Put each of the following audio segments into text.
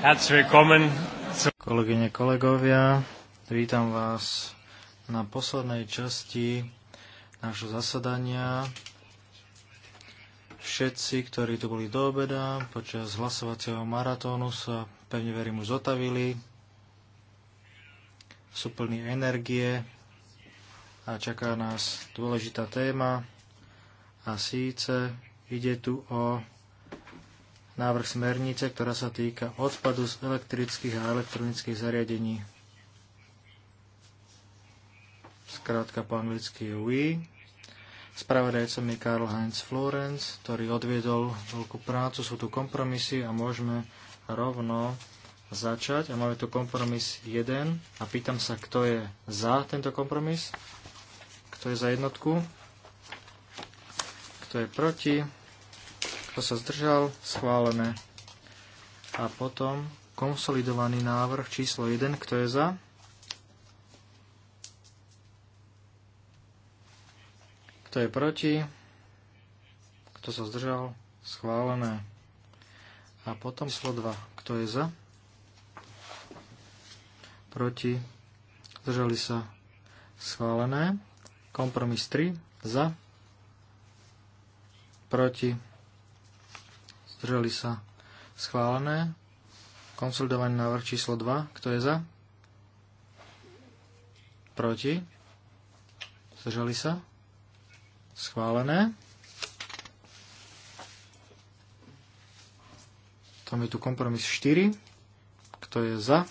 Kolegyne, kolegovia, vítam vás na poslednej časti nášho zasadania. Všetci, ktorí tu boli do obeda, počas hlasovacieho maratónu sa, pevne verím, už zotavili. Sú plní energie a čaká nás dôležitá téma. A síce ide tu o návrh smernice, ktorá sa týka odpadu z elektrických a elektronických zariadení. Skrátka po anglicky UI. Spravodajcom je Karl Heinz Florenz, ktorý odviedol veľkú prácu, sú tu kompromisy a môžeme rovno začať. A máme tu kompromis 1 a pýtam sa, kto je za tento kompromis, kto je za jednotku, kto je proti kto sa zdržal, schválené. A potom konsolidovaný návrh číslo 1, kto je za, kto je proti, kto sa zdržal, schválené. A potom číslo 2, kto je za, proti, zdržali sa, schválené. Kompromis 3, za, proti, zdržali sa schválené. Konsolidovaný návrh číslo 2, kto je za? Proti? Zdržali sa? Schválené. Tam je tu kompromis 4. Kto je za?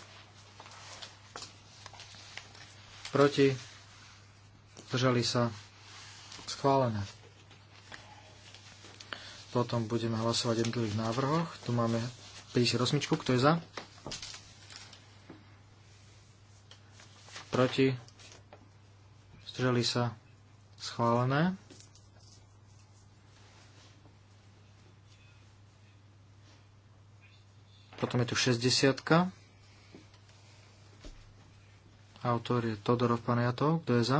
Proti? Zdržali sa? Schválené. Potom budeme hlasovať o jednotlivých návrhoch. Tu máme 58. Kto je za? Proti? Zdržali sa? Schválené. Potom je tu 60. Autor je Todorov Panajatov. Kto je za?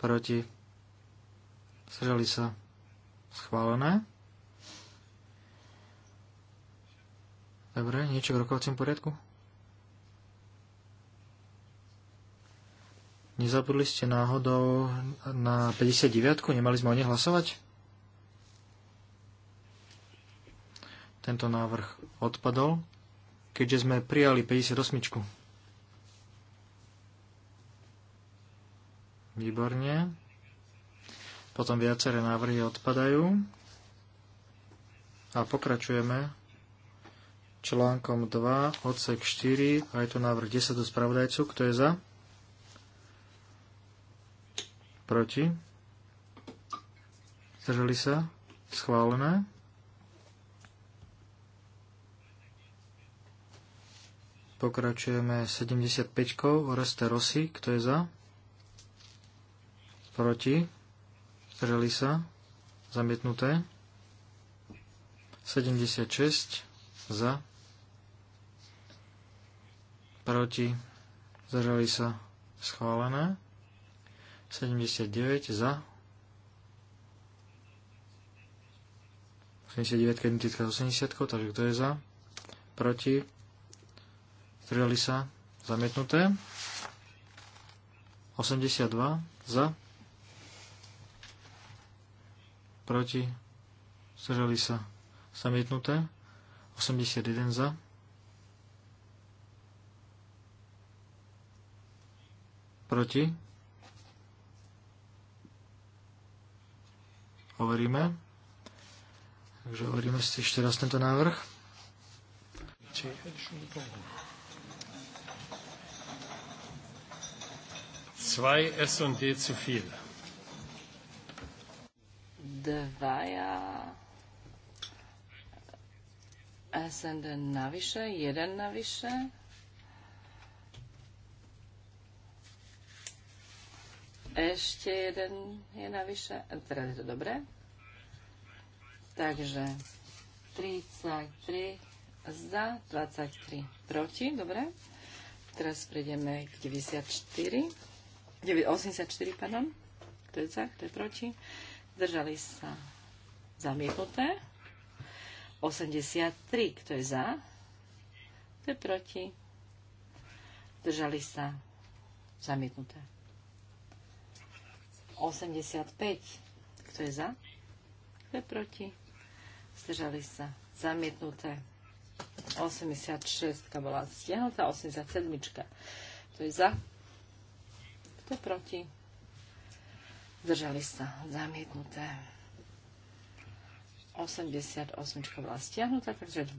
Proti? Zdržali sa? Schválené. Dobre, niečo k rokovacím poriadku? Nezabudli ste náhodou na 59 Nemali sme o nej hlasovať? Tento návrh odpadol, keďže sme prijali 58 -čku. Výborne. Potom viaceré návrhy odpadajú. A pokračujeme článkom 2, odsek 4, a je tu návrh 10 do spravodajcu. Kto je za? Proti? Zdržali sa? Schválené. Pokračujeme 75-kou Oreste Rossi. Kto je za? Proti? zdržali sa, zamietnuté. 76 za, proti, zdržali sa, schválené. 79 za, 79 identická 80, takže kto je za? Proti? Zdržali sa? Zamietnuté? 82 za? proti, zdržali sa zamietnuté, 81 za, proti, Hovoríme. takže hovoríme si ešte raz tento návrh. Zwei S und D zu viel dvaja SND navyše, jeden navyše. Ešte jeden je navyše. Teraz je to dobré. Takže 33 za, 23 proti. Dobre. Teraz prejdeme k 94. 84, pardon. to je za, to je proti zdržali sa zamietnuté. 83, kto je za, kto je proti, zdržali sa zamietnuté. 85, kto je za, kto je proti, zdržali sa zamietnuté. 86 bola stiahnutá, 87. Kto je za? Kto je proti? zdržali sa zamietnuté. 88 bola stiahnutá, takže 12.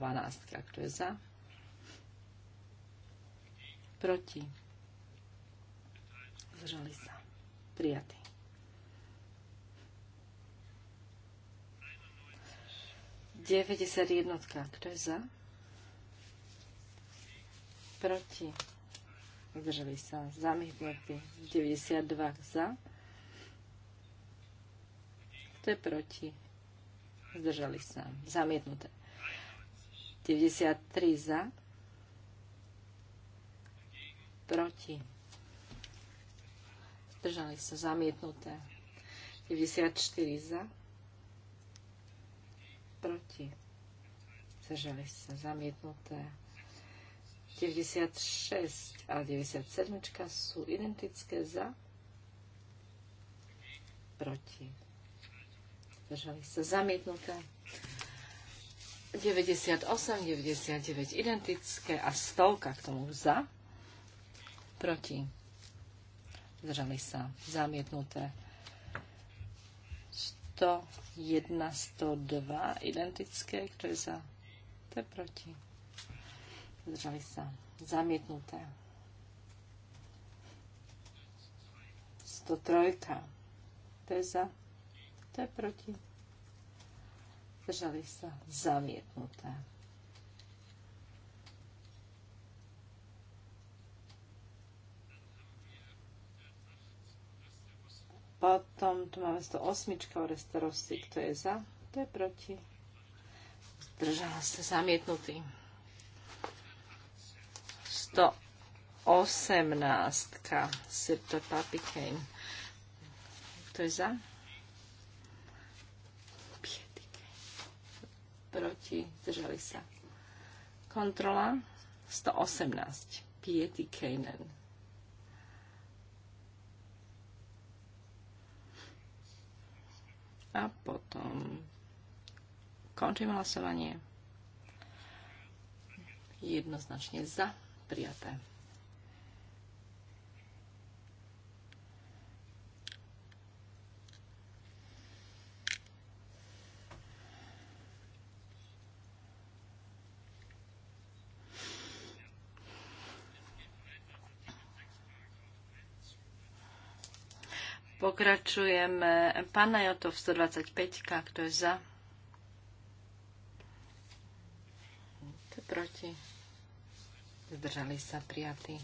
Kto je za? Proti. Zdržali sa. Prijatý. jednotka. Kto je za? Proti. Zdržali sa. Zamietnutý. 92 za to je proti? Zdržali sa. Zamietnuté. 93 za. Proti. Zdržali sa. Zamietnuté. 94 za. Proti. Zdržali sa. Zamietnuté. 96 a 97 sú identické za. Proti držali sa zamietnuté. 98, 99 identické a stovka k tomu za, proti, Držali sa zamietnuté. 101, 102 identické, kto je za, to je proti. Držali sa zamietnuté. 103, to je za, kto je proti? Držali sa zamietnuté. Potom tu máme 108 o resterosti. Kto je za? Kto je proti? Zdržal sa zamietnutý. 118. Sirto Papikein. Kto je za? proti, zdržali sa. Kontrola 118, Piety Kainen. A potom končím hlasovanie. Jednoznačne za prijaté. Pokračujeme. Panajotov 125, kto je za? Kto je proti? Zdržali sa prijatí.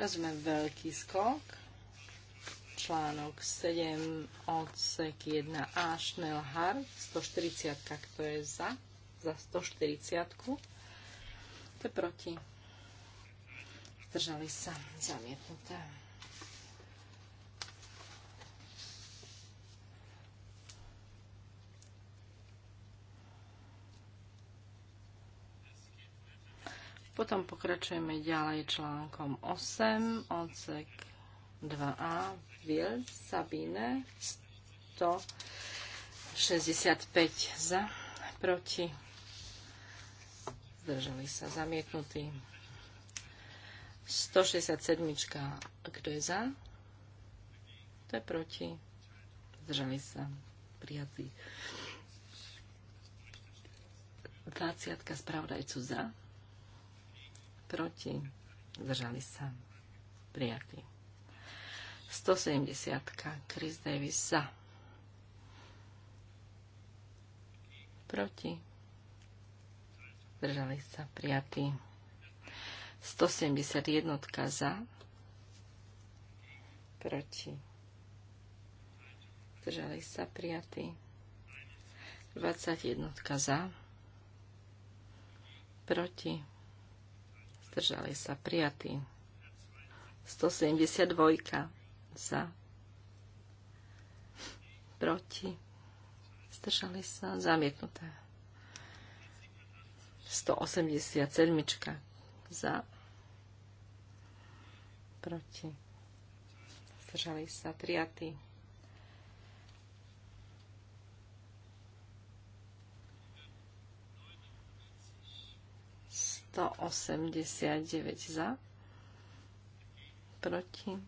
Teraz veľký skok článok 7, odsek 1a, Schnellhardt, 140, kto je za, za 140. -ku. Kto proti? Zdržali sa. Zamietnuté. Potom pokračujeme ďalej článkom 8, odsek 2a, Vil, Sabine, 165 za, proti zdržali sa zamietnutí. 167. Kto je za? Kto je proti? Zdržali sa prijatí. 20. Spravodajcu za? Proti? Zdržali sa prijatí. 170. Chris Davis za? Proti? zdržali sa prijatí. 171 za, proti, zdržali sa prijatí. 21 za, proti, zdržali sa prijatí. 172 za, proti, zdržali sa zamietnuté. 187 za proti zdržali sa prijatí sto osemdesiat deväť za proti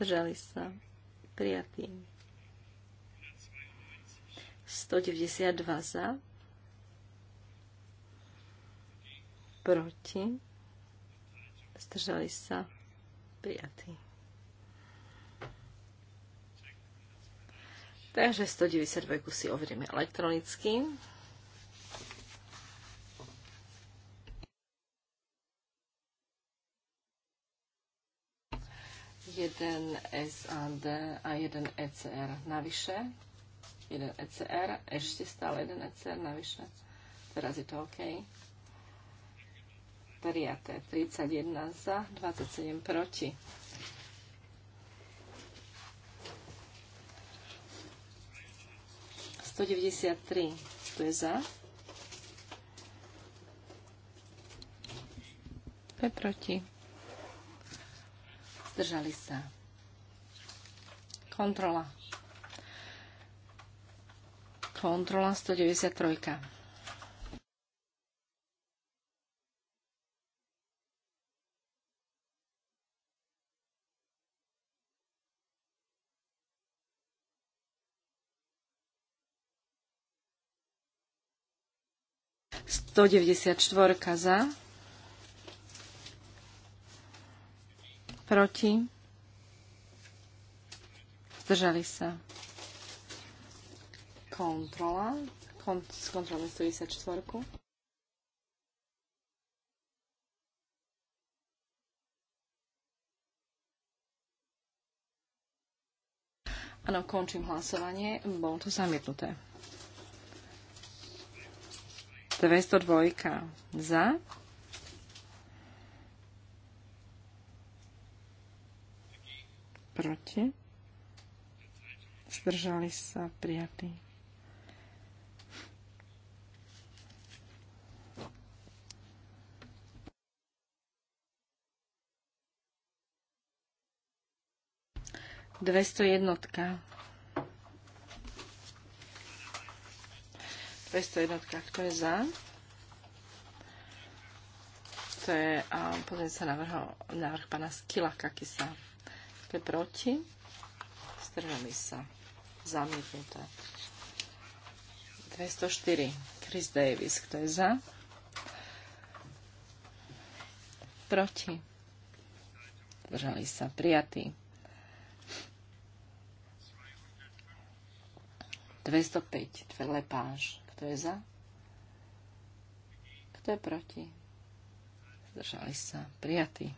zdržali sa prijatí dva za proti, zdržali sa, prijatí. Takže 192 si overíme elektronicky. jeden SAD a jeden ECR navyše. Jeden ECR, ešte stále jeden ECR navyše. Teraz je to OK prijaté. 31 za, 27 proti. Sto deväťdesiat tri. Kto je za? Kto je proti? Zdržali sa. Kontrola. Kontrola 193. 194 za, proti, zdržali sa. Kontrola, Kon- skontrolujeme 194. Áno, končím hlasovanie. Bolo to zamietnuté. 202 za. Proti. Zdržali sa prijatí. Dvesto jednotka. 201, kto je za? To je um, pozrieť sa navrho, návrh pána Skila Kakisa. Kto je proti? Zdržali sa. Zamietnuté. 204. Chris Davis. Kto je za? Proti. Zdržali sa. Prijatý. 205. Lepáž. Kto je za? Kto je proti? Zdržali sa. Prijatí.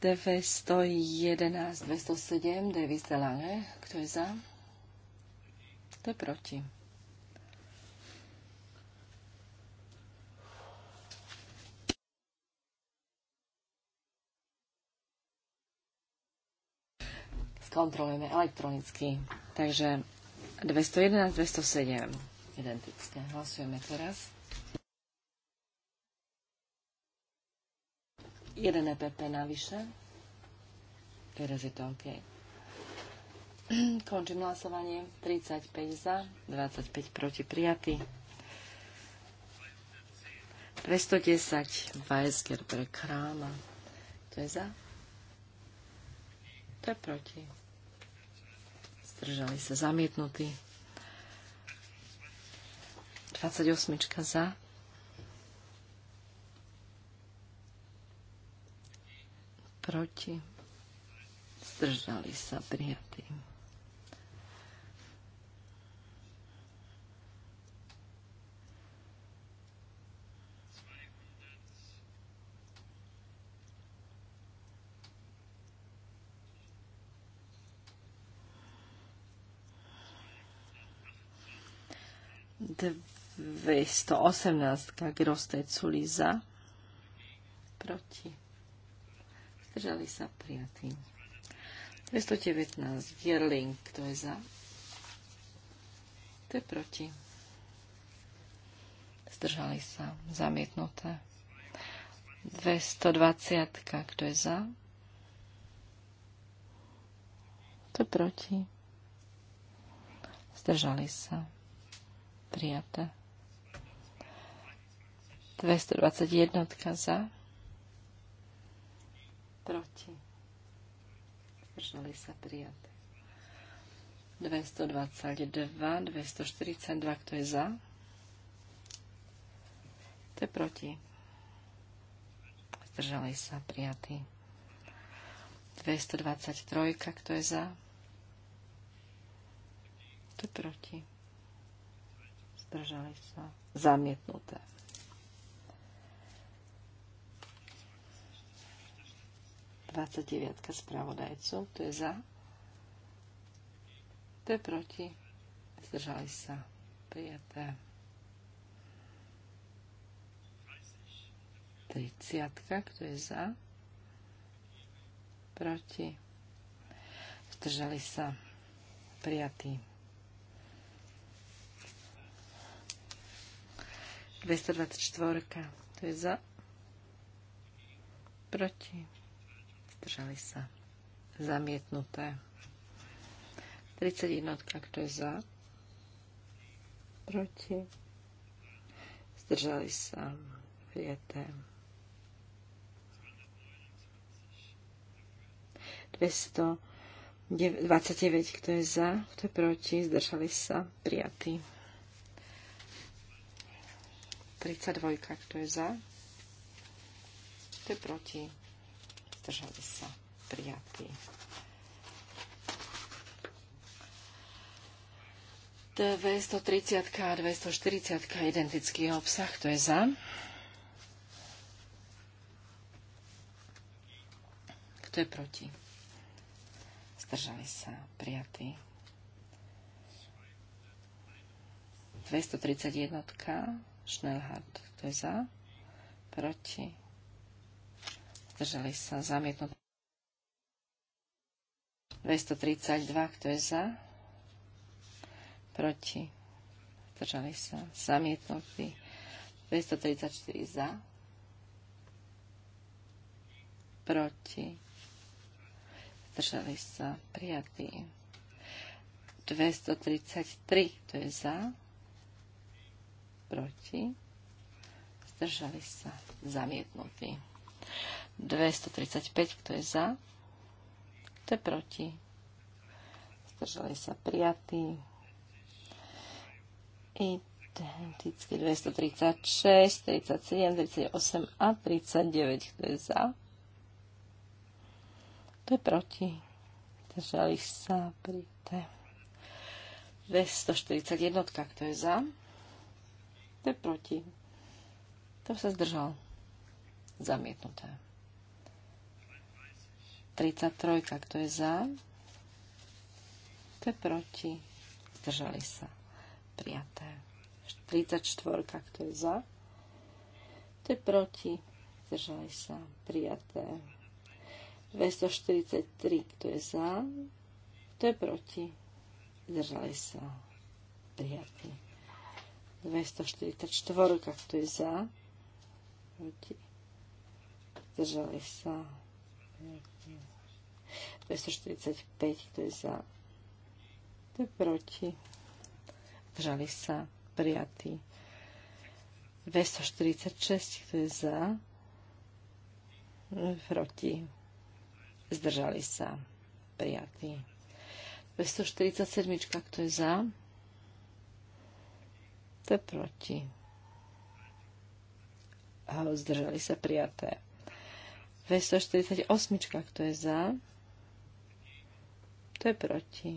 DV 111, 207, DV Delange. Kto je za? Kto je proti? Kontrolujeme elektronicky. Takže 211, 207. Identické. Hlasujeme teraz. 1 EPP navyše. Teraz je to OK. Končím hlasovanie. 35 za, 25 proti prijatý. 210 Weisger pre kráma. To je za? To je proti zdržali sa zamietnutí. 28 za, proti, zdržali sa prijatým. 218 Grosté Culiza proti. Zdržali sa prijatí. 219 Gerling, kto je za? To je proti. Zdržali sa. Zamietnuté. 220 kto je za? To je proti. Zdržali sa prijaté. 221 za, proti, zdržali sa prijaté. 222, 242, kto je za, to je proti. Zdržali sa prijatí. 223, kto je za, to je proti zdržali sa, zamietnuté. Dvadsaťdeviatka spravodajcu, to je za, to je proti, zdržali sa, prijaté. 30, kto je za, proti, zdržali sa, prijatý. 224. To je za. Proti. Zdržali sa. Zamietnuté. 31. Kto je za? Proti. Zdržali sa. Prijaté. 229. Kto je za? Kto je proti? Zdržali sa. Prijatý. 32. Kto je za? Kto je proti? Zdržali sa. Prijatý. 230 a 240 identický obsah. Kto je za? Kto je proti? Zdržali sa. Prijatý. 231. Schnellhardt. Kto je za? Proti? Zdržali sa zamietnuté. 232. Kto je za? Proti? Zdržali sa zamietnutí. 234 za. Proti? Zdržali sa prijatí. 233. Kto je za? proti, zdržali sa zamietnutí. 235, kto je za, kto je proti, zdržali sa prijatí. Identicky 236, 37, 38 a 39, kto je za, kto je proti, zdržali sa pri 241, kto je za, kto je proti? to sa zdržal? Zamietnuté. 33. Kto je za? Kto je proti? Zdržali sa. Prijaté. 34. Kto je za? Kto je proti? Zdržali sa. Prijaté. 243. Kto je za? Kto je proti? Zdržali sa. Prijaté. 244, kto je za, proti, sa. 245, kto je za, kto je proti, zdržali sa, prijatý. 246, kto je za, proti, zdržali sa, prijatý. 247, kto je za, to je proti. Zdržali sa prijaté. 248, kto je za? To je proti.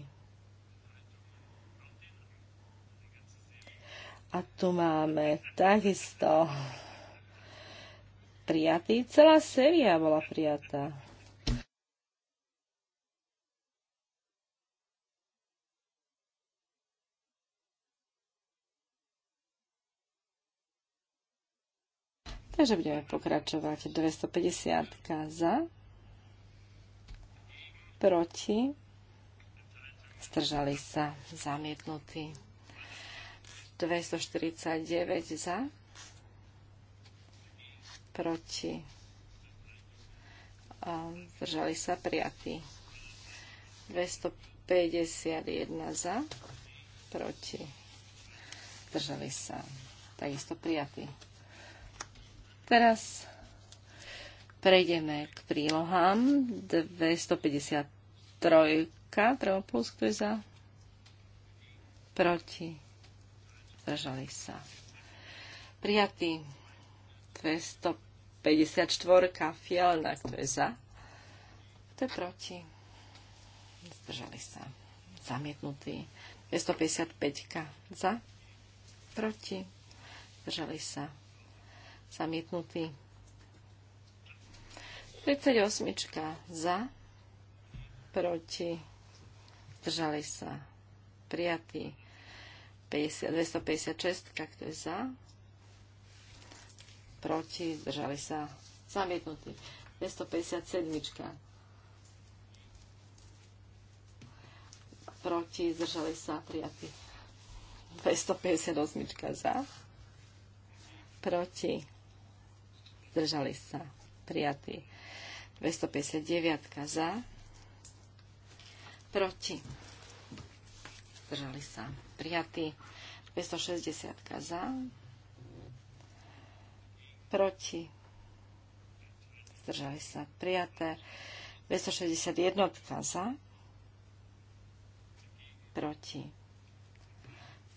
A tu máme takisto prijatý. Celá séria bola prijatá. Takže budeme pokračovať 250 za, proti, stržali sa zamietnutí. 249 za, proti, zdržali sa prijatí. 251 za, proti, zdržali sa takisto prijatí. Teraz prejdeme k prílohám 253 plus, kto je za? Proti. Zdržali sa. Prijatý 254 Fielna, kto je za? Kto je proti? Zdržali sa. Zamietnutý. 255 za? Proti. Zdržali sa Zamietnutý. 38 za, proti, držali sa, prijatý. 50, 256, kto je za, proti, držali sa, zamietnutý. 257, proti, zdržali sa, prijatý. 258 za, proti, zdržali sa, prijatý. 259 za, proti, zdržali sa, prijatý. 260 za, proti, zdržali sa, prijaté. 261 za, proti,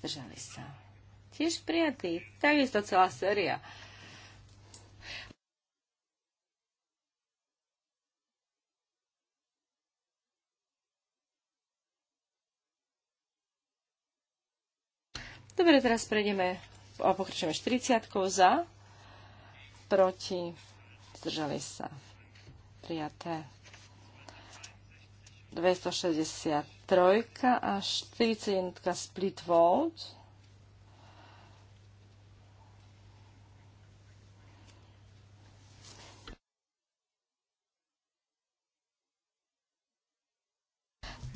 zdržali sa. Tiež prijatý, takisto celá séria. Dobre, teraz prejdeme a pokračujeme 40 za, proti, zdržali sa, prijaté. 263 a 41 split vote.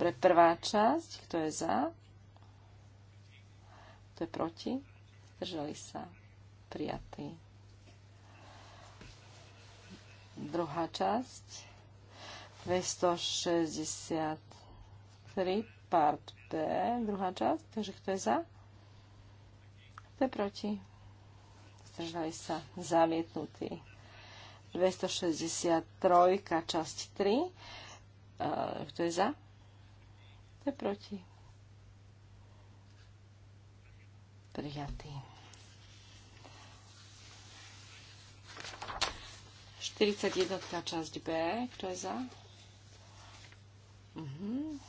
Pre prvá časť, kto je za? Kto je proti? Zdržali sa. Prijatý. Druhá časť. 263 part B, druhá časť. Takže kto je za? Kto je proti? Zdržali sa. zamietnutí. 263, časť 3. E, kto je za? Kto je proti? prijatý. 41. časť B, kto je za? Mhm.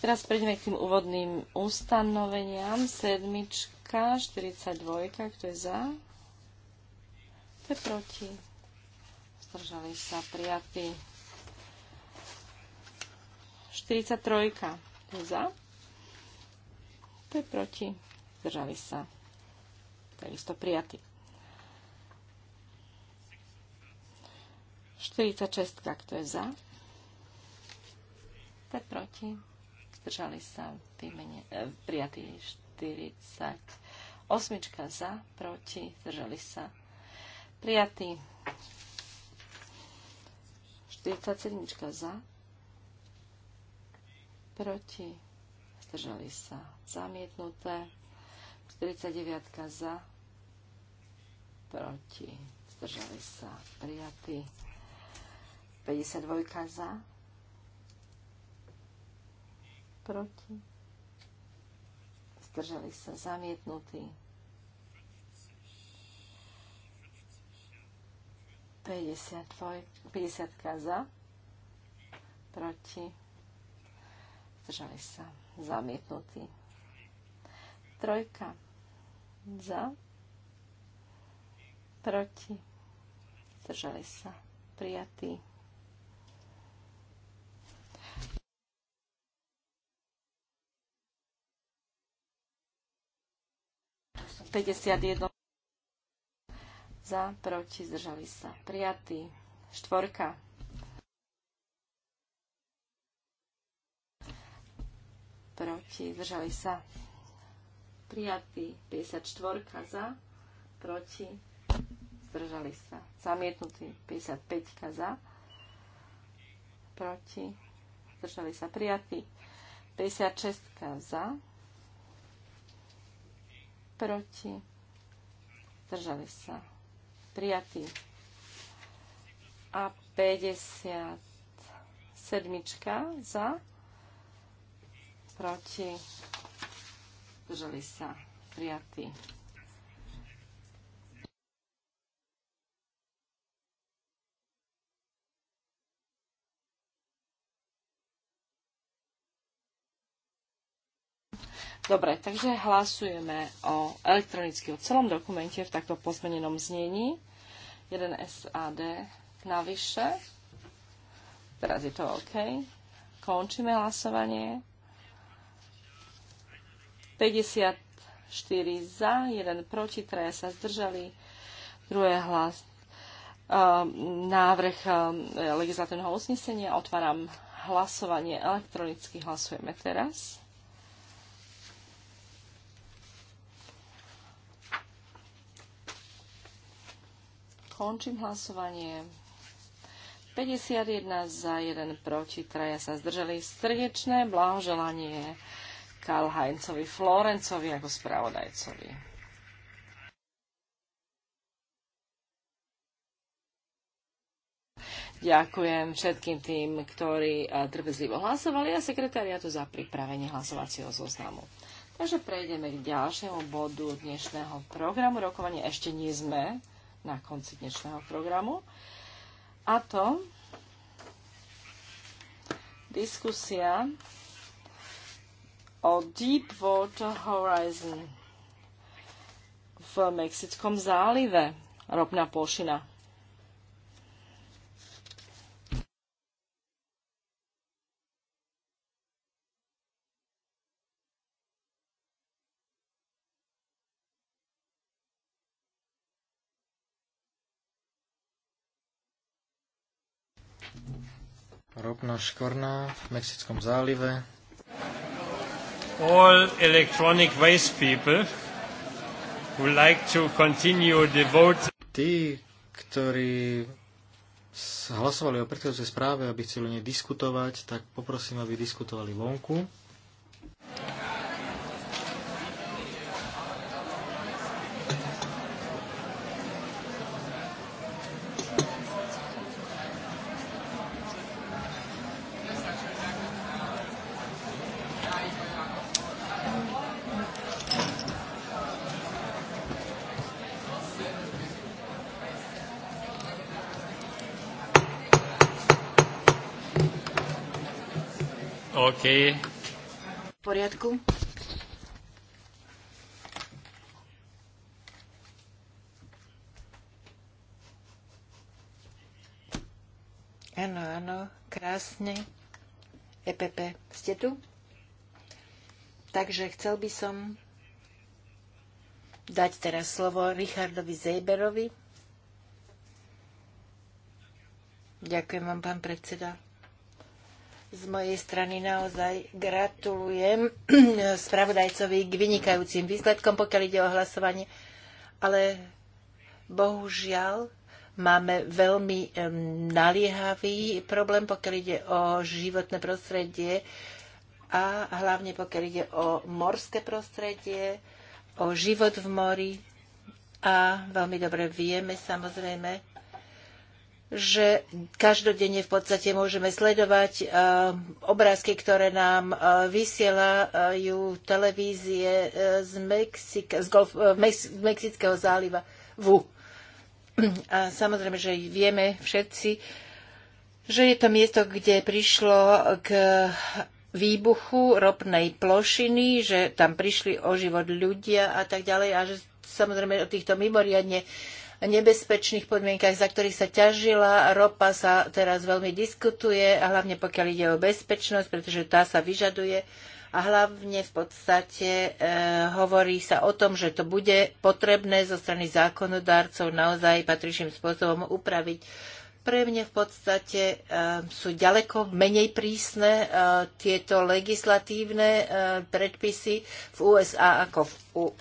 Teraz prejdeme k tým úvodným ustanoveniam. Sedmička, 42, kto je za? Kto je proti? Zdržali sa prijatí. 43. Kto je za? Kto je proti? Zdržali sa. Takisto prijatí. 46. Kto je za? Kto je proti? Zdržali sa výmene, eh, prijatí 48. za, proti, zdržali sa Prijatý. 47 za. Proti. Zdržali sa. Zamietnuté. 49 za. Proti. Zdržali sa. Prijatý. 52 za. Proti. Zdržali sa. Zamietnutý. 50, 50 za, proti, zdržali sa, zamietnutí. Trojka za, proti, zdržali sa, prijatí. Päťdesiat jedno za, proti, zdržali sa prijatí. Štvorka. Proti, zdržali sa Prijatý. 54 za, proti, zdržali sa. Zamietnutí 55 za, proti, zdržali sa prijatí. 56 za, proti, zdržali sa prijatý. A 57 za, proti, zdržali sa, prijatý. Dobre, takže hlasujeme o elektronicky o celom dokumente v takto pozmenenom znení. 1 SAD navyše. Teraz je to OK. Končíme hlasovanie. 54 za, 1 proti, 3 sa zdržali. Druhé hlas. Um, návrh um, legislatívneho usnesenia. Otváram hlasovanie elektronicky. Hlasujeme teraz. Končím hlasovanie. 51 za 1 proti, traja sa zdržali. Srdečné blahoželanie Karl Heinzovi Florencovi ako spravodajcovi. Ďakujem všetkým tým, ktorí eh, trpezlivo hlasovali a sekretariatu za pripravenie hlasovacieho zoznamu. Takže prejdeme k ďalšiemu bodu dnešného programu. Rokovanie ešte nie sme na konci dnešného programu. A to diskusia o Deep Water Horizon v Mexickom zálive, ropná plošina. Ropná škorná v Mexickom zálive. All electronic waste people who like to continue the vote. Tí, ktorí hlasovali o predchádzajúcej správe, aby chceli o nej diskutovať, tak poprosím, aby diskutovali vonku. poriadku. Áno, áno, krásne. EPP, ste tu? Takže chcel by som dať teraz slovo Richardovi Zejberovi. Ďakujem vám, pán predseda. Z mojej strany naozaj gratulujem spravodajcovi k vynikajúcim výsledkom, pokiaľ ide o hlasovanie, ale bohužiaľ máme veľmi naliehavý problém, pokiaľ ide o životné prostredie a hlavne pokiaľ ide o morské prostredie, o život v mori. A veľmi dobre vieme samozrejme, že každodenne v podstate môžeme sledovať eh, obrázky, ktoré nám eh, vysielajú televízie eh, z, Mexika, z, Golf, z Mexického záliva. Vu. A samozrejme, že vieme všetci, že je to miesto, kde prišlo k výbuchu ropnej plošiny, že tam prišli o život ľudia a tak ďalej a že samozrejme o týchto mimoriadne nebezpečných podmienkach, za ktorých sa ťažila. Ropa sa teraz veľmi diskutuje, a hlavne pokiaľ ide o bezpečnosť, pretože tá sa vyžaduje. A hlavne v podstate e, hovorí sa o tom, že to bude potrebné zo strany zákonodárcov naozaj patričným spôsobom upraviť pre mňa v podstate ehm, sú ďaleko menej prísne ehm, tieto legislatívne ehm, predpisy v USA ako v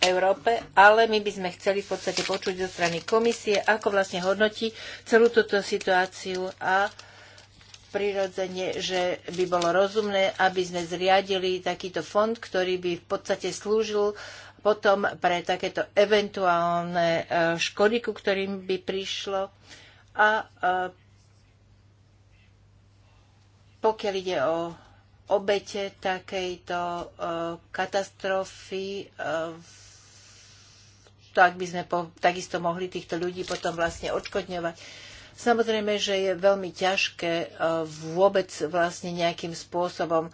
Európe, ale my by sme chceli v podstate počuť zo strany komisie, ako vlastne hodnotí celú túto situáciu a prirodzene, že by bolo rozumné, aby sme zriadili takýto fond, ktorý by v podstate slúžil potom pre takéto eventuálne škody, ku ktorým by prišlo. A pokiaľ ide o obete takejto e, katastrofy, e, tak by sme po, takisto mohli týchto ľudí potom vlastne odškodňovať. Samozrejme, že je veľmi ťažké e, vôbec vlastne nejakým spôsobom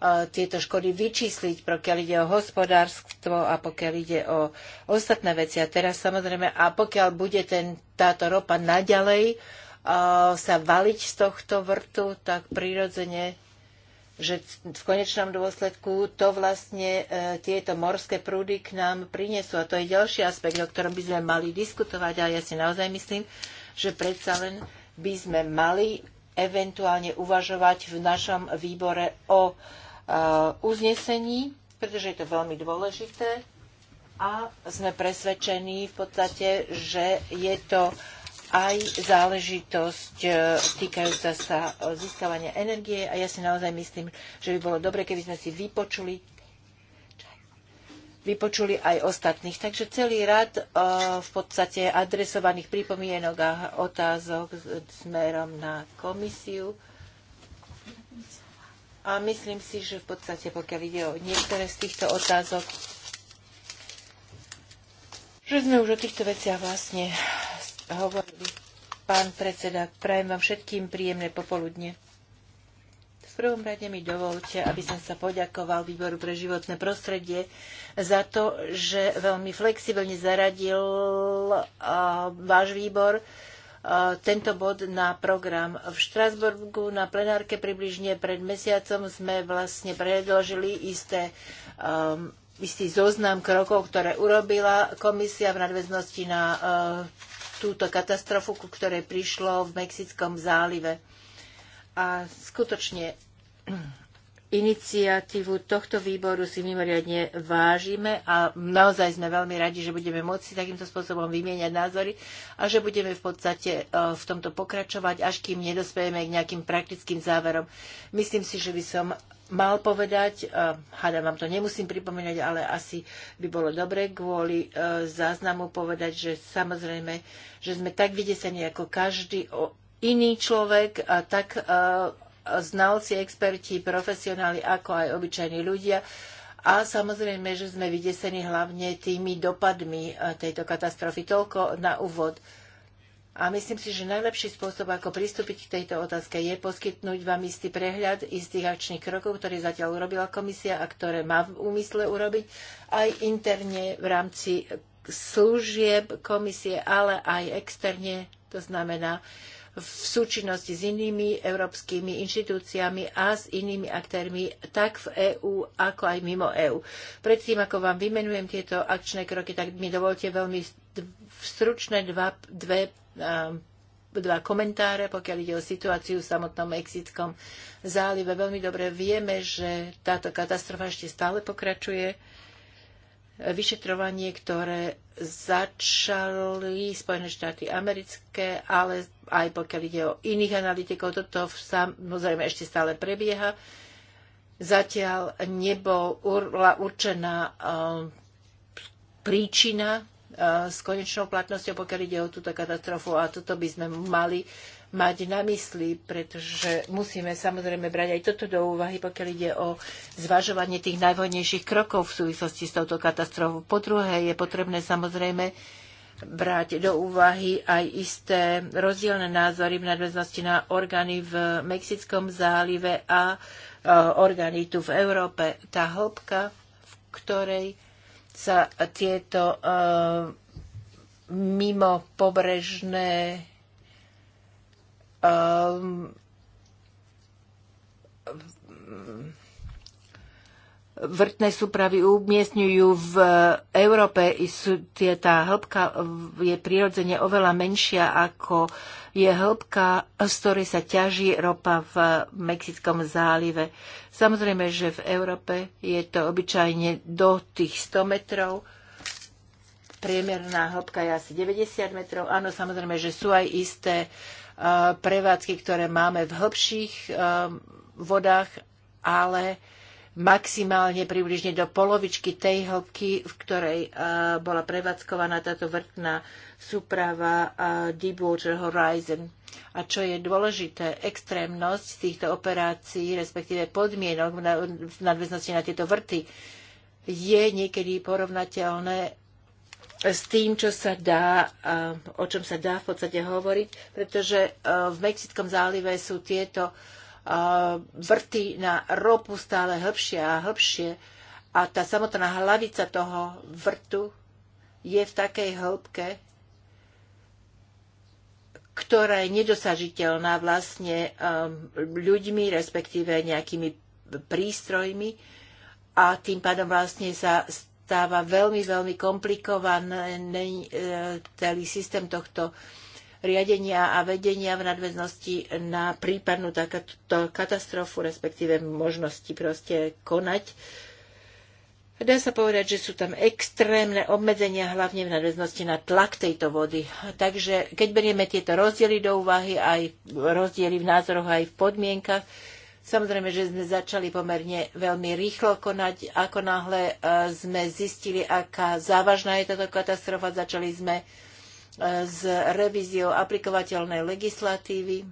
Eh, tieto škody vyčísliť, pokiaľ ide o hospodárstvo a pokiaľ ide o ostatné veci. A teraz samozrejme, a pokiaľ bude ten, táto ropa naďalej eh, sa valiť z tohto vrtu, tak prirodzene že v konečnom dôsledku to vlastne e, tieto morské prúdy k nám prinesú. A to je ďalší aspekt, o ktorom by sme mali diskutovať. A ja si naozaj myslím, že predsa len by sme mali eventuálne uvažovať v našom výbore o Eh, uznesení, pretože je to veľmi dôležité a sme presvedčení v podstate, že je to aj záležitosť eh, týkajúca sa eh, získavania energie a ja si naozaj myslím, že by bolo dobre, keby sme si vypočuli vypočuli aj ostatných. Takže celý rad v podstate adresovaných pripomienok a otázok smerom na komisiu. A myslím si, že v podstate, pokiaľ ide o niektoré z týchto otázok, že sme už o týchto veciach vlastne hovorili. Pán predseda, prajem vám všetkým príjemné popoludne. V prvom rade mi dovolte, aby som sa poďakoval Výboru pre životné prostredie za to, že veľmi flexibilne zaradil váš výbor E, tento bod na program. V Štrasburgu na plenárke približne pred mesiacom sme vlastne predložili isté, um, istý zoznam krokov, ktoré urobila komisia v nadväznosti na uh, túto katastrofu, ku ktorej prišlo v Mexickom zálive. A skutočne iniciatívu tohto výboru si mimoriadne vážime a naozaj sme veľmi radi, že budeme môcť si takýmto spôsobom vymieňať názory a že budeme v podstate e, v tomto pokračovať, až kým nedospejeme k nejakým praktickým záverom. Myslím si, že by som mal povedať, e, hádam vám to nemusím pripomínať, ale asi by bolo dobre kvôli e, záznamu povedať, že samozrejme, že sme tak vydesení ako každý iný človek, tak znalci, experti, profesionáli, ako aj obyčajní ľudia. A samozrejme, že sme vydesení hlavne tými dopadmi e, tejto katastrofy. Toľko na úvod. A myslím si, že najlepší spôsob, ako pristúpiť k tejto otázke, je poskytnúť vám istý prehľad istých akčných krokov, ktoré zatiaľ urobila komisia a ktoré má v úmysle urobiť aj interne v rámci služieb komisie, ale aj externe. To znamená, v súčinnosti s inými európskymi inštitúciami a s inými aktérmi tak v EÚ, ako aj mimo EÚ. Predtým, ako vám vymenujem tieto akčné kroky, tak mi dovolte veľmi stručné dva, dve dva komentáre, pokiaľ ide o situáciu v samotnom Mexickom zálive. Veľmi dobre vieme, že táto katastrofa ešte stále pokračuje vyšetrovanie, ktoré začali Spojené štáty americké, ale aj pokiaľ ide o iných analytikov, toto samozrejme ešte stále prebieha. Zatiaľ nebola určená um, príčina uh, s konečnou platnosťou, pokiaľ ide o túto katastrofu a toto by sme mali mať na mysli, pretože musíme samozrejme brať aj toto do úvahy, pokiaľ ide o zvažovanie tých najvhodnejších krokov v súvislosti s touto katastrofou. Po druhé, je potrebné samozrejme brať do úvahy aj isté rozdielne názory v nadväznosti na orgány v Mexickom zálive a e, orgány tu v Európe. Tá hĺbka, v ktorej sa tieto e, mimo pobrežné Ehm, vrtné súpravy umiestňujú v Európe, sú, tie, tá hĺbka je prirodzene oveľa menšia ako je hĺbka, z ktorej sa ťaží ropa v Mexickom zálive. Samozrejme, že v Európe je to obyčajne do tých 100 metrov, priemerná hĺbka je asi 90 metrov. Áno, samozrejme, že sú aj isté prevádzky, ktoré máme v hĺbších eh, vodách, ale maximálne približne do polovičky tej hĺbky, v ktorej eh, bola prevádzkovaná táto vrtná súprava eh, Deepwater Horizon. A čo je dôležité, extrémnosť týchto operácií, respektíve podmienok v nadväznosti na tieto vrty, je niekedy porovnateľné s tým, čo sa dá, o čom sa dá v podstate hovoriť, pretože e, v Mexickom zálive sú tieto e, vrty na ropu stále hĺbšie a hĺbšie a tá samotná hlavica toho vrtu je v takej hĺbke, ktorá je nedosažiteľná vlastne e, ľuďmi, respektíve nejakými prístrojmi a tým pádom vlastne sa z stáva veľmi, veľmi komplikovaný e, celý systém tohto riadenia a vedenia v nadväznosti na prípadnú takáto katastrofu, respektíve možnosti proste konať. Dá sa povedať, že sú tam extrémne obmedzenia, hlavne v nadväznosti na tlak tejto vody. Takže keď berieme tieto rozdiely do úvahy, aj rozdiely v názoroch, aj v podmienkach, Samozrejme, že sme začali pomerne veľmi rýchlo konať. Ako náhle e, sme zistili, aká závažná je táto katastrofa, začali sme e, s revíziou aplikovateľnej legislatívy.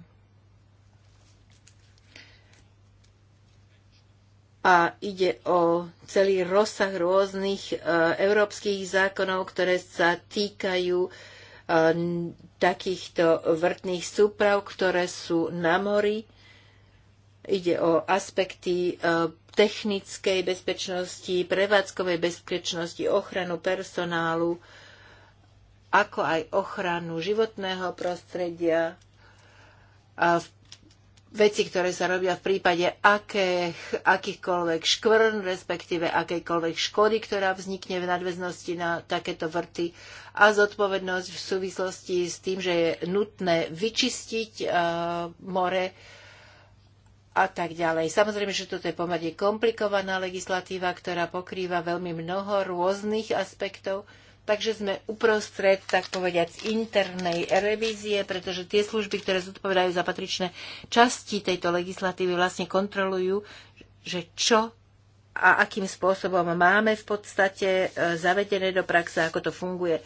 A ide o celý rozsah rôznych e, európskych zákonov, ktoré sa týkajú takýchto vrtných súprav, ktoré sú na mori Ide o aspekty e, technickej bezpečnosti, prevádzkovej bezpečnosti, ochranu personálu, ako aj ochranu životného prostredia a veci, ktoré sa robia v prípade akých, akýchkoľvek škvrn, respektíve akejkoľvek škody, ktorá vznikne v nadväznosti na takéto vrty a zodpovednosť v súvislosti s tým, že je nutné vyčistiť uh, more a tak ďalej. Samozrejme, že toto je pomerne komplikovaná legislatíva, ktorá pokrýva veľmi mnoho rôznych aspektov, takže sme uprostred, tak povediať, internej revízie, pretože tie služby, ktoré zodpovedajú za patričné časti tejto legislatívy, vlastne kontrolujú, že čo a akým spôsobom máme v podstate e, zavedené do praxe, ako to funguje.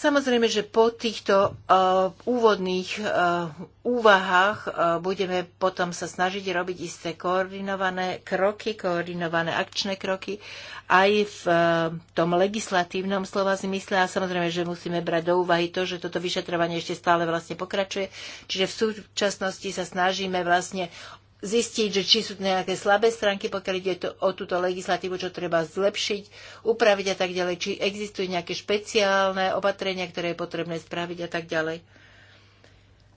Samozrejme, že po týchto uh, úvodných uh, úvahách uh, budeme potom sa snažiť robiť isté koordinované kroky, koordinované akčné kroky aj v uh, tom legislatívnom slova zmysle a samozrejme, že musíme brať do úvahy to, že toto vyšetrovanie ešte stále vlastne pokračuje. Čiže v súčasnosti sa snažíme vlastne zistiť, že či sú nejaké slabé stránky, pokiaľ ide to, o túto legislatívu, čo treba zlepšiť, upraviť a tak ďalej, či existujú nejaké špeciálne opatrenia, ktoré je potrebné spraviť a tak ďalej.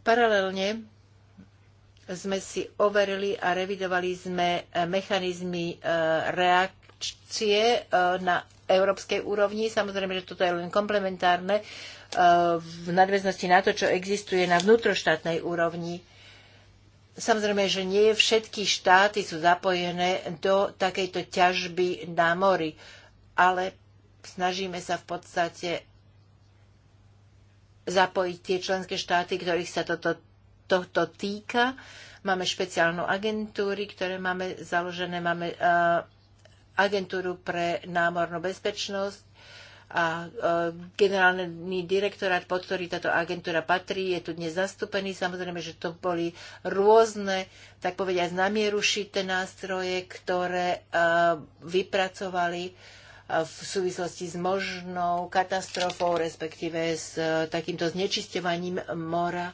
Paralelne sme si overili a revidovali sme e, mechanizmy e, reakcie e, na európskej úrovni. Samozrejme, že toto je len komplementárne v nadväznosti na to, čo existuje na vnútroštátnej úrovni Samozrejme, že nie všetky štáty sú zapojené do takejto ťažby na mori, ale snažíme sa v podstate zapojiť tie členské štáty, ktorých sa toto, tohto týka. Máme špeciálnu agentúry, ktoré máme založené. Máme uh, agentúru pre námornú bezpečnosť, a e, generálny direktorát, pod ktorý táto agentúra patrí, je tu dnes zastúpený. Samozrejme, že to boli rôzne, tak povediať, namieru nástroje, ktoré e, vypracovali e, v súvislosti s možnou katastrofou, respektíve s takýmto znečisťovaním mora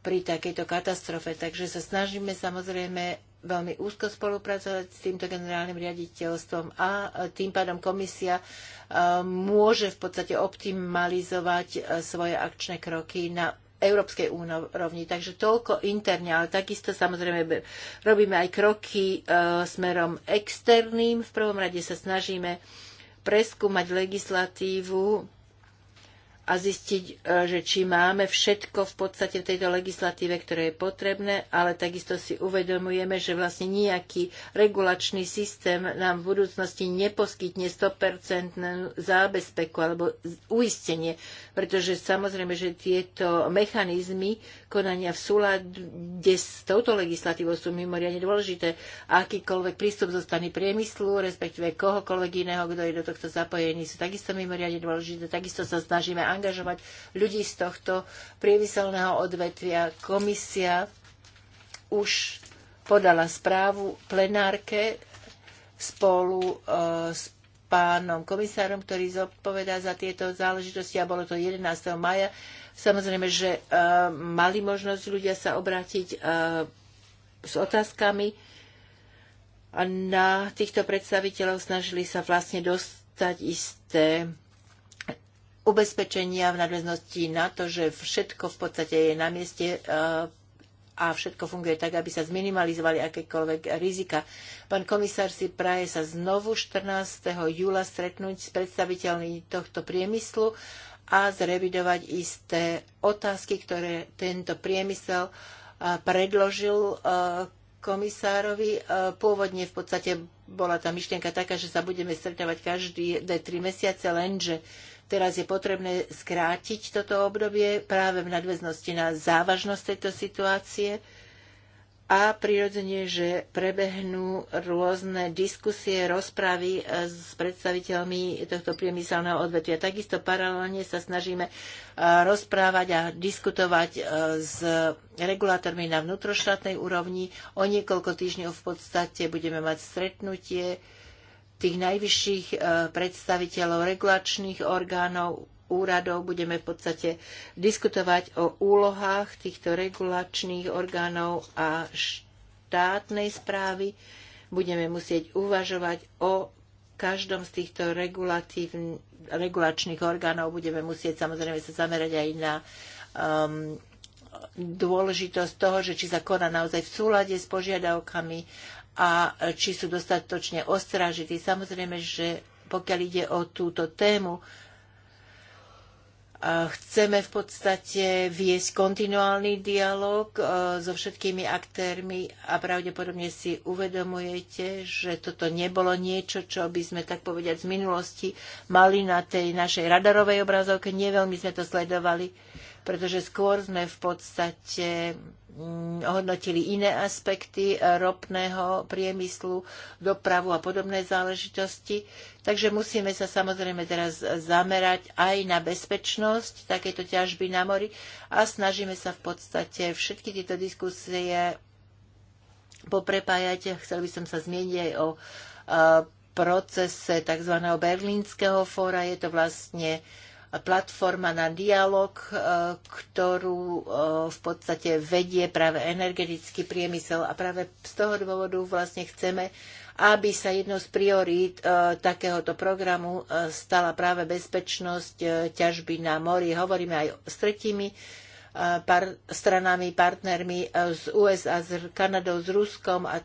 pri takejto katastrofe. Takže sa snažíme samozrejme veľmi úzko spolupracovať s týmto generálnym riaditeľstvom a e, tým pádom komisia e, môže v podstate optimalizovať e, svoje akčné kroky na európskej úrovni. Takže toľko interne, ale takisto samozrejme robíme aj kroky smerom externým. V prvom rade sa snažíme preskúmať legislatívu a zistiť, e, že či máme všetko v podstate v tejto legislatíve, ktoré je potrebné, ale takisto si uvedomujeme, že vlastne nejaký regulačný systém nám v budúcnosti neposkytne 100% zábezpeku alebo uistenie, pretože samozrejme, že tieto mechanizmy, konania v súlade s touto legislatívou sú mimoriadne dôležité. Akýkoľvek prístup zo strany priemyslu, respektíve kohokoľvek iného, kto je do tohto zapojený, sú takisto mimoriadne dôležité. Takisto sa snažíme angažovať ľudí z tohto priemyselného odvetvia. Komisia už podala správu plenárke spolu e, s pánom komisárom, ktorý zodpovedá za tieto záležitosti a bolo to 11. maja. Samozrejme, že e, mali možnosť ľudia sa obrátiť e, s otázkami a na týchto predstaviteľov, snažili sa vlastne dostať isté ubezpečenia v nadväznosti na to, že všetko v podstate je na mieste e, a všetko funguje tak, aby sa zminimalizovali akékoľvek rizika. Pán komisár si praje sa znovu 14. júla stretnúť s predstaviteľmi tohto priemyslu a zrevidovať isté otázky, ktoré tento priemysel predložil komisárovi. Pôvodne v podstate bola tá myšlienka taká, že sa budeme stretávať každý tri mesiace, lenže teraz je potrebné skrátiť toto obdobie práve v nadväznosti na závažnosť tejto situácie a prirodzene, že prebehnú rôzne diskusie, rozpravy e, s predstaviteľmi tohto priemyselného odvetvia. Takisto paralelne sa snažíme e, rozprávať a diskutovať e, s regulátormi na vnútroštátnej úrovni. O niekoľko týždňov v podstate budeme mať stretnutie tých najvyšších predstaviteľov regulačných orgánov úradov budeme v podstate diskutovať o úlohách týchto regulačných orgánov a štátnej správy. Budeme musieť uvažovať o každom z týchto regulačných orgánov. Budeme musieť samozrejme sa zamerať aj na um, dôležitosť toho, že či sa koná naozaj v súlade s požiadavkami a či sú dostatočne ostrážití. Samozrejme, že pokiaľ ide o túto tému, Chceme v podstate viesť kontinuálny dialog e, so všetkými aktérmi a pravdepodobne si uvedomujete, že toto nebolo niečo, čo by sme tak povedať z minulosti mali na tej našej radarovej obrazovke. Nie veľmi sme to sledovali, pretože skôr sme v podstate Mm, hodnotili iné aspekty e, ropného priemyslu, dopravu a podobné záležitosti. Takže musíme sa samozrejme teraz zamerať aj na bezpečnosť takéto ťažby na mori a snažíme sa v podstate všetky tieto diskusie poprepájať. Chcel by som sa zmieniť aj o e, procese tzv. berlínskeho fóra. Je to vlastne platforma na dialog, e, ktorú e, v podstate vedie práve energetický priemysel a práve z toho dôvodu vlastne chceme, aby sa jednou z priorít e, takéhoto programu stala práve bezpečnosť ťažby na mori. Hovoríme aj s tretími par- stranami, partnermi z USA, s Kanadou, s Ruskom a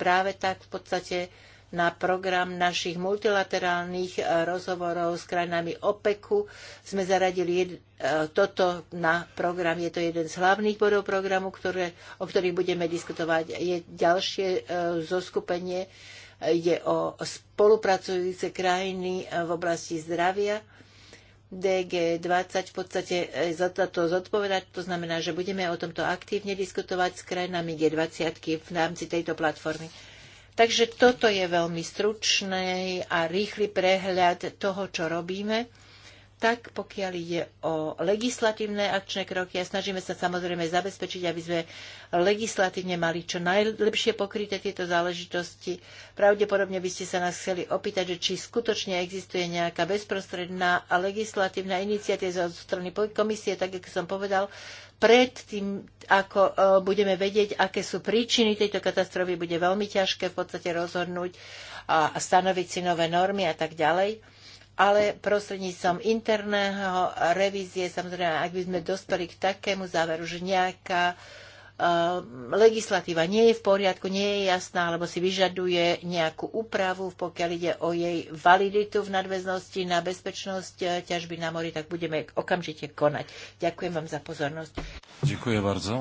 práve tak v podstate na program našich multilaterálnych eh, rozhovorov s krajinami OPEKu. Sme zaradili eh, toto na program. Je to jeden z hlavných bodov programu, ktoré, o ktorých budeme diskutovať. Je ďalšie eh, zoskupenie. Je o spolupracujúce krajiny v oblasti zdravia. DG20 v podstate za to zodpovedať. To znamená, že budeme o tomto aktívne diskutovať s krajinami G20 v rámci tejto platformy. Takže toto je veľmi stručný a rýchly prehľad toho, čo robíme. Tak pokiaľ ide o legislatívne akčné kroky a snažíme sa samozrejme zabezpečiť, aby sme legislatívne mali čo najlepšie pokryté tieto záležitosti. Pravdepodobne by ste sa nás chceli opýtať, že či skutočne existuje nejaká bezprostredná legislatívna iniciatíva zo strany komisie, tak ako som povedal, pred tým, ako e, budeme vedieť, aké sú príčiny tejto katastrofy, bude veľmi ťažké v podstate rozhodnúť a stanoviť si nové normy a tak ďalej. Ale prostredníctvom interného revízie, samozrejme, ak by sme dospeli k takému záveru, že nejaká uh, Ehm, legislatíva nie je v poriadku, nie je jasná, alebo si vyžaduje nejakú úpravu, pokiaľ ide o jej validitu v nadväznosti na bezpečnosť e, ťažby na mori, tak budeme okamžite konať. Ďakujem vám za pozornosť. Ďakujem bardzo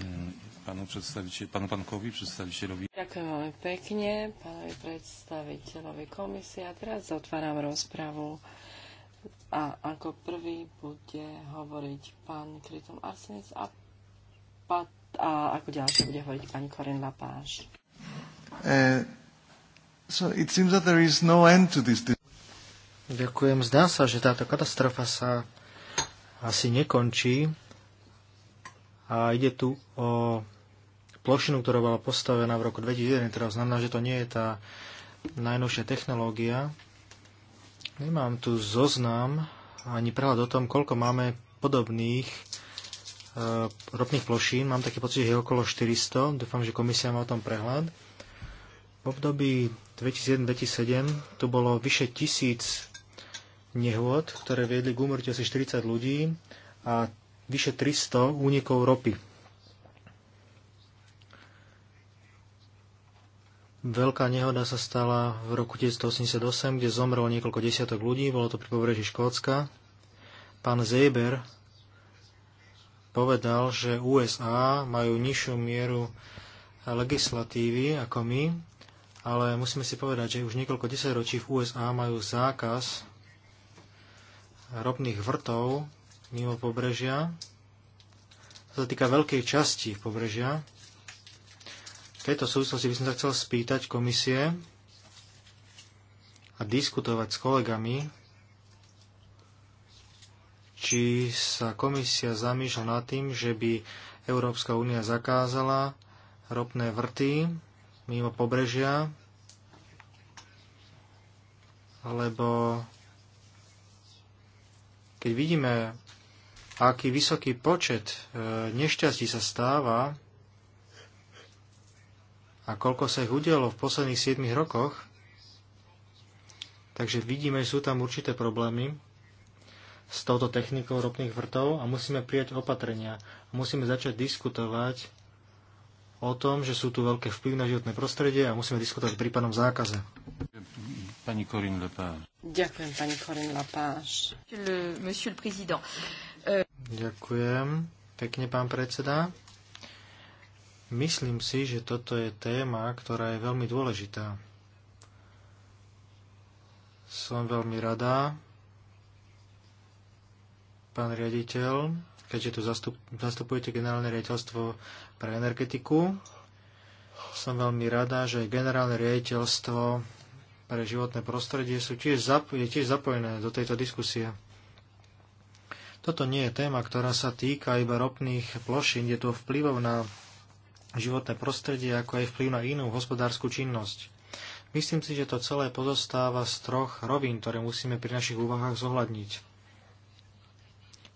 mm, panu, przedstawiciel, panu Pankowi, predstaviteľovi. Ďakujem veľmi pekne, pánovi predstaviteľovi komisie. A teraz otváram rozpravu. A ako prvý bude hovoriť pán Krytom Arsenis a pat, a ako ďalšie bude hovoriť pani Corinne Lapáš. Uh, eh, so it seems that there is no end to this. Ďakujem. Zdá sa, že táto katastrofa sa asi nekončí. A ide tu o plošinu, ktorá bola postavená v roku 2001. Teraz znamená, že to nie je tá najnovšia technológia. Nemám tu zoznam ani prehľad o tom, koľko máme podobných E, ropných plošín. Mám taký pocit, že je okolo 400. Dúfam, že komisia má o tom prehľad. V období 2001-2007 tu bolo vyše tisíc nehôd, ktoré viedli k úmrtiu asi 40 ľudí a vyše 300 únikov ropy. Veľká nehoda sa stala v roku 1988, kde zomrelo niekoľko desiatok ľudí, bolo to pri pobreží Škótska. Pán Zeber povedal, že USA majú nižšiu mieru legislatívy ako my, ale musíme si povedať, že už niekoľko desaťročí v USA majú zákaz ropných vrtov mimo pobrežia. To sa týka veľkej časti pobrežia. V tejto súvislosti by som sa chcel spýtať komisie a diskutovať s kolegami či sa komisia zamýšľa nad tým, že by Európska únia zakázala ropné vrty mimo pobrežia, lebo keď vidíme, aký vysoký počet e, nešťastí sa stáva a koľko sa ich udialo v posledných 7 rokoch, takže vidíme, že sú tam určité problémy, s touto technikou ropných vrtov a musíme prijať opatrenia. Musíme začať diskutovať o tom, že sú tu veľké vplyv na životné prostredie a musíme diskutovať v prípadnom zákaze. Pani Corinne Lepage. Ďakujem, pani korín Lepage. Le, monsieur le président. Ďakujem. Pekne, pán predseda. Myslím si, že toto je téma, ktorá je veľmi dôležitá. Som veľmi rada, pán riaditeľ, keďže tu zastup, zastupujete generálne riaditeľstvo pre energetiku. Som veľmi rada, že generálne riaditeľstvo pre životné prostredie sú tiež zap, je tiež zapojené do tejto diskusie. Toto nie je téma, ktorá sa týka iba ropných plošín, je to vplyvov na životné prostredie, ako aj vplyv na inú hospodárskú činnosť. Myslím si, že to celé pozostáva z troch rovín, ktoré musíme pri našich úvahách zohľadniť.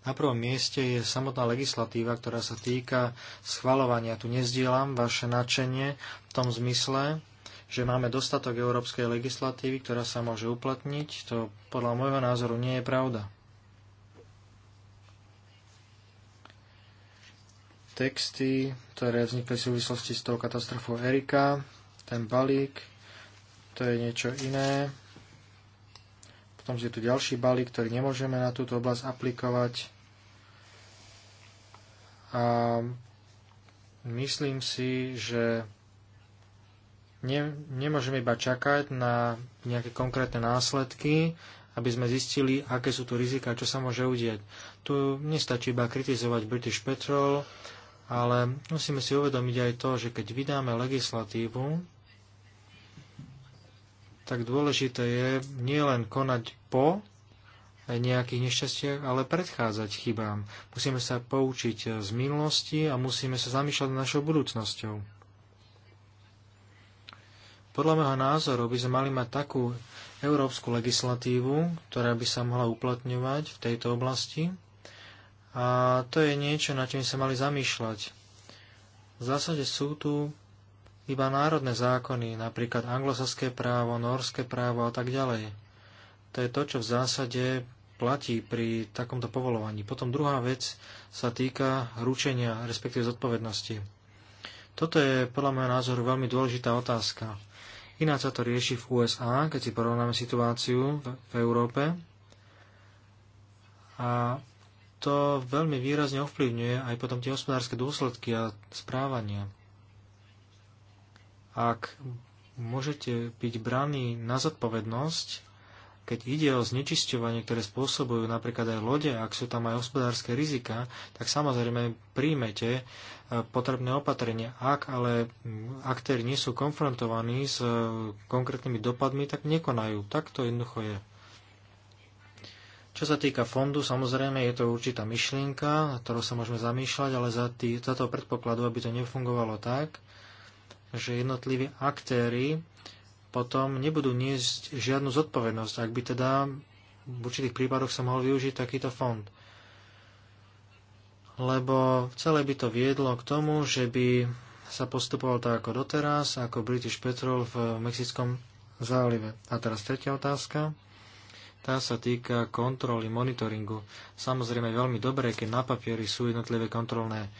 Na prvom mieste je samotná legislatíva, ktorá sa týka schvalovania. Tu nezdielam vaše nadšenie v tom zmysle, že máme dostatok európskej legislatívy, ktorá sa môže uplatniť. To podľa môjho názoru nie je pravda. Texty, ktoré vznikli v súvislosti s tou katastrofou Erika, ten balík, to je niečo iné. Potom je tu ďalší balík, ktorý nemôžeme na túto oblasť aplikovať. A myslím si, že ne, nemôžeme iba čakať na nejaké konkrétne následky, aby sme zistili, aké sú tu rizika, čo sa môže udieť. Tu nestačí iba kritizovať British Petrol, ale musíme si uvedomiť aj to, že keď vydáme legislatívu, tak dôležité je nielen konať po nejakých nešťastiach, ale predchádzať chybám. Musíme sa poučiť z minulosti a musíme sa zamýšľať nad našou budúcnosťou. Podľa môjho názoru by sme mali mať takú európsku legislatívu, ktorá by sa mohla uplatňovať v tejto oblasti. A to je niečo, na čím sa mali zamýšľať. V zásade sú tu iba národné zákony, napríklad anglosaské právo, norské právo a tak ďalej. To je to, čo v zásade platí pri takomto povolovaní. Potom druhá vec sa týka ručenia, respektíve zodpovednosti. Toto je podľa môjho názoru veľmi dôležitá otázka. Ináč sa to rieši v USA, keď si porovnáme situáciu v, v Európe. A to veľmi výrazne ovplyvňuje aj potom tie hospodárske dôsledky a správania. Ak môžete byť braní na zodpovednosť, keď ide o znečisťovanie, ktoré spôsobujú napríklad aj lode, ak sú tam aj hospodárske rizika, tak samozrejme príjmete e, potrebné opatrenia. Ak ale mm, aktéry nie sú konfrontovaní s e, konkrétnymi dopadmi, tak nekonajú. Tak to jednoducho je. Čo sa týka fondu, samozrejme je to určitá myšlienka, ktorou sa môžeme zamýšľať, ale za, tý, za toho predpokladu, aby to nefungovalo tak, že jednotliví aktéry potom nebudú niesť žiadnu zodpovednosť, ak by teda v určitých prípadoch sa mohol využiť takýto fond. Lebo celé by to viedlo k tomu, že by sa postupoval tak ako doteraz, ako British Petrol v Mexickom zálive. A teraz tretia otázka. Tá sa týka kontroly, monitoringu. Samozrejme veľmi dobré, keď na papieri sú jednotlivé kontrolné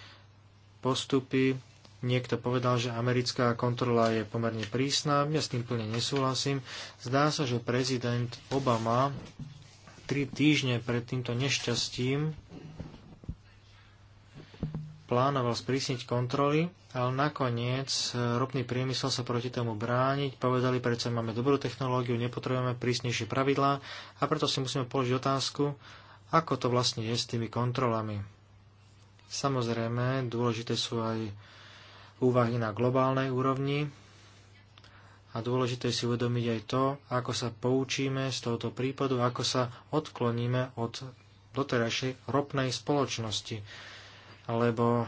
postupy, Niekto povedal, že americká kontrola je pomerne prísna. Ja s tým plne nesúhlasím. Zdá sa, že prezident Obama tri týždne pred týmto nešťastím plánoval sprísniť kontroly, ale nakoniec e, ropný priemysel sa proti tomu brániť. Povedali, prečo máme dobrú technológiu, nepotrebujeme prísnejšie pravidlá a preto si musíme položiť otázku, ako to vlastne je s tými kontrolami. Samozrejme, dôležité sú aj úvahy na globálnej úrovni a dôležité si uvedomiť aj to, ako sa poučíme z tohoto prípadu, ako sa odkloníme od doterajšej ropnej spoločnosti. Lebo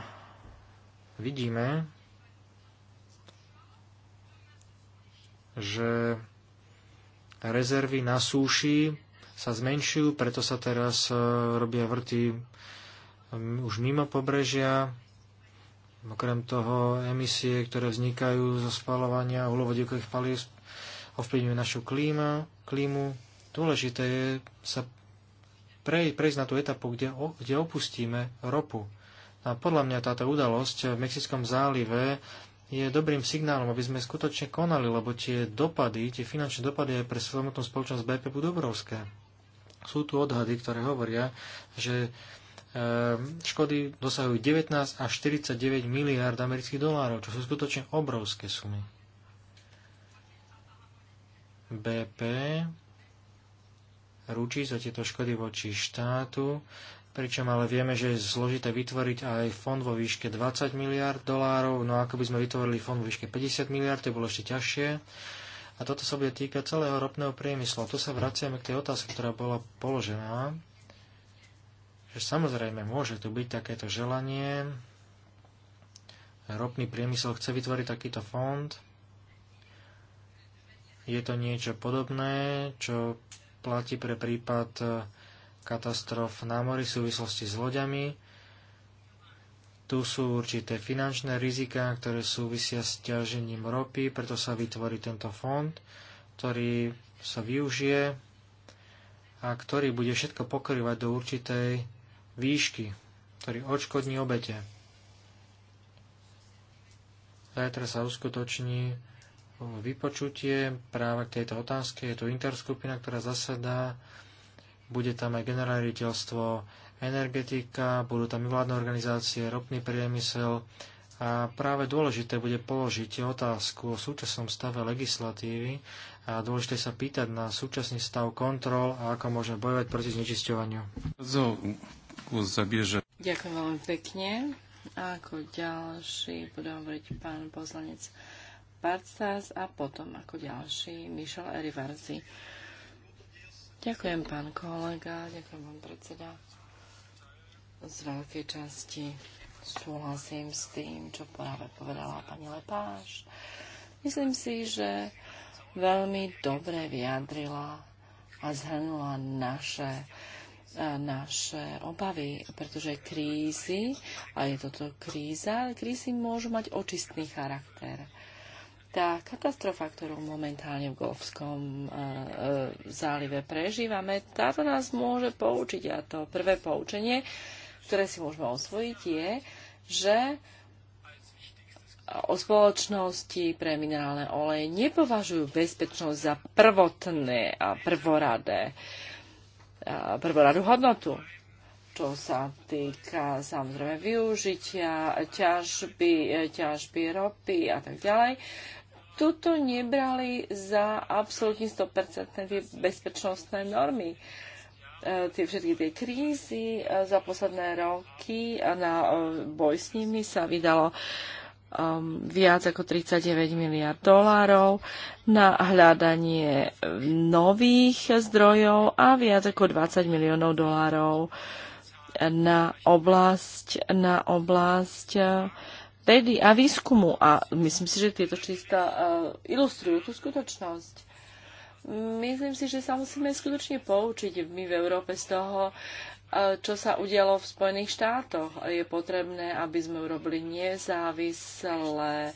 vidíme, že rezervy na súši sa zmenšujú, preto sa teraz eh, robia vrty mm, už mimo pobrežia Okrem toho emisie, ktoré vznikajú zo spalovania uhlovodíkových palív, ovplyvňujú našu klíma, klímu. Dôležité je sa pre, prejsť na tú etapu, kde, kde opustíme ropu. A podľa mňa táto udalosť v Mexickom zálive je dobrým signálom, aby sme skutočne konali, lebo tie dopady, tie finančné dopady aj pre samotnú spoločnosť BP budú obrovské. Sú tu odhady, ktoré hovoria, že Ehm, škody dosahujú 19 až 49 miliard amerických dolárov, čo sú skutočne obrovské sumy. BP ručí za tieto škody voči štátu, pričom ale vieme, že je zložité vytvoriť aj fond vo výške 20 miliard dolárov, no ako by sme vytvorili fond vo výške 50 miliard, to bolo ešte ťažšie. A toto sa bude týkať celého ropného priemyslu. A tu sa vraciame k tej otázke, ktorá bola položená že samozrejme môže tu byť takéto želanie. Ropný priemysel chce vytvoriť takýto fond. Je to niečo podobné, čo platí pre prípad e, katastrof na mori v súvislosti s loďami. Tu sú určité finančné riziká, ktoré súvisia s ťažením ropy, preto sa vytvorí tento fond, ktorý sa využije a ktorý bude všetko pokrývať do určitej výšky, ktorý odškodní obete. Zajtra sa uskutoční vypočutie práve k tejto otázke. Je tu interskupina, ktorá zasadá. Bude tam aj generáliteľstvo, energetika, budú tam vládne organizácie, ropný priemysel. A práve dôležité bude položiť otázku o súčasnom stave legislatívy a dôležité sa pýtať na súčasný stav kontrol a ako môžeme bojovať proti znečisťovaniu otázku zabierze. Ďakujem veľmi pekne. A ako ďalší bude hovoriť pán poslanec Barcas a potom ako ďalší Michel Erivarzi. Ďakujem pán kolega, ďakujem pán predseda. Z veľkej časti súhlasím s tým, čo práve povedala pani Lepáš. Myslím si, že veľmi dobre vyjadrila a zhrnula naše naše obavy, pretože krízy, a je toto kríza, ale krízy môžu mať očistný charakter. Tá katastrofa, ktorú momentálne v Golfskom e, zálive prežívame, táto nás môže poučiť. A to prvé poučenie, ktoré si môžeme osvojiť, je, že o spoločnosti pre minerálne oleje nepovažujú bezpečnosť za prvotné a prvoradé. Eh, prvoradú hodnotu. Čo sa týka samozrejme využitia, ťažby, eh, ťažby ropy a tak ďalej, tuto nebrali za absolútne 100% tie bezpečnostné normy. Eh, tie všetky tie krízy za posledné roky a na boj s nimi sa vydalo um, viac ako 39 miliard dolárov na hľadanie nových zdrojov a viac ako 20 miliónov dolárov na oblasť, na oblasť uh, vedy a výskumu. A myslím si, že tieto čísla uh, ilustrujú tú skutočnosť. Myslím si, že sa musíme skutočne poučiť my v Európe z toho, čo sa udialo v Spojených štátoch. Je potrebné, aby sme urobili nezávislé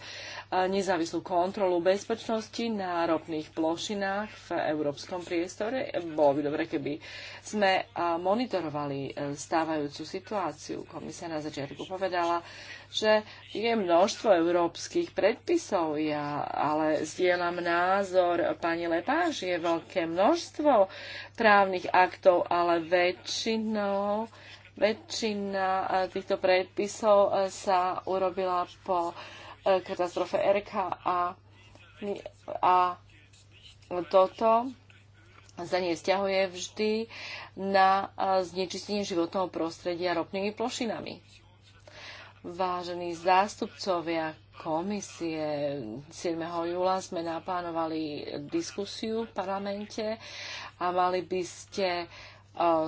nezávislú kontrolu bezpečnosti na ropných plošinách v európskom priestore. Bolo by dobre, keby sme monitorovali e, stávajúcu situáciu. Komisia na začiatku povedala, že je množstvo európskych predpisov, ja ale zdieľam názor pani Lepáš, je veľké množstvo právnych aktov, ale väčšinou väčšina e, týchto predpisov e, sa urobila po katastrofe Erika a, a toto sa nevzťahuje vždy na znečistenie životného prostredia ropnými plošinami. Vážení zástupcovia komisie, 7. júla sme naplánovali diskusiu v parlamente a mali by ste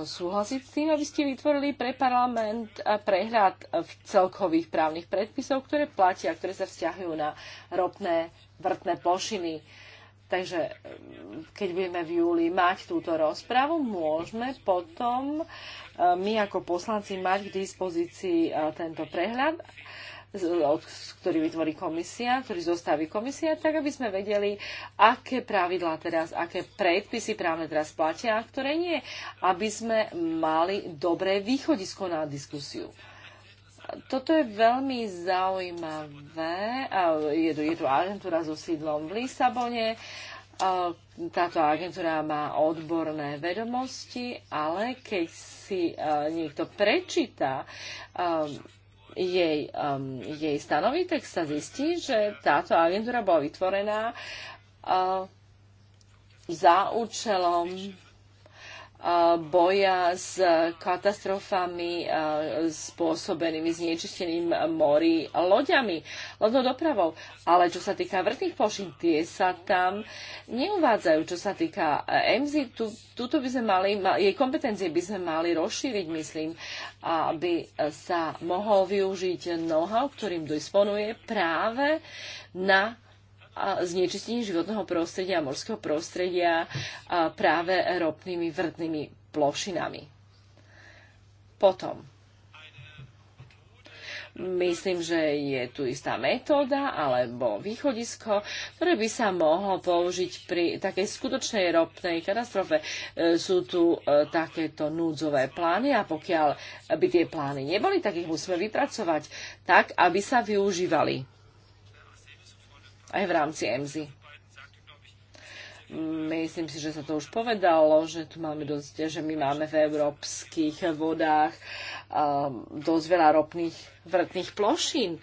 súhlasiť s tým, aby ste vytvorili pre parlament prehľad v celkových právnych predpisov, ktoré platia, ktoré sa vzťahujú na ropné vrtné plošiny. Takže mm, keď budeme v júli mať túto rozprávu, môžeme potom e, my ako poslanci mať k dispozícii e, tento prehľad ktorý vytvorí komisia, ktorý zostaví komisia, tak aby sme vedeli, aké pravidlá teraz, aké predpisy právne teraz platia a ktoré nie, aby sme mali dobré východisko na diskusiu toto je veľmi zaujímavé. Je tu, je tu agentúra so sídlom v Lisabone. Táto agentúra má odborné vedomosti, ale keď si niekto prečíta jej, um, jej stanoví, tak sa zistí, že táto agentúra bola vytvorená uh, za účelom boja s katastrofami spôsobenými znečisteným mori loďami, lodnou dopravou. Ale čo sa týka vrtných plošín, tie sa tam neuvádzajú. Čo sa týka EMZI, tu, by sme mali, jej kompetencie by sme mali rozšíriť, myslím, aby sa mohol využiť know-how, ktorým disponuje práve na znečistení životného prostredia a morského prostredia práve ropnými vrtnými plošinami. Potom, Myslím, že je tu istá metóda alebo východisko, ktoré by sa mohlo použiť pri takej skutočnej ropnej katastrofe. E, sú tu e, takéto núdzové plány a pokiaľ by tie plány neboli, tak ich musíme vypracovať tak, aby sa využívali aj v rámci EMZY. Myslím si, že sa to už povedalo, že tu máme dosť, že my máme v európskych vodách um, dosť veľa ropných vrtných plošín,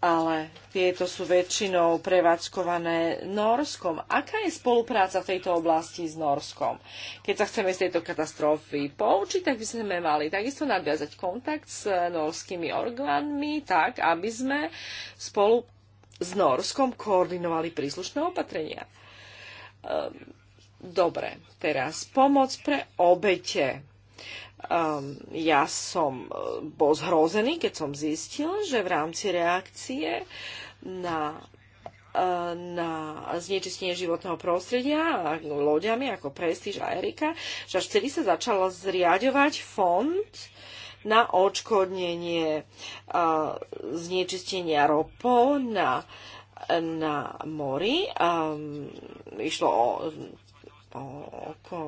ale tieto sú väčšinou prevádzkované Norskom. Aká je spolupráca v tejto oblasti s Norskom? Keď sa chceme z tejto katastrofy poučiť, tak by sme mali takisto nadviazať kontakt s norskými orgánmi, tak aby sme spolu s Norskom koordinovali príslušné opatrenia. Ehm, dobre, teraz pomoc pre obete. Um, ja som eh, bol zhrozený, keď som zistil, že v rámci reakcie na eh, na znečistenie životného prostredia loďami ako Prestige a Erika, že až vtedy sa začala zriadovať fond uh, na odškodnenie znečistenia ropo na, na mori. Išlo o, o, o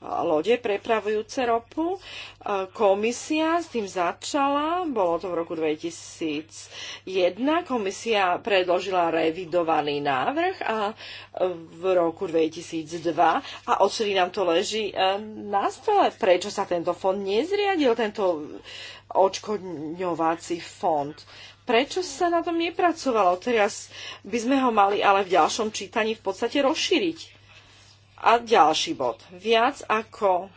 lode prepravujúce ropu. Komisia s tým začala, bolo to v roku 2001. Komisia predložila revidovaný návrh a v roku 2002 a odsedy nám to leží e, na stole. Prečo sa tento fond nezriadil, tento očkodňovací fond? prečo sa na tom nepracovalo. Teraz by sme ho mali ale v ďalšom čítaní v podstate rozšíriť. A ďalší bod. Viac ako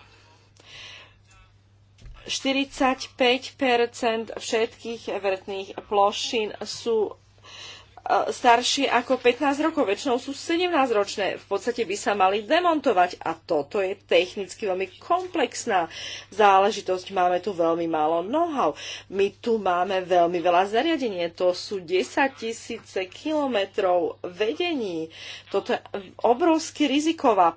45 všetkých vrtných plošín sú staršie ako 15 rokov, väčšinou sú 17-ročné, v podstate by sa mali demontovať a toto je technicky veľmi komplexná záležitosť. Máme tu veľmi málo know-how. My tu máme veľmi veľa zariadenie, to sú 10 tisíce kilometrov vedení. Toto je obrovsky riziková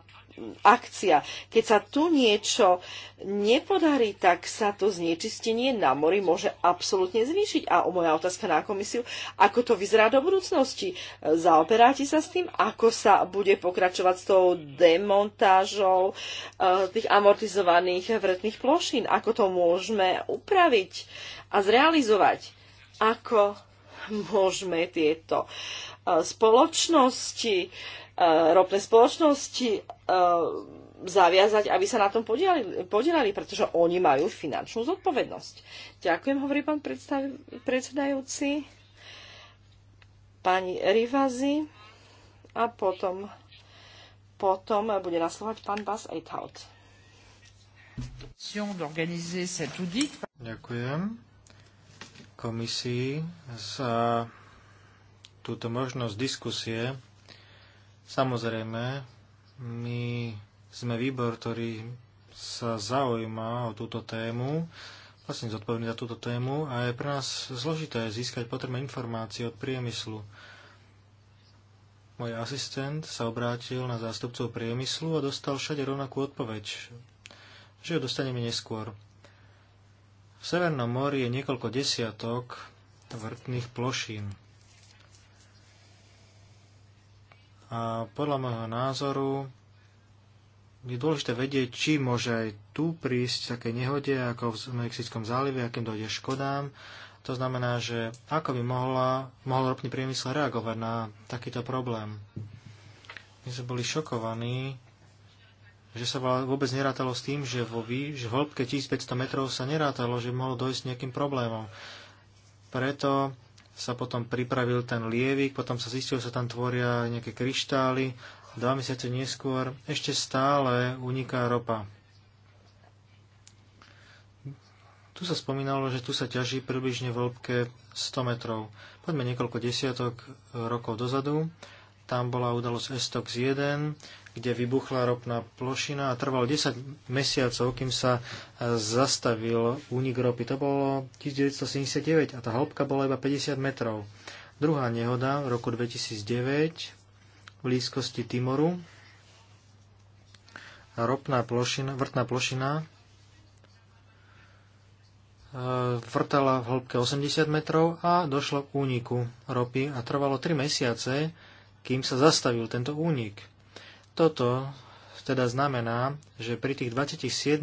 akcia. Keď sa tu niečo nepodarí, tak sa to znečistenie na mori môže absolútne zvýšiť. A moja otázka na komisiu, ako to vyzerá do budúcnosti? Zaoperáte sa s tým? Ako sa bude pokračovať s tou demontážou eh, tých amortizovaných vretných plošín? Ako to môžeme upraviť a zrealizovať? Ako môžeme tieto eh, spoločnosti uh, Eh, ropné spoločnosti eh, zaviazať, aby sa na tom podielali, podielali, pretože oni majú finančnú zodpovednosť. Ďakujem, hovorí pán predstav, predsedajúci, pani Rivazi a potom, potom bude naslovať pán Bas Eithaut. Ďakujem komisii za túto možnosť diskusie Samozrejme, my sme výbor, ktorý sa zaujíma o túto tému, vlastne zodpovedný za túto tému a je pre nás zložité získať potrebné informácie od priemyslu. Môj asistent sa obrátil na zástupcov priemyslu a dostal všade rovnakú odpoveď, že ju dostaneme neskôr. V Severnom mori je niekoľko desiatok vrtných plošín. A podľa môjho názoru je dôležité vedieť, či môže aj tu prísť také nehode, ako v Mexickom zálive, akým dojde škodám. To znamená, že ako by mohla, mohol ropný priemysel reagovať na takýto problém. My sme boli šokovaní, že sa vôbec nerátalo s tým, že vo výš, hĺbke 1500 metrov sa nerátalo, že mohlo dojsť nejakým problémom. Preto sa potom pripravil ten lievik, potom sa zistilo, že sa tam tvoria nejaké kryštály. Dva mesiace neskôr ešte stále uniká ropa. Tu sa spomínalo, že tu sa ťaží približne v hĺbke 100 metrov. Poďme niekoľko desiatok rokov dozadu. Tam bola udalosť Estox 1, kde vybuchla ropná plošina a trvalo 10 mesiacov, kým sa e, zastavil únik ropy. To bolo 1979 a tá hĺbka bola iba 50 metrov. Druhá nehoda v roku 2009 v blízkosti Timoru. Ropná plošina, vrtná plošina e, vrtala v hĺbke 80 metrov a došlo k úniku ropy a trvalo 3 mesiace, kým sa zastavil tento únik. Toto teda znamená, že pri tých 27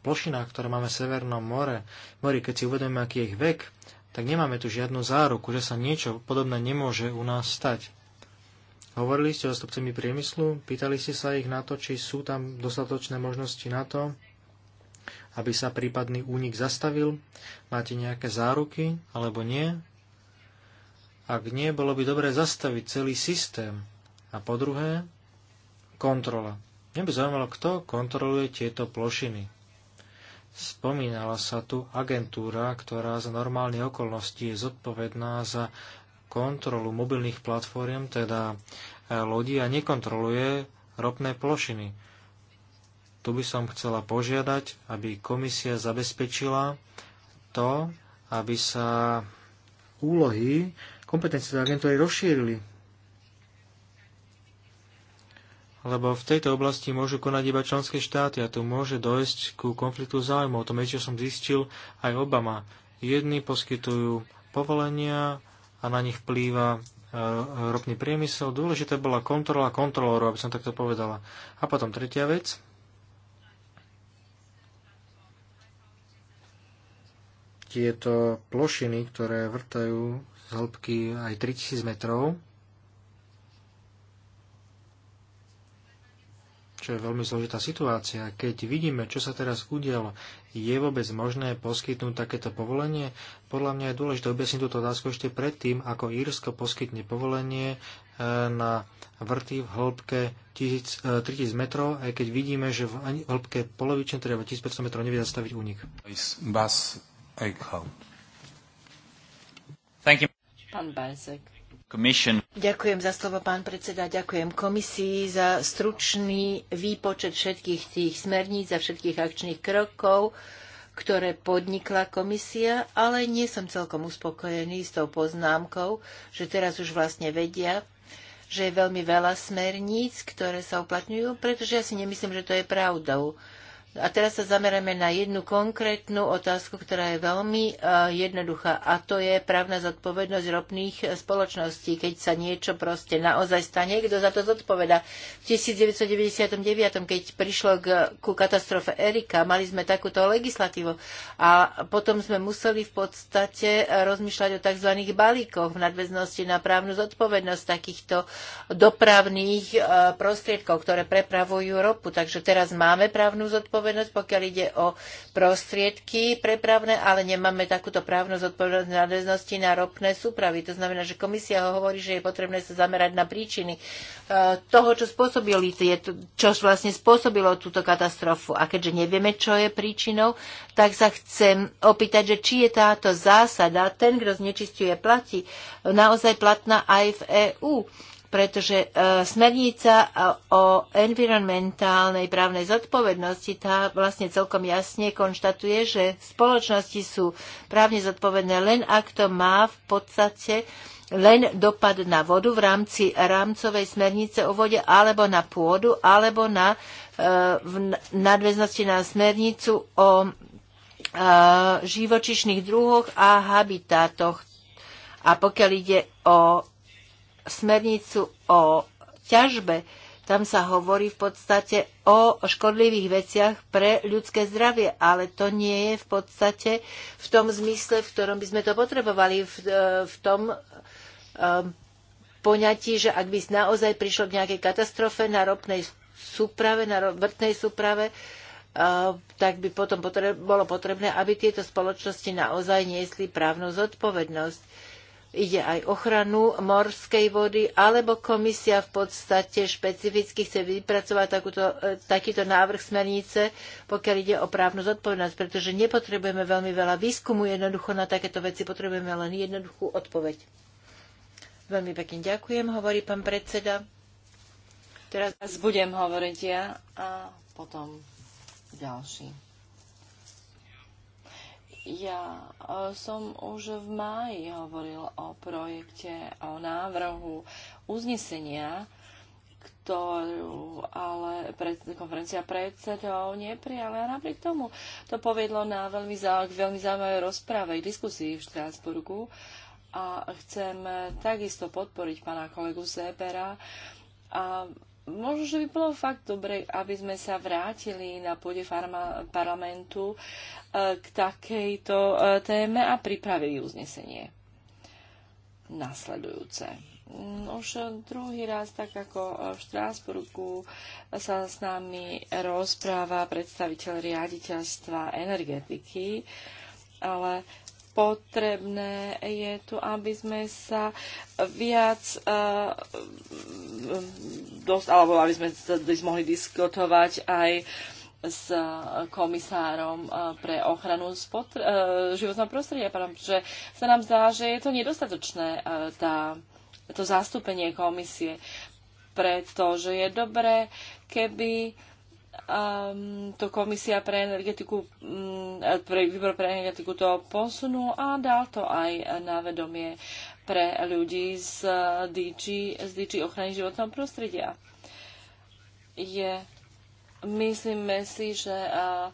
plošinách, ktoré máme v Severnom more, mori, keď si uvedomíme, aký je ich vek, tak nemáme tu žiadnu záruku, že sa niečo podobné nemôže u nás stať. Hovorili ste o stupcemi priemyslu, pýtali ste sa ich na to, či sú tam dostatočné možnosti na to, aby sa prípadný únik zastavil? Máte nejaké záruky alebo nie? Ak nie, bolo by dobré zastaviť celý systém. A po druhé, kontrola. Mňa by zaujímalo, kto kontroluje tieto plošiny. Spomínala sa tu agentúra, ktorá za normálne okolnosti je zodpovedná za kontrolu mobilných platform, teda e, lodi, a nekontroluje ropné plošiny. Tu by som chcela požiadať, aby komisia zabezpečila to, aby sa úlohy kompetencie agentúry rozšírili lebo v tejto oblasti môžu konať iba členské štáty a tu môže dojsť ku konfliktu zájmov. To niečo som zistil aj Obama. Jedni poskytujú povolenia a na nich plýva e, ropný priemysel. Dôležité bola kontrola kontrolórov, aby som takto povedala. A potom tretia vec. Tieto plošiny, ktoré vrtajú z hĺbky aj 3000 metrov, čo je veľmi zložitá situácia. Keď vidíme, čo sa teraz udialo, je vôbec možné poskytnúť takéto povolenie? Podľa mňa je dôležité objasniť túto otázku ešte predtým, ako Írsko poskytne povolenie e, na vrty v hĺbke 3000 e, metrov, aj keď vidíme, že v hĺbke polovične, teda 1500 metrov, nevie zastaviť únik. Pán Bajsek. Ďakujem za slovo, pán predseda. Ďakujem komisii za stručný výpočet všetkých tých smerníc a všetkých akčných krokov, ktoré podnikla komisia, ale nie som celkom uspokojený s tou poznámkou, že teraz už vlastne vedia, že je veľmi veľa smerníc, ktoré sa uplatňujú, pretože ja si nemyslím, že to je pravdou. A teraz sa zamerame na jednu konkrétnu otázku, ktorá je veľmi e, jednoduchá a to je právna zodpovednosť ropných e, spoločností. Keď sa niečo proste naozaj stane, kto za to zodpoveda? V 1999, keď prišlo k, ku katastrofe Erika, mali sme takúto legislatívu a potom sme museli v podstate rozmýšľať o tzv. balíkoch v nadväznosti na právnu zodpovednosť takýchto dopravných e, prostriedkov, ktoré prepravujú ropu. Takže teraz máme právnu zodpovednosť zodpovednosť, pokiaľ ide o prostriedky prepravné, ale nemáme takúto právnu zodpovednosť v nadväznosti na ropné súpravy. To znamená, že komisia ho hovorí, že je potrebné sa zamerať na príčiny e, toho, čo spôsobili, čo vlastne spôsobilo túto katastrofu. A keďže nevieme, čo je príčinou, tak sa chcem opýtať, že či je táto zásada, ten, kto znečistuje, platí, naozaj platná aj v EÚ pretože e, smernica e, o environmentálnej právnej zodpovednosti tá vlastne celkom jasne konštatuje, že spoločnosti sú právne zodpovedné len ak to má v podstate len dopad na vodu v rámci rámcovej smernice o vode alebo na pôdu alebo na, e, v nadväznosti na smernicu o živočišných druhoch a habitátoch. A pokiaľ ide o smernicu o ťažbe, tam sa hovorí v podstate o škodlivých veciach pre ľudské zdravie, ale to nie je v podstate v tom zmysle, v ktorom by sme to potrebovali, v, e, v tom um, poňatí, že ak by naozaj prišlo k nejakej katastrofe na ropnej súprave, na vrtnej súprave, uh, tak by potom potre- bolo potrebné, aby tieto spoločnosti naozaj niesli právnu zodpovednosť ide aj ochranu morskej vody, alebo komisia v podstate špecificky chce vypracovať takúto, e, takýto návrh smernice, pokiaľ ide o právnu zodpovednosť, pretože nepotrebujeme veľmi veľa výskumu jednoducho na takéto veci, potrebujeme len jednoduchú odpoveď. Veľmi pekne ďakujem, hovorí pán predseda. Teraz budem hovoriť ja a potom ďalší. Ja e, som už v máji hovoril o projekte, o návrhu uznesenia, ktorú ale pred, konferencia predsedov neprijala. A napriek tomu to povedlo na veľmi, zau, veľmi zaujímavé rozprave diskusii v Štrásburgu. A chcem takisto podporiť pána kolegu Zébera a možno, že by bolo fakt dobre, aby sme sa vrátili na pôde farma, parlamentu e, k takejto e, téme a pripravili uznesenie nasledujúce. Mm, už druhý raz, tak ako e, v Štrásburgu, sa s nami rozpráva predstaviteľ riaditeľstva energetiky, ale potrebné je tu, aby sme sa viac uh, e, dosť, alebo aby sme mohli diskutovať aj s komisárom e, pre ochranu spotr- e, životného prostredia, pretože sa nám zdá, že je to nedostatočné tá, to zastúpenie komisie, pretože je dobré, keby um, to komisia pre energetiku, um, pre výbor pre energetiku to posunul a dal to aj na vedomie pre ľudí z DG, z DG ochrany životného prostredia. Je, myslíme si, že uh,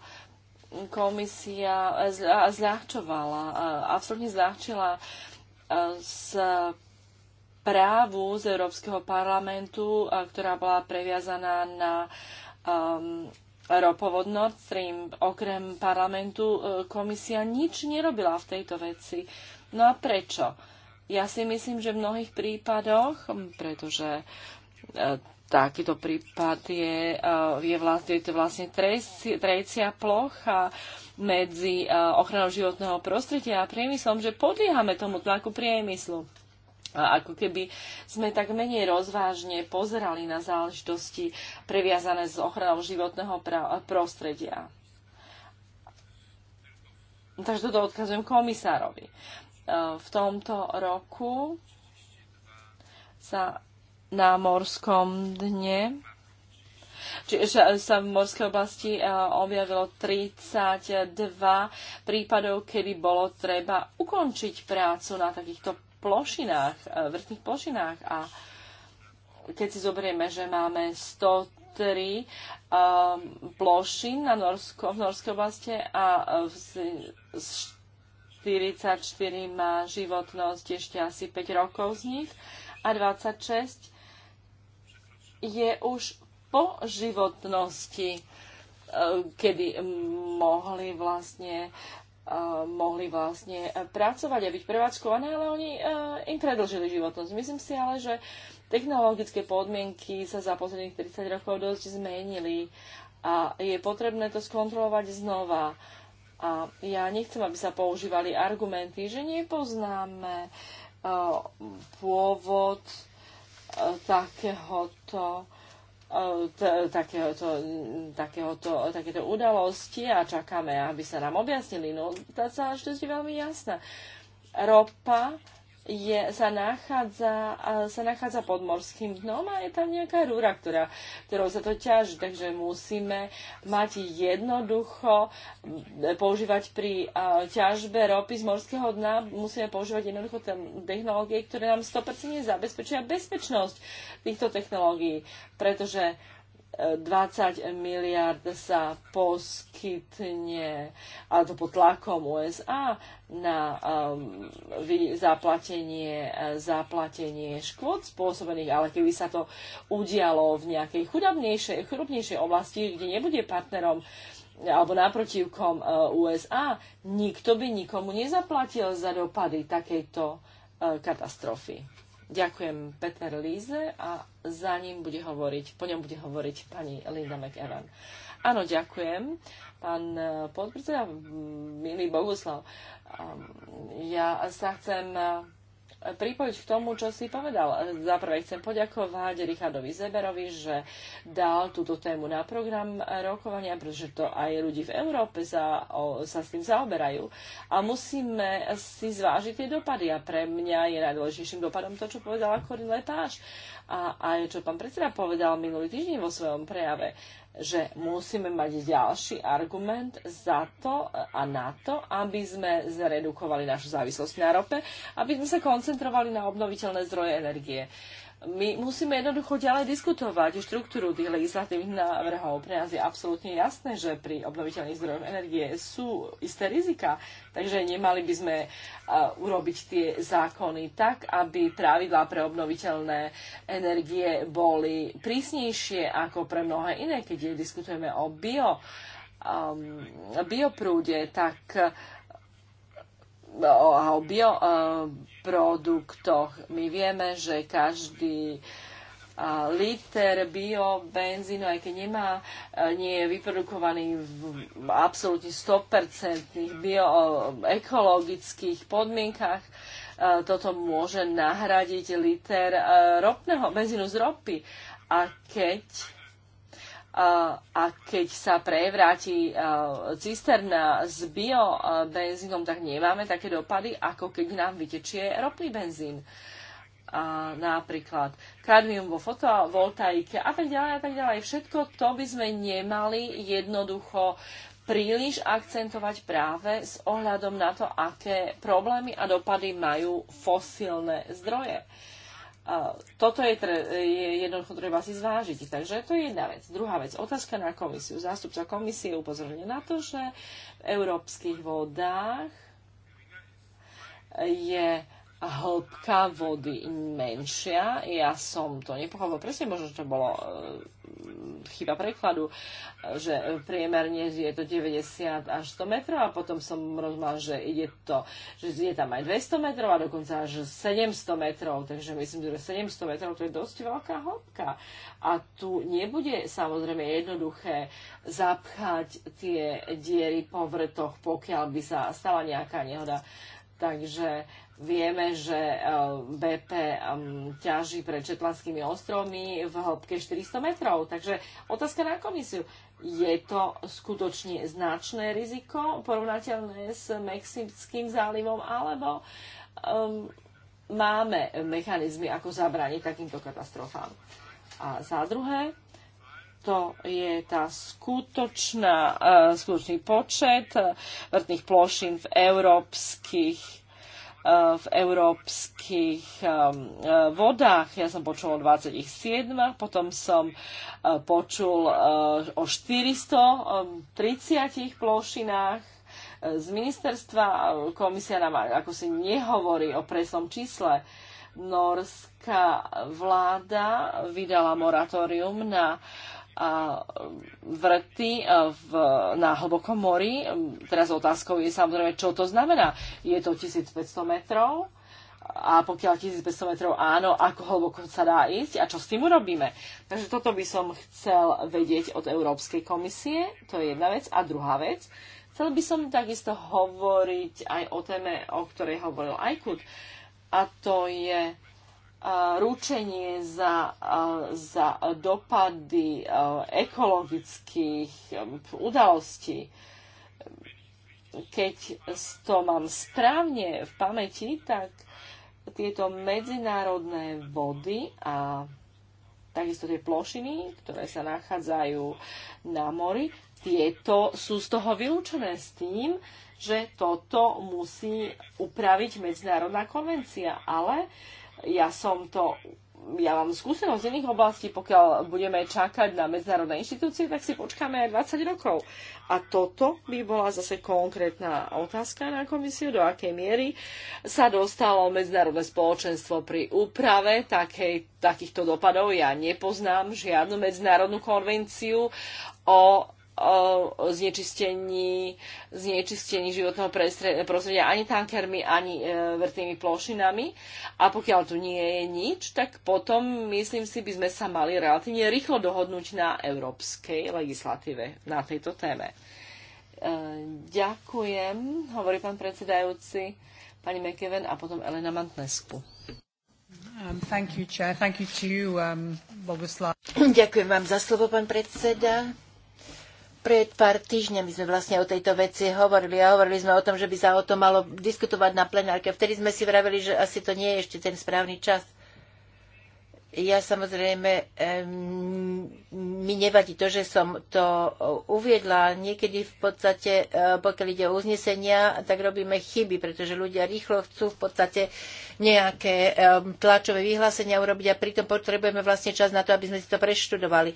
komisia zľahčovala, absolútne zľahčila z právu z Európskeho parlamentu, ktorá bola previazaná na uh, um, ropovod Nord Stream. Okrem parlamentu uh, komisia nič nerobila v tejto veci. No a prečo? Ja si myslím, že v mnohých prípadoch, pretože uh, takýto prípad je, uh, je, vlastne, je to vlastne trecia plocha medzi ochranou životného prostredia a priemyslom, že podliehame tomu tlaku priemyslu ako keby sme tak menej rozvážne pozerali na záležitosti previazané s ochranou životného prostredia. Takže toto odkazujem komisárovi. E, v tomto roku sa na morskom dne Čiže sa v morskej oblasti e, objavilo 32 prípadov, kedy bolo treba ukončiť prácu na takýchto plošinách, e, vrtných plošinách a keď si zoberieme, že máme 103 um, plošin na Norsko, v Norskej oblasti a e, v, 44 má životnosť ešte asi 5 rokov z nich a 26 je už po životnosti, e, kedy mohli vlastne mohli vlastne pracovať a byť prevádzkované, ale oni e, im predlžili životnosť. Myslím si ale, že technologické podmienky sa za posledných 30 rokov dosť zmenili a je potrebné to skontrolovať znova. A ja nechcem, aby sa používali argumenty, že nepoznáme e, pôvod e, takéhoto takéhoto, takéhoto, takéto udalosti a čakáme, aby sa nám objasnili. No, tá štosť je veľmi jasná. Ropa je, sa, nachádza, sa nachádza pod morským dnom a je tam nejaká rúra, ktorá, ktorou sa to ťaží. Takže musíme mať jednoducho používať pri ťažbe ropy z morského dna, musíme používať jednoducho tam technológie, ktoré nám 100% zabezpečia bezpečnosť týchto technológií. Pretože uh, 20 miliard sa poskytne, a to pod tlakom USA, na um, vy, zaplatenie, zaplatenie škôd spôsobených, ale keby sa to udialo v nejakej chudobnejšej, chudobnejšej oblasti, kde nebude partnerom e, alebo naprotivkom e, USA, nikto by nikomu nezaplatil za dopady takejto e, katastrofy. Ďakujem Peter Líze a za ním bude hovoriť, po ňom bude hovoriť pani Linda McEvan. Áno, ďakujem. Pán podpredseda, milý Bohuslav, ja sa chcem pripojiť k tomu, čo si povedal. Za prvé chcem poďakovať Richardovi Zeberovi, že dal túto tému na program rokovania, pretože to aj ľudí v Európe sa, o, sa s tým zaoberajú. A musíme si zvážiť tie dopady. A pre mňa je najdôležitejším dopadom to, čo povedala Corinne Lepáš a aj čo pán predseda povedal minulý týždeň vo svojom prejave že musíme mať ďalší argument za to a na to, aby sme zredukovali našu závislosť na rope, aby sme sa koncentrovali na obnoviteľné zdroje energie. Uh, my musíme jednoducho ďalej diskutovať štruktúru tých legislatívnych návrhov. Pre nás je absolútne jasné, že pri obnoviteľných zdrojoch energie sú isté rizika, takže nemali by sme e, urobiť tie zákony tak, aby pravidlá pre obnoviteľné energie boli prísnejšie ako pre mnohé iné. Keď diskutujeme o bio, um, bioprúde, tak uh, o, o bioproduktoch. My vieme, že každý liter biobenzínu, aj keď nemá, nie je vyprodukovaný v absolútne 100% bioekologických podmienkach, toto môže nahradiť liter ropného, benzínu z ropy. A keď a keď sa prevráti e, cisterna s biobenzínom, tak nemáme také dopady, ako keď nám vytečie ropný benzín. A napríklad kadmium vo fotovoltaike a tak ďalej a tak ďalej. Všetko to by sme nemali jednoducho príliš akcentovať práve s ohľadom na to, aké problémy a dopady majú fosílne zdroje. Uh, toto je, tre, je jednoducho treba si zvážiť. Takže to je jedna vec. Druhá vec, otázka na komisiu. Zástupca komisie upozorňuje na to, že v európskych vodách je hĺbka vody menšia. Ja som to nepochopil presne, možno to bolo e, chyba prekladu, že priemerne je to 90 až 100 metrov a potom som rozmal, že ide to, že je tam aj 200 metrov a dokonca až 700 metrov, takže myslím, že 700 metrov to je dosť veľká hĺbka a tu nebude samozrejme jednoduché zapchať tie diery po vrtoch, pokiaľ by sa stala nejaká nehoda. Takže Vieme, že eh, BP mm, ťaží pred Četlanskými ostrovmi v hĺbke 400 metrov. Takže otázka na komisiu. Je to skutočne značné riziko porovnateľné s Mexickým zálivom alebo um, máme mechanizmy, ako zabrániť takýmto katastrofám? A za druhé, to je tá skutočná, uh, skutočný počet eh, vrtných plošín v európskych Eh, v európskych eh, vodách. Ja som počul o 27, potom som eh, počul o 430 plošinách z ministerstva. Komisia nám ako si nehovorí o presnom čísle. Norská vláda vydala moratórium na uh, vrty v, na hlbokom mori. Teraz otázkou je samozrejme, čo to znamená. Je to 1500 metrov? a pokiaľ 1500 metrov áno, ako hlboko sa dá ísť a čo s tým urobíme. Takže toto by som chcel vedieť od Európskej komisie, to je jedna vec. A druhá vec, chcel by som takisto hovoriť aj o téme, o ktorej hovoril Ajkut, a to je ručenie za, za dopady ekologických udalostí. Keď to mám správne v pamäti, tak tieto medzinárodné vody a takisto tie plošiny, ktoré sa nachádzajú na mori, tieto sú z toho vylúčené s tým, že toto musí upraviť medzinárodná konvencia. Ale uh, ja som to ja mám skúsenosť z iných oblastí, pokiaľ budeme čakať na medzinárodné inštitúcie, tak si počkáme aj 20 rokov. A toto by bola zase konkrétna otázka na komisiu, do akej miery sa dostalo medzinárodné spoločenstvo pri úprave takej, takýchto dopadov. Ja nepoznám žiadnu medzinárodnú konvenciu o o znečistení, znečistení životného prostredia ani tankermi, ani e, vrtými plošinami. A pokiaľ tu nie je nič, tak potom, myslím si, by sme sa mali relatívne rýchlo dohodnúť na európskej legislatíve na tejto téme. E, ďakujem, hovorí pán predsedajúci, pani McEwen a potom Elena Mantnesku. Um, you, you, um, Ďakujem vám za slovo, pán predseda. Pred pár týždňami sme vlastne o tejto veci hovorili a hovorili sme o tom, že by sa o tom malo diskutovať na plenárke. Vtedy sme si vravili, že asi to nie je ešte ten správny čas. Ja samozrejme, mi nevadí to, že som to uviedla. Niekedy v podstate, e, pokiaľ ide o uznesenia, tak robíme chyby, pretože ľudia rýchlo chcú v podstate nejaké tlačové vyhlásenia urobiť a pritom potrebujeme vlastne čas na to, aby sme si to preštudovali.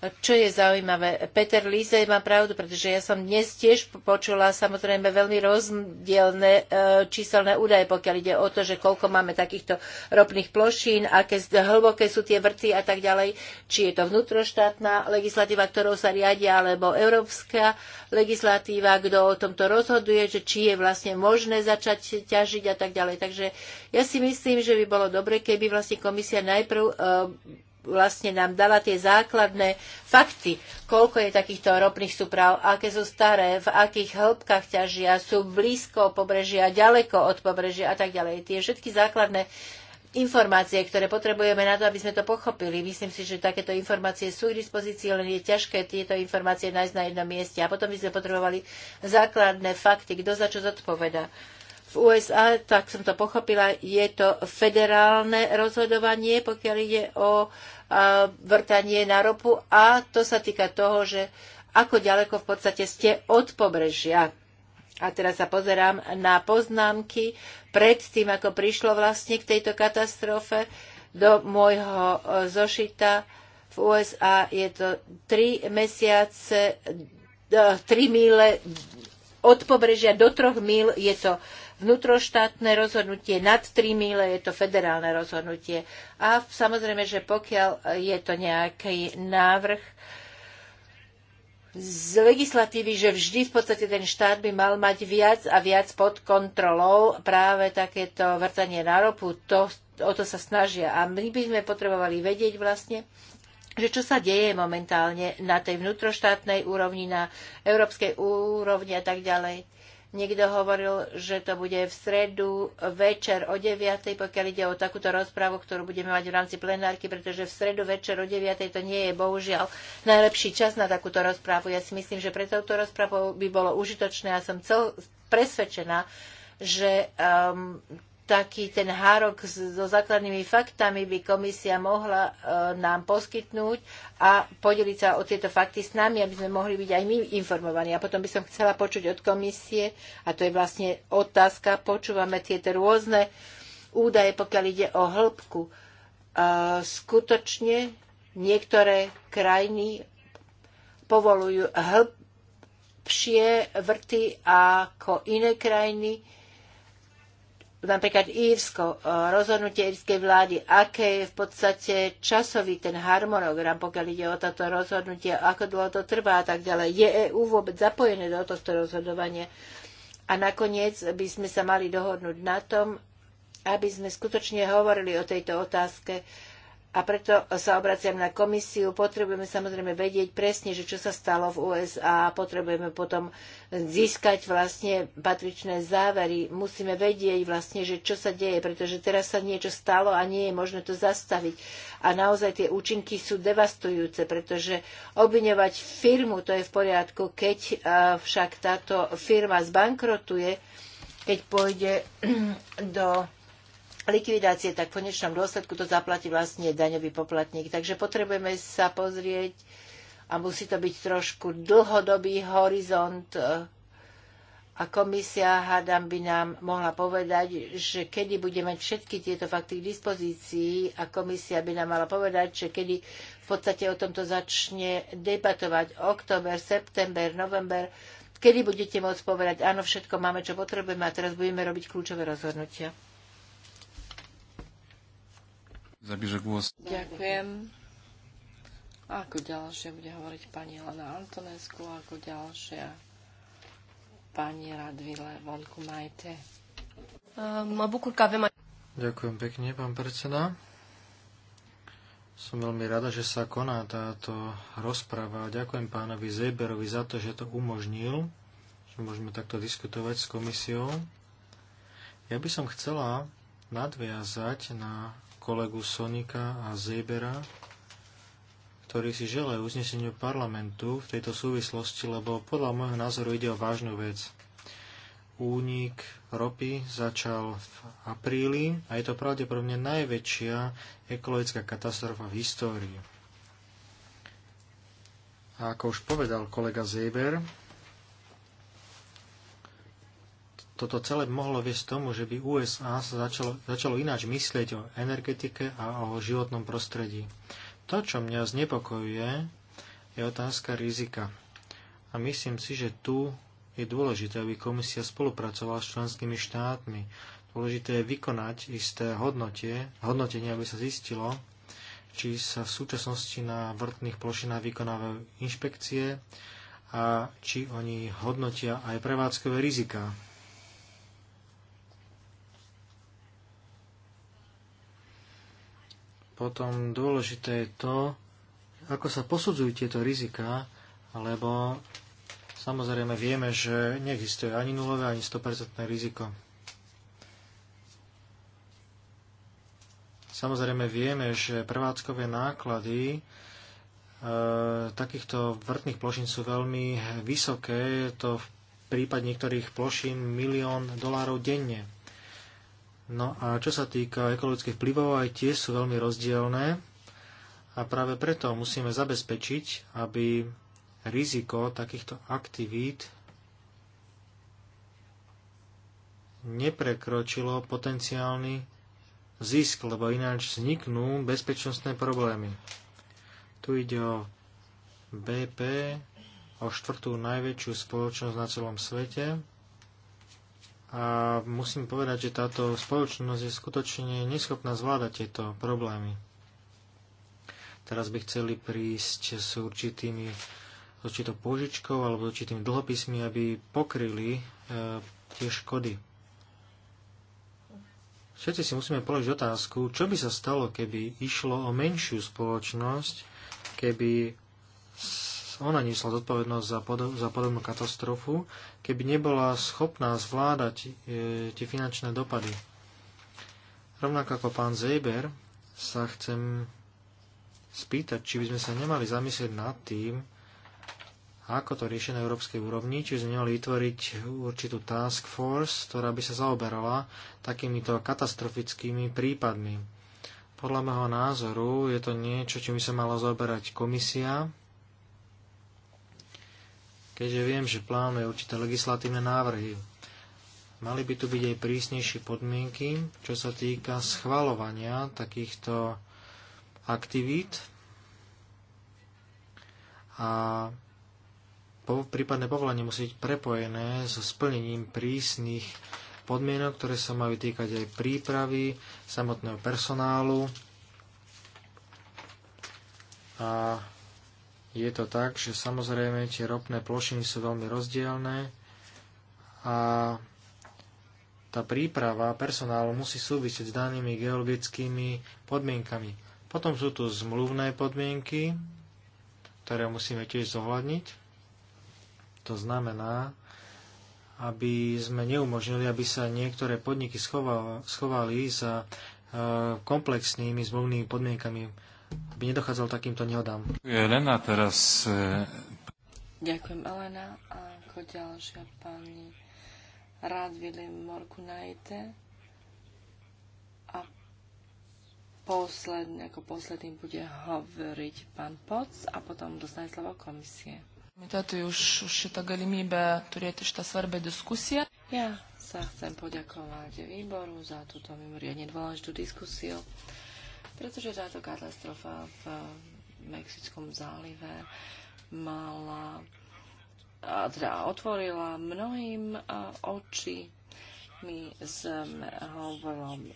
Čo je zaujímavé, Peter Líze má pravdu, pretože ja som dnes tiež počula samozrejme veľmi rozdielne e, číselné údaje, pokiaľ ide o to, že koľko máme takýchto ropných plošín, aké hlboké sú tie vrty a tak ďalej, či je to vnútroštátna legislatíva, ktorou sa riadia, alebo európska legislatíva, kto o tomto rozhoduje, že či je vlastne možné začať ťažiť a tak ďalej. Takže ja si myslím, že by bolo dobre, keby vlastne komisia najprv e, vlastne nám dala tie základné fakty, koľko je takýchto ropných súprav, aké sú staré, v akých hĺbkách ťažia, sú blízko pobrežia, ďaleko od pobrežia a tak ďalej. Tie všetky základné informácie, ktoré potrebujeme na to, aby sme to pochopili. Myslím si, že takéto informácie sú k dispozícii, len je ťažké tieto informácie nájsť na jednom mieste. A potom by sme potrebovali základné fakty, kto za čo zodpoveda. Uh, v USA, tak som to pochopila, je to federálne rozhodovanie, pokiaľ ide o vrtanie na ropu a to sa týka toho, že ako ďaleko v podstate ste od pobrežia. A teraz sa pozerám na poznámky pred tým, ako prišlo vlastne k tejto katastrofe do môjho e, zošita. V USA je to 3 mesiace, 3 e, míle od pobrežia do troch míl je to vnútroštátne rozhodnutie, nad 3 míle je to federálne rozhodnutie. A samozrejme, že pokiaľ je to nejaký návrh z legislatívy, že vždy v podstate ten štát by mal mať viac a viac pod kontrolou práve takéto vrtanie na ropu, to, o to sa snažia. A my by sme potrebovali vedieť vlastne, že čo sa deje momentálne na tej vnútroštátnej úrovni, na európskej úrovni a tak ďalej. Niekto hovoril, že to bude v stredu večer o 9, pokiaľ ide o takúto rozprávu, ktorú budeme mať v rámci plenárky, pretože v stredu večer o 9 to nie je bohužiaľ najlepší čas na takúto rozprávu. Ja si myslím, že pre touto rozprávu by bolo užitočné a ja som cel presvedčená, že um, taký ten hárok so základnými faktami by komisia mohla e, nám poskytnúť a podeliť sa o tieto fakty s nami, aby sme mohli byť aj my informovaní. A potom by som chcela počuť od komisie, a to je vlastne otázka, počúvame tieto rôzne údaje, pokiaľ ide o hĺbku. E, skutočne niektoré krajiny povolujú hĺbšie vrty ako iné krajiny napríklad Írsko, e, rozhodnutie írskej vlády, aké je v podstate časový ten harmonogram, pokiaľ ide o toto rozhodnutie, ako dlho to trvá a tak ďalej. Je EU vôbec zapojené do tohto rozhodovania? A nakoniec by sme sa mali dohodnúť na tom, aby sme skutočne hovorili o tejto otázke a preto sa obraciam na komisiu. Potrebujeme samozrejme vedieť presne, že čo sa stalo v USA. Potrebujeme potom získať vlastne patričné závery. Musíme vedieť vlastne, že čo sa deje, pretože teraz sa niečo stalo a nie je možné to zastaviť. A naozaj tie účinky sú devastujúce, pretože obviňovať firmu, to je v poriadku, keď eh, však táto firma zbankrotuje, keď pôjde do likvidácie, tak v konečnom dôsledku to zaplatí vlastne daňový poplatník. Takže potrebujeme sa pozrieť a musí to byť trošku dlhodobý horizont a komisia, hádam, by nám mohla povedať, že kedy budeme mať všetky tieto fakty k dispozícii a komisia by nám mala povedať, že kedy v podstate o tomto začne debatovať október, september, november, kedy budete môcť povedať, áno, všetko máme, čo potrebujeme a teraz budeme robiť kľúčové rozhodnutia. Zabíže głos. Ďakujem. Ako ďalšia bude hovoriť pani Helena Antonesku, ako ďalšia pani Radvile Vonku Majte. Ehm, Ďakujem pekne, pán predseda. Som veľmi rada, že sa koná táto rozpráva. Ďakujem pánovi Zeberovi za to, že to umožnil, že môžeme takto diskutovať s komisiou. Ja by som chcela nadviazať na kolegu Sonika a Zebera, ktorí si želajú uzneseniu parlamentu v tejto súvislosti, lebo podľa môjho názoru ide o vážnu vec. Únik ropy začal v apríli a je to pravdepodobne najväčšia ekologická katastrofa v histórii. A ako už povedal kolega Zeber, toto celé mohlo viesť tomu, že by USA sa začalo, začalo ináč myslieť o energetike a o životnom prostredí. To, čo mňa znepokojuje, je otázka rizika. A myslím si, že tu je dôležité, aby komisia spolupracovala s členskými štátmi. Dôležité je vykonať isté hodnotie, hodnotenie, aby sa zistilo, či sa v súčasnosti na vrtných plošinách vykonávajú inšpekcie a či oni hodnotia aj prevádzkové rizika Potom dôležité je to, ako sa posudzujú tieto rizika, lebo samozrejme vieme, že neexistuje ani nulové, ani 100% riziko. Samozrejme vieme, že prevádzkové náklady e, takýchto vrtných plošín sú veľmi vysoké. Je to v prípade niektorých plošín milión dolárov denne. No a čo sa týka ekologických vplyvov, aj tie sú veľmi rozdielne a práve preto musíme zabezpečiť, aby riziko takýchto aktivít neprekročilo potenciálny zisk, lebo ináč vzniknú bezpečnostné problémy. Tu ide o BP, o štvrtú najväčšiu spoločnosť na celom svete a musím povedať, že táto spoločnosť je skutočne neschopná zvládať tieto problémy. Teraz by chceli prísť s určitými s určitou požičkou alebo s určitými dlhopismi, aby pokryli e, tie škody. Všetci si musíme položiť otázku, čo by sa stalo, keby išlo o menšiu spoločnosť, keby ona niesla zodpovednosť za, pod- za podobnú katastrofu, keby nebola schopná zvládať e, tie finančné dopady. Rovnako ako pán Zejber sa chcem spýtať, či by sme sa nemali zamyslieť nad tým, ako to riešiť na európskej úrovni, či sme nemali vytvoriť určitú task force, ktorá by sa zaoberala takýmito katastrofickými prípadmi. Podľa môjho názoru je to niečo, čím by sa mala zaoberať komisia keďže viem, že plánuje určité legislatívne návrhy. Mali by tu byť aj prísnejšie podmienky, čo sa týka schvalovania takýchto aktivít a po, prípadné povolenie musí byť prepojené so splnením prísnych podmienok, ktoré sa majú týkať aj prípravy, samotného personálu a je to tak, že samozrejme tie ropné plošiny sú veľmi rozdielne a tá príprava personálu musí súvisieť s danými geologickými podmienkami. Potom sú tu zmluvné podmienky, ktoré musíme tiež zohľadniť. To znamená, aby sme neumožnili, aby sa niektoré podniky schovali za e, komplexnými zmluvnými podmienkami aby nedochádzalo takýmto nehodám. Elena teraz... E, Ďakujem, Elena. A ako ďalšia pani Radvili Morkunajte. A posledný, ako posledný bude hovoriť pán Poc a potom dostane slovo komisie. Komitetui už, už galimíbe, galimybę turėti šitą svarbe diskusie. Ja sa chcem poďakovať výboru za túto mimoriadne dôležitú diskusiu pretože táto katastrofa v Mexickom zálive mala, teda otvorila mnohým e, oči. My sme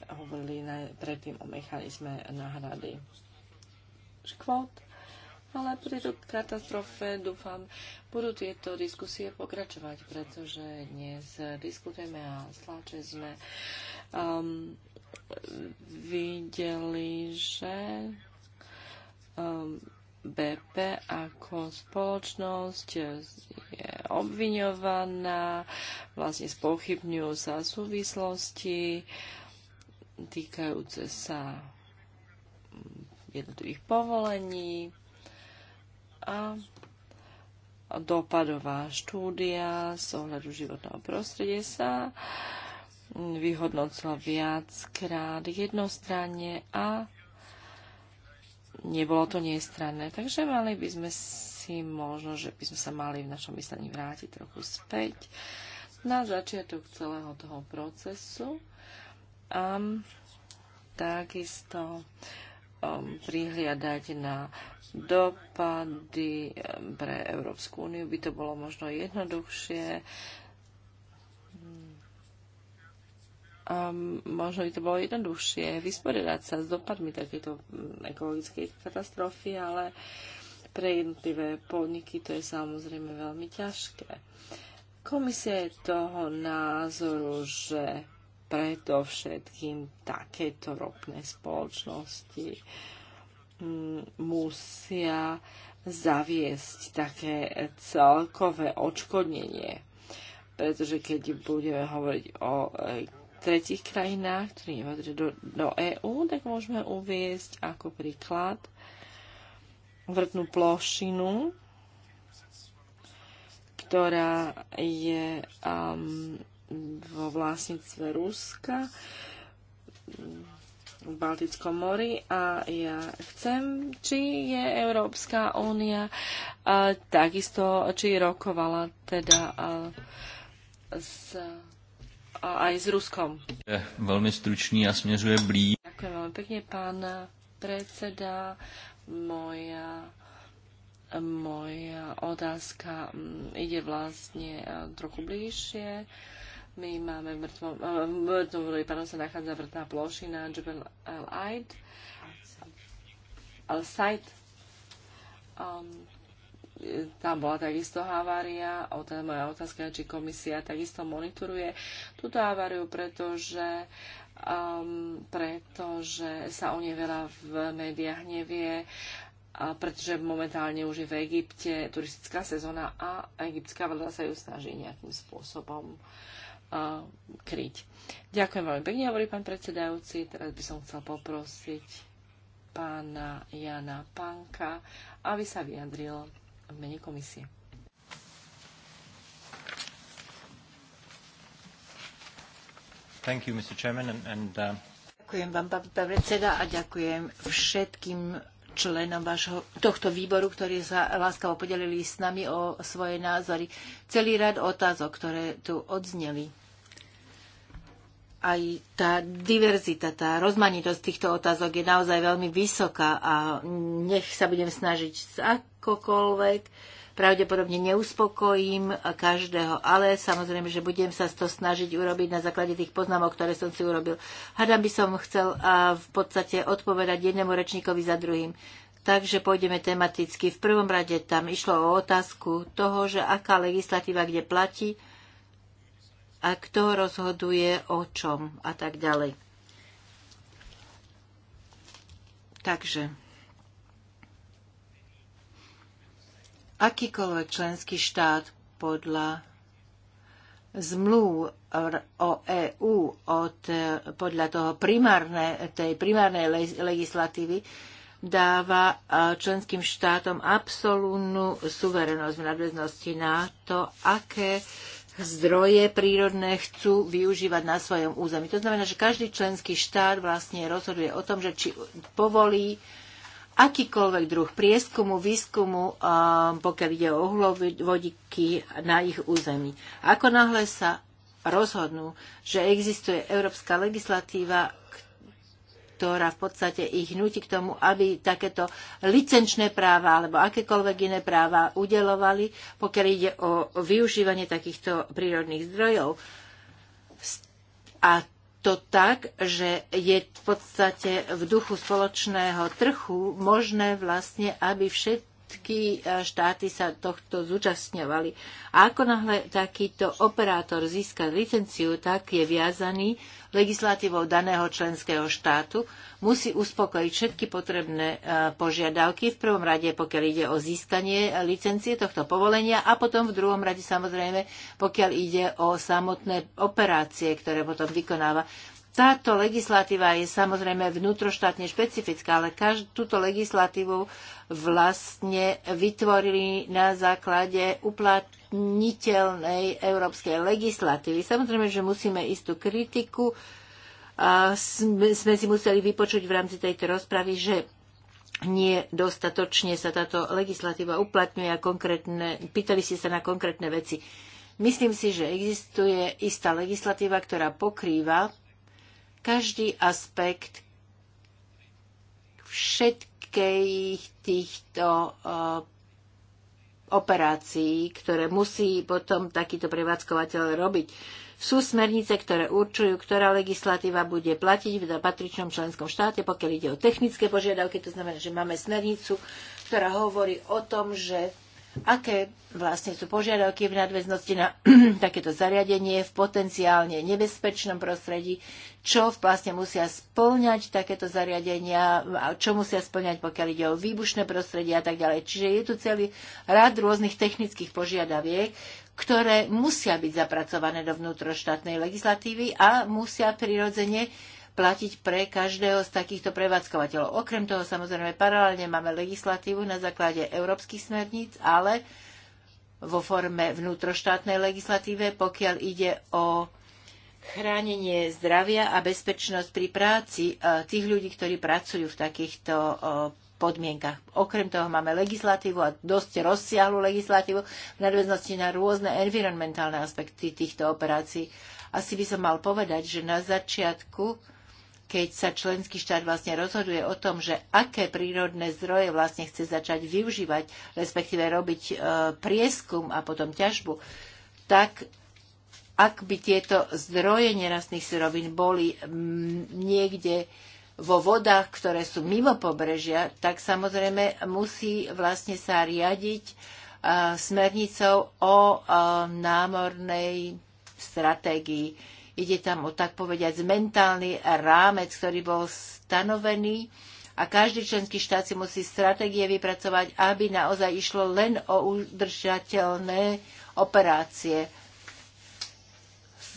hovorili, predtým o mechanizme náhrady škvot, ale pri tejto katastrofe dúfam, budú tieto diskusie pokračovať, pretože dnes diskutujeme a sláče sme uh, um, videli, že um, ehm, BP ako spoločnosť je obviňovaná, vlastne spochybňujú sa súvislosti týkajúce sa jednotlivých povolení a dopadová štúdia z ohľadu životného prostredia sa vyhodnocoval viackrát jednostranne a nebolo to niestranné. Takže mali by sme si možno, že by sme sa mali v našom myslení vrátiť trochu späť na začiatok celého toho procesu. A takisto um, prihliadať na dopady pre Európsku úniu by to bolo možno jednoduchšie um, možno by to bolo jednoduchšie vysporiadať sa s dopadmi takéto mm, ekologickej katastrofy, ale pre jednotlivé podniky to je samozrejme veľmi ťažké. Komisia je toho názoru, že predovšetkým takéto ropné spoločnosti mm, musia zaviesť také celkové odškodnenie. Pretože keď budeme hovoriť o e, tretich krajinách, ktorí nepatria do, do EÚ, tak môžeme uviesť ako príklad vrtnú plošinu, ktorá je um, vo vlastníctve Ruska v Baltickom mori a ja chcem, či je Európska únia uh, takisto, či rokovala teda a, uh, s aj s Ruskom. Je veľmi stručný a smeruje blí. Ďakujem veľmi pekne, pán predseda. Moja moja otázka mm, ide vlastne e, trochu bližšie. My máme mŕtvom, e, mŕtvom pardon, sa nachádza vrtná plošina Jebel Al Aid. Al Said. Um, tam bola takisto havária. Otá, moja otázka je, či komisia takisto monitoruje túto haváriu, pretože um, pretože sa o nej veľa v médiách nevie, a pretože momentálne už je v Egypte turistická sezóna a egyptská vláda sa ju snaží nejakým spôsobom uh, kryť. Ďakujem veľmi pekne, hovorí pán predsedajúci. Teraz by som chcel poprosiť pána Jana Panka, aby sa vyjadril v mene komisie. Thank you, Mr. Chairman, and, and, uh... Ďakujem vám, pán predseda, a ďakujem všetkým členom vášho, tohto výboru, ktorí sa láskavo podelili s nami o svoje názory. Celý rad otázok, ktoré tu odzneli aj tá diverzita, tá rozmanitosť týchto otázok je naozaj veľmi vysoká a nech sa budem snažiť akokoľvek, pravdepodobne neuspokojím každého, ale samozrejme, že budem sa to snažiť urobiť na základe tých poznámok, ktoré som si urobil. Hada by som chcel a v podstate odpovedať jednému rečníkovi za druhým. Takže pôjdeme tematicky. V prvom rade tam išlo o otázku toho, že aká legislatíva kde platí, a kto rozhoduje o čom a tak ďalej. Takže akýkoľvek členský štát podľa zmluv o EÚ od, podľa toho primárne, tej primárnej legislatívy dáva členským štátom absolútnu suverenosť v nadväznosti na to, aké zdroje prírodné chcú využívať na svojom území. To znamená, že každý členský štát vlastne rozhoduje o tom, že či povolí akýkoľvek druh prieskumu, výskumu, pokiaľ ide o uhlovodiky na ich území. Ako náhle sa rozhodnú, že existuje európska legislatíva, ktorá v podstate ich nutí k tomu, aby takéto licenčné práva alebo akékoľvek iné práva udelovali, pokiaľ ide o využívanie takýchto prírodných zdrojov. A to tak, že je v podstate v duchu spoločného trhu možné vlastne, aby všetci všetky e, štáty sa tohto zúčastňovali. A ako náhle takýto operátor získa licenciu, tak je viazaný legislatívou daného členského štátu, musí uspokojiť všetky potrebné e, požiadavky, v prvom rade pokiaľ ide o získanie licencie tohto povolenia a potom v druhom rade samozrejme pokiaľ ide o samotné operácie, ktoré potom vykonáva. Táto legislatíva je samozrejme vnútroštátne špecifická, ale každú túto legislatívu vlastne vytvorili na základe uplatniteľnej európskej legislatívy. Samozrejme, že musíme istú kritiku a sme, sme si museli vypočuť v rámci tejto rozpravy, že nie dostatočne sa táto legislatíva uplatňuje a konkrétne, pýtali ste sa na konkrétne veci. Myslím si, že existuje istá legislatíva, ktorá pokrýva každý aspekt všetkých týchto e, operácií, ktoré musí potom takýto prevádzkovateľ robiť. Sú smernice, ktoré určujú, ktorá legislatíva bude platiť v patričnom členskom štáte, pokiaľ ide o technické požiadavky. To znamená, že máme smernicu, ktorá hovorí o tom, že aké vlastne sú požiadavky v nadväznosti na takéto zariadenie v potenciálne nebezpečnom prostredí, čo vlastne musia splňať takéto zariadenia, čo musia splňať, pokiaľ ide o výbušné prostredie a tak ďalej. Čiže je tu celý rád rôznych technických požiadaviek, ktoré musia byť zapracované do vnútroštátnej legislatívy a musia prirodzene platiť pre každého z takýchto prevádzkovateľov. Okrem toho samozrejme paralelne máme legislatívu na základe európskych smerníc, ale vo forme vnútroštátnej legislatíve, pokiaľ ide o chránenie zdravia a bezpečnosť pri práci e, tých ľudí, ktorí pracujú v takýchto e, podmienkach. Okrem toho máme legislatívu a dosť rozsiahlu legislatívu v nadväznosti na rôzne environmentálne aspekty týchto operácií. Asi by som mal povedať, že na začiatku keď sa členský štát vlastne rozhoduje o tom, že aké prírodné zdroje vlastne chce začať využívať, respektíve robiť e, prieskum a potom ťažbu, tak ak by tieto zdroje nerastných surovín boli m, niekde vo vodách, ktoré sú mimo pobrežia, tak samozrejme musí vlastne sa riadiť e, smernicou o e, námornej stratégii Ide tam o tak povediať mentálny rámec, ktorý bol stanovený a každý členský štát si musí stratégie vypracovať, aby naozaj išlo len o udržateľné operácie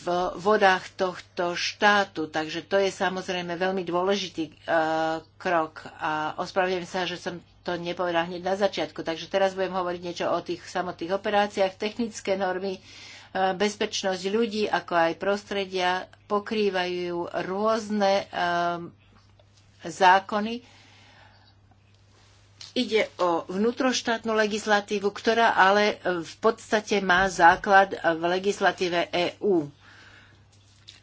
v vodách tohto štátu. Takže to je samozrejme veľmi dôležitý uh, krok a ospravedlňujem sa, že som to nepovedal hneď na začiatku. Takže teraz budem hovoriť niečo o tých samotných operáciách, technické normy E, bezpečnosť ľudí, ako aj prostredia pokrývajú rôzne e, zákony. Ide o vnútroštátnu legislatívu, ktorá ale v podstate má základ v legislatíve EÚ.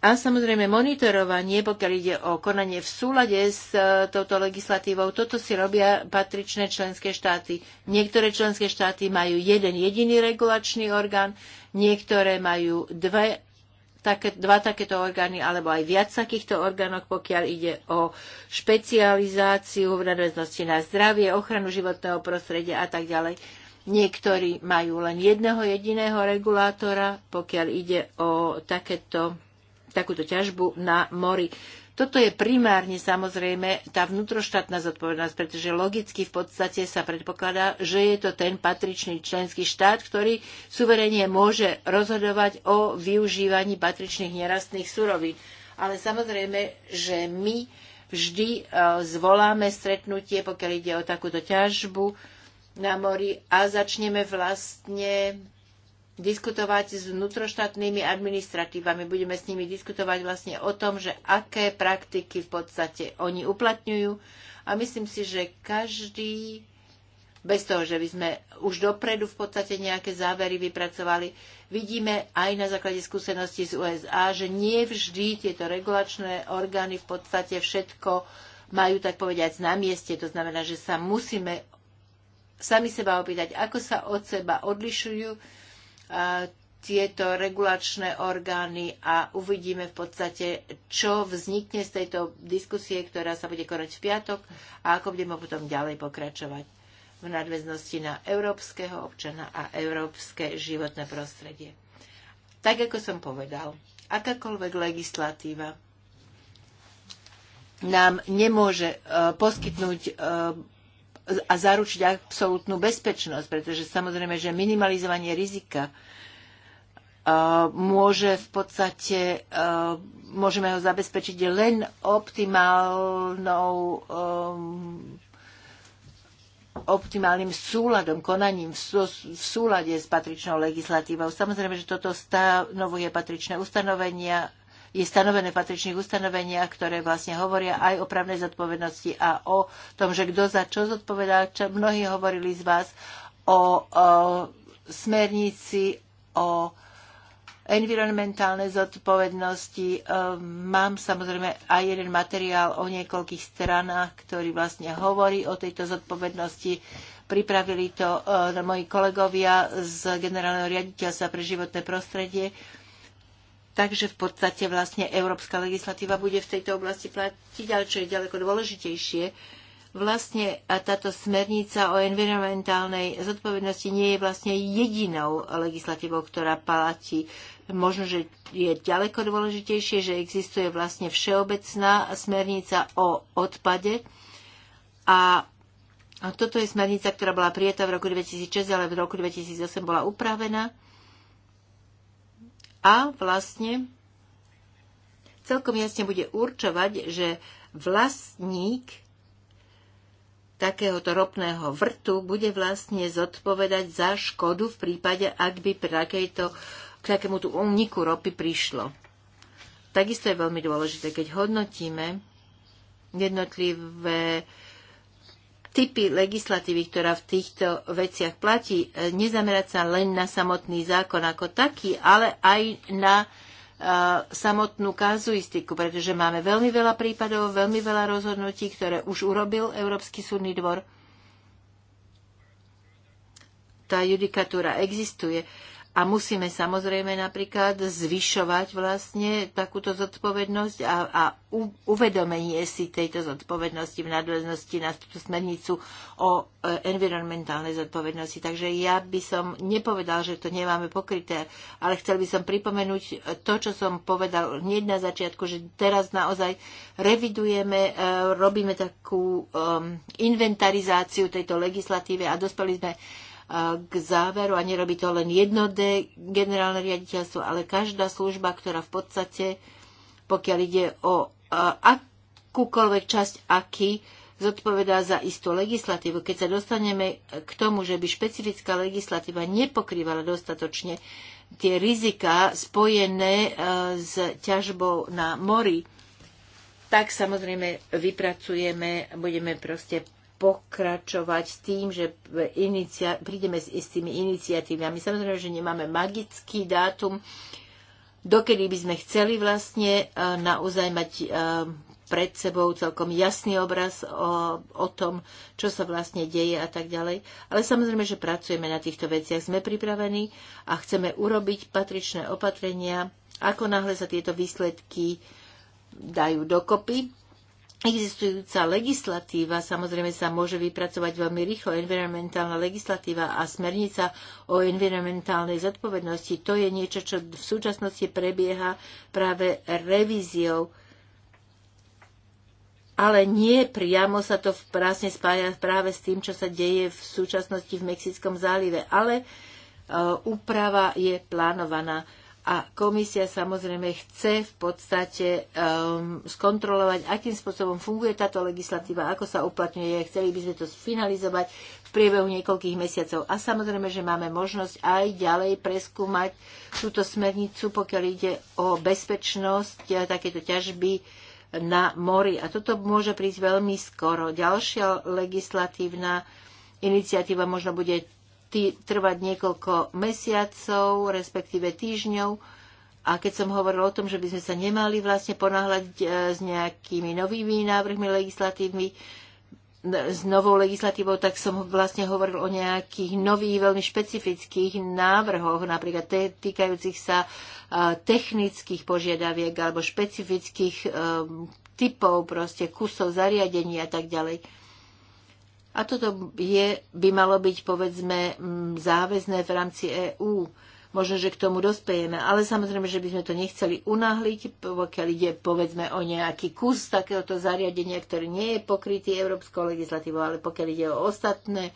A samozrejme monitorovanie, pokiaľ ide o konanie v súlade s e, touto legislatívou, toto si robia patričné členské štáty. Niektoré členské štáty majú jeden jediný regulačný orgán, niektoré majú dve, také, dva takéto orgány alebo aj viac takýchto orgánov, pokiaľ ide o špecializáciu v nadväznosti na zdravie, ochranu životného prostredia a tak ďalej. Niektorí majú len jedného jediného regulátora, pokiaľ ide o takéto takúto ťažbu na mori. Toto je primárne samozrejme tá vnútroštátna zodpovednosť, pretože logicky v podstate sa predpokladá, že je to ten patričný členský štát, ktorý suverenie môže rozhodovať o využívaní patričných nerastných surovín. Ale samozrejme, že my vždy e, zvoláme stretnutie, pokiaľ ide o takúto ťažbu na mori a začneme vlastne diskutovať s vnútroštátnymi administratívami. Budeme s nimi diskutovať vlastne o tom, že aké praktiky v podstate oni uplatňujú. A myslím si, že každý, bez toho, že by sme už dopredu v podstate nejaké závery vypracovali, vidíme aj na základe skúseností z USA, že nie vždy tieto regulačné orgány v podstate všetko majú, tak povediať, na mieste. To znamená, že sa musíme sami seba opýtať, ako sa od seba odlišujú tieto regulačné orgány a uvidíme v podstate, čo vznikne z tejto diskusie, ktorá sa bude konať v piatok a ako budeme potom ďalej pokračovať v nadväznosti na európskeho občana a európske životné prostredie. Tak ako som povedal, akákoľvek legislatíva nám nemôže e, poskytnúť e, a zaručiť absolútnu bezpečnosť, pretože samozrejme, že minimalizovanie rizika e, môže v podstate, e, môžeme ho zabezpečiť len optimálnou e, optimálnym súladom, konaním v súlade s patričnou legislatívou. Samozrejme, že toto stanovuje patričné ustanovenia je stanovené v patričných ustanoveniach, ktoré vlastne hovoria aj o právnej zodpovednosti a o tom, že kto za čo zodpovedá. Čo mnohí hovorili z vás o, o smernici, o environmentálnej zodpovednosti. Ehm, mám samozrejme aj jeden materiál o niekoľkých stranách, ktorý vlastne hovorí o tejto zodpovednosti. Pripravili to ehm, moji kolegovia z Generálneho riaditeľstva pre životné prostredie. Takže v podstate vlastne európska legislatíva bude v tejto oblasti platiť, ale čo je ďaleko dôležitejšie, vlastne táto smernica o environmentálnej zodpovednosti nie je vlastne jedinou legislatívou, ktorá platí. Možno, že je ďaleko dôležitejšie, že existuje vlastne všeobecná smernica o odpade a toto je smernica, ktorá bola prijatá v roku 2006, ale v roku 2008 bola upravená a vlastne celkom jasne bude určovať, že vlastník takéhoto ropného vrtu bude vlastne zodpovedať za škodu v prípade, ak by takéto, k tu úniku ropy prišlo. Takisto je veľmi dôležité, keď hodnotíme jednotlivé typy legislatívy, ktorá v týchto veciach platí, e, nezamerať sa len na samotný zákon ako taký, ale aj na e, samotnú kazuistiku, pretože máme veľmi veľa prípadov, veľmi veľa rozhodnutí, ktoré už urobil Európsky súdny dvor. Tá judikatúra existuje. A musíme samozrejme napríklad zvyšovať vlastne takúto zodpovednosť a, a uvedomenie si tejto zodpovednosti v nadväznosti na túto smernicu o e, environmentálnej zodpovednosti. Takže ja by som nepovedal, že to nemáme pokryté, ale chcel by som pripomenúť to, čo som povedal hneď na začiatku, že teraz naozaj revidujeme, e, robíme takú e, inventarizáciu tejto legislatíve a dospeli sme k záveru a nerobí to len jedno D, generálne riaditeľstvo, ale každá služba, ktorá v podstate, pokiaľ ide o akúkoľvek časť aký, zodpovedá za istú legislatívu. Keď sa dostaneme k tomu, že by špecifická legislatíva nepokrývala dostatočne tie rizika spojené e, s ťažbou na mori, tak samozrejme vypracujeme, budeme proste pokračovať s tým, že inicia- prídeme s istými iniciatívami. Samozrejme, že nemáme magický dátum, dokedy by sme chceli vlastne e, naozaj mať e, pred sebou celkom jasný obraz o, o tom, čo sa vlastne deje a tak ďalej. Ale samozrejme, že pracujeme na týchto veciach, sme pripravení a chceme urobiť patričné opatrenia, ako náhle sa tieto výsledky dajú dokopy Existujúca legislatíva samozrejme sa môže vypracovať veľmi rýchlo. Environmentálna legislatíva a smernica o environmentálnej zodpovednosti, to je niečo, čo v súčasnosti prebieha práve revíziou ale nie priamo sa to prásne vlastne spája práve s tým, čo sa deje v súčasnosti v Mexickom zálive, ale e, úprava je plánovaná. A komisia samozrejme chce v podstate um, skontrolovať, akým spôsobom funguje táto legislatíva, ako sa uplatňuje. Chceli by sme to sfinalizovať v priebehu niekoľkých mesiacov. A samozrejme, že máme možnosť aj ďalej preskúmať túto smernicu, pokiaľ ide o bezpečnosť e, takéto ťažby na mori. A toto môže prísť veľmi skoro. Ďalšia legislatívna iniciatíva možno bude vždy trvať niekoľko mesiacov, respektíve týždňov. A keď som hovoril o tom, že by sme sa nemali vlastne ponáhľať e, s nejakými novými návrhmi legislatívmi, s novou legislatívou, tak som vlastne hovoril o nejakých nových, veľmi špecifických návrhoch, napríklad týkajúcich sa e, technických požiadaviek alebo špecifických e, typov, proste kusov zariadení a tak ďalej. A toto je, by malo byť, povedzme, záväzné v rámci EÚ. Možno, že k tomu dospejeme, ale samozrejme, že by sme to nechceli unáhliť, pokiaľ ide, povedzme, o nejaký kus takéhoto zariadenia, ktorý nie je pokrytý európskou legislatívou, ale pokiaľ ide o ostatné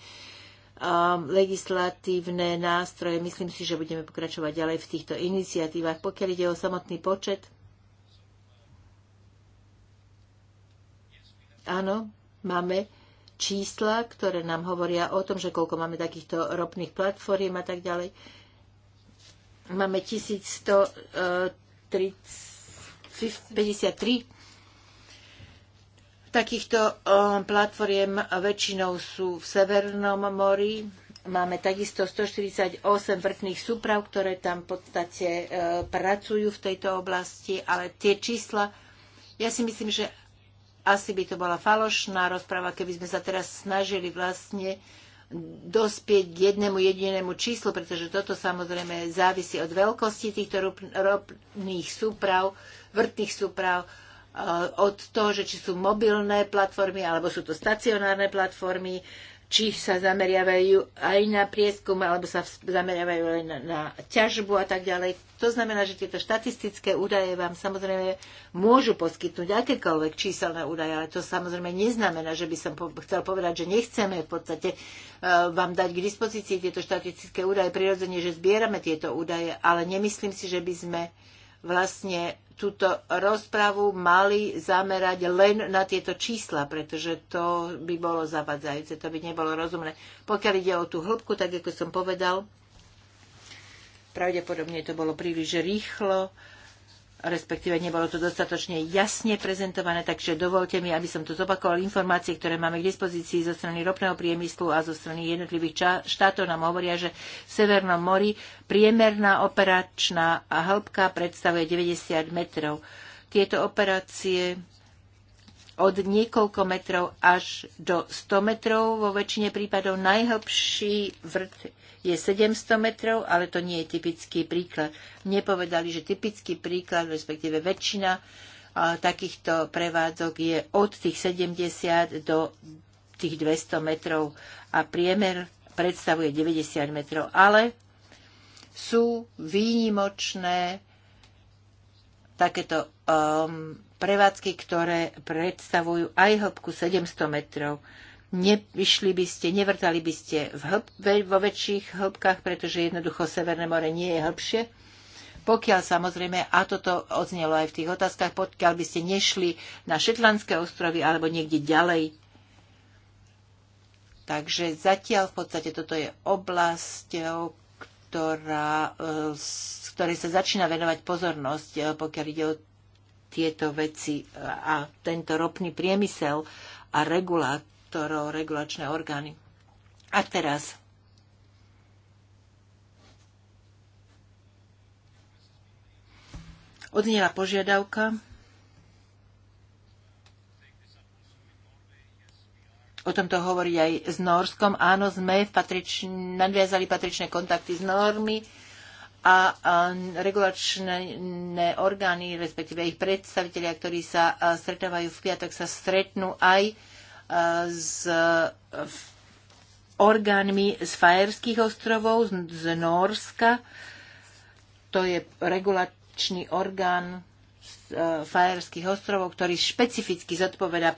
um, legislatívne nástroje, myslím si, že budeme pokračovať ďalej v týchto iniciatívach. Pokiaľ ide o samotný počet, áno, máme čísla, ktoré nám hovoria o tom, že koľko máme takýchto ropných platform a tak ďalej. Máme 1153 e, takýchto e, platform väčšinou sú v Severnom mori. Máme takisto 148 vrtných súprav, ktoré tam v podstate e, pracujú v tejto oblasti, ale tie čísla, ja si myslím, že asi by to bola falošná rozpráva, keby sme sa teraz snažili vlastne dospieť k jednému jedinému číslu, pretože toto samozrejme závisí od veľkosti týchto ropných súprav, vrtných súprav, eh, od toho, že či sú mobilné platformy alebo sú to stacionárne platformy, či sa zameriavajú aj na prieskum, alebo sa zameriavajú aj na, na ťažbu a tak ďalej. To znamená, že tieto štatistické údaje vám samozrejme môžu poskytnúť akékoľvek číselné údaje, ale to samozrejme neznamená, že by som po- chcel povedať, že nechceme v podstate uh, vám dať k dispozícii tieto štatistické údaje. Prirodzene, že zbierame tieto údaje, ale nemyslím si, že by sme vlastne túto rozpravu mali zamerať len na tieto čísla, pretože to by bolo zavadzajúce, to by nebolo rozumné. Pokiaľ ide o tú hĺbku, tak ako som povedal, pravdepodobne to bolo príliš rýchlo respektíve nebolo to dostatočne jasne prezentované, takže dovolte mi, aby som tu zopakoval informácie, ktoré máme k dispozícii zo strany ropného priemyslu a zo strany jednotlivých štátov. Nám hovoria, že v Severnom mori priemerná operačná hĺbka predstavuje 90 metrov. Tieto operácie od niekoľko metrov až do 100 metrov. Vo väčšine prípadov najhlbší vrt je 700 metrov, ale to nie je typický príklad. Nepovedali, že typický príklad, respektíve väčšina takýchto prevádzok je od tých 70 do tých 200 metrov a priemer predstavuje 90 metrov, ale sú výnimočné takéto um, prevádzky, ktoré predstavujú aj hĺbku 700 metrov. Nevyšli by ste, nevrtali by ste v hĺb, vo väčších hĺbkach, pretože jednoducho Severné more nie je hĺbšie. Pokiaľ samozrejme, a toto odznelo aj v tých otázkach, pokiaľ by ste nešli na Šetlandské ostrovy alebo niekde ďalej. Takže zatiaľ v podstate toto je oblasť, ktorá, z e, ktorej sa začína venovať pozornosť, e, pokiaľ ide o tieto veci e, a tento ropný priemysel a regulátorov, regulačné orgány. A teraz odniela požiadavka o tomto hovorí aj s Norskom. Áno, sme patrič, nadviazali patričné kontakty s Normi, a regulačné orgány, respektíve ich predstavitelia, ktorí sa stretávajú v piatok, sa stretnú aj s orgánmi z Fajerských ostrovov, z Norska. To je regulačný orgán e, Fajerských ostrovov, ktorý špecificky zodpoveda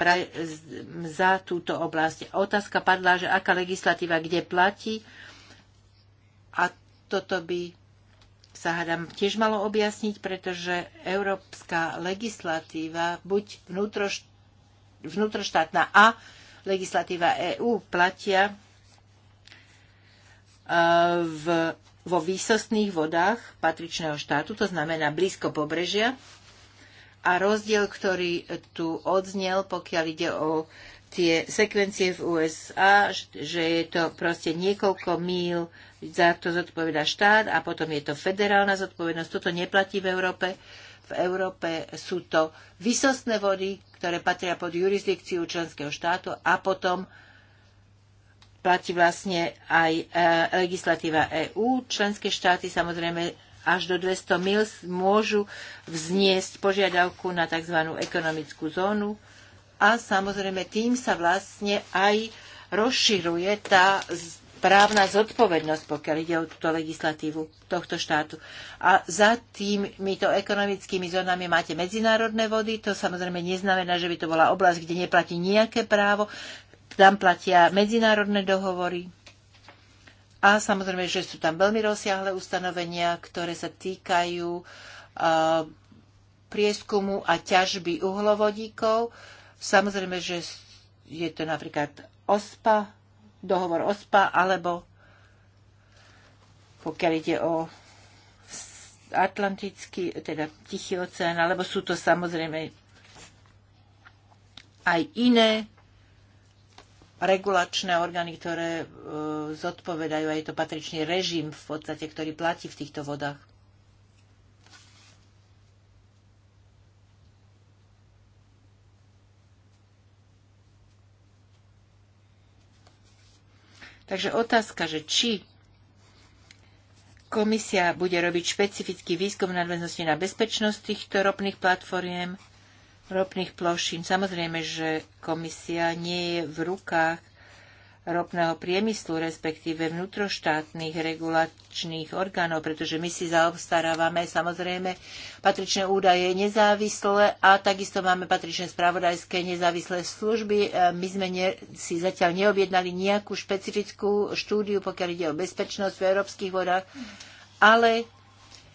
za túto oblasť. Otázka padla, že aká legislatíva kde platí a toto by sa hádam tiež malo objasniť, pretože európska legislatíva, buď vnútroš, vnútroštátna a legislatíva EÚ platia e, v, vo výsostných vodách patričného štátu, to znamená blízko pobrežia. A rozdiel, ktorý tu odznel, pokiaľ ide o tie sekvencie v USA, že je to proste niekoľko míl, za to zodpoveda štát a potom je to federálna zodpovednosť. Toto neplatí v Európe. V Európe sú to vysostné vody, ktoré patria pod jurisdikciu členského štátu a potom platí vlastne aj e, legislatíva EÚ. Členské štáty samozrejme až do 200 mil môžu vzniesť požiadavku na tzv. ekonomickú zónu a samozrejme tým sa vlastne aj rozširuje tá právna zodpovednosť, pokiaľ ide o túto legislatívu tohto štátu. A za týmito ekonomickými zónami máte medzinárodné vody, to samozrejme neznamená, že by to bola oblasť, kde neplatí nejaké právo, tam platia medzinárodné dohovory. A samozrejme, že sú tam veľmi rozsiahle ustanovenia, ktoré sa týkajú uh, prieskumu a ťažby uhlovodíkov, Samozrejme, že je to napríklad OSPA, dohovor OSPA, alebo pokiaľ ide o Atlantický, teda Tichý oceán, alebo sú to samozrejme aj iné regulačné orgány, ktoré e, zodpovedajú aj to patričný režim v podstate, ktorý platí v týchto vodách. Takže otázka, že či komisia bude robiť špecifický výskum nadväznosti na bezpečnosť týchto ropných platformiem, ropných plošín. Samozrejme, že komisia nie je v rukách ropného priemyslu, respektíve vnútroštátnych regulačných orgánov, pretože my si zaobstarávame samozrejme patričné údaje nezávislé a takisto máme patričné spravodajské nezávislé služby. E, my sme ne, si zatiaľ neobjednali nejakú špecifickú štúdiu, pokiaľ ide o bezpečnosť v európskych vodách, ale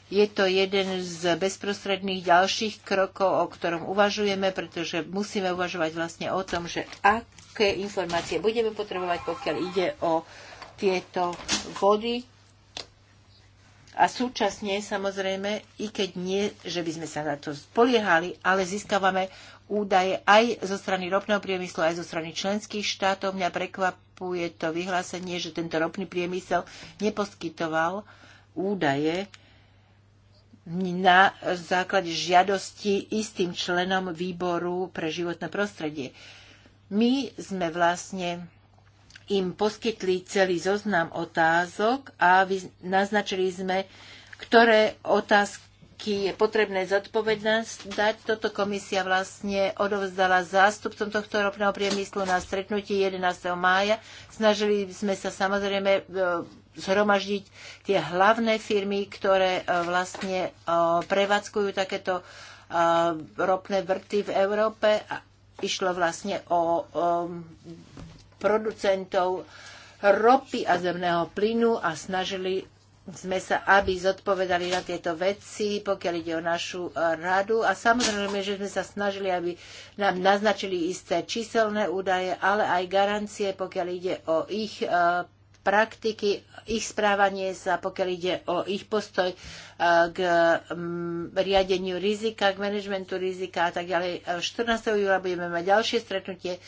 je to jeden z bezprostredných ďalších krokov, o ktorom uvažujeme, pretože musíme uvažovať vlastne o tom, že aké informácie budeme potrebovať, pokiaľ ide o tieto vody. A súčasne, samozrejme, i keď nie, že by sme sa na to spoliehali, ale získavame údaje aj zo strany ropného priemyslu, aj zo strany členských štátov. Mňa prekvapuje to vyhlásenie, že tento ropný priemysel neposkytoval údaje na základe žiadosti istým členom výboru pre životné prostredie. My sme vlastne im poskytli celý zoznam otázok a naznačili sme, ktoré otázky je potrebné zodpovedať. Toto komisia vlastne odovzdala zástupcom tohto ropného priemyslu na stretnutí 11. mája. Snažili sme sa samozrejme e, zhromaždiť tie hlavné firmy, ktoré e, vlastne e, prevádzkujú takéto e, ropné vrty v Európe. A išlo vlastne o producentov ropy a zemného plynu a snažili sme sa, aby zodpovedali na tieto veci, pokiaľ ide o našu radu. A samozrejme, že sme sa snažili, aby nám naznačili isté číselné údaje, ale aj garancie, pokiaľ ide o ich praktiky, ich správanie sa, pokiaľ ide o ich postoj e, k mm, riadeniu rizika, k manažmentu rizika a tak ďalej. 14. E, júla budeme mať ďalšie stretnutie. E,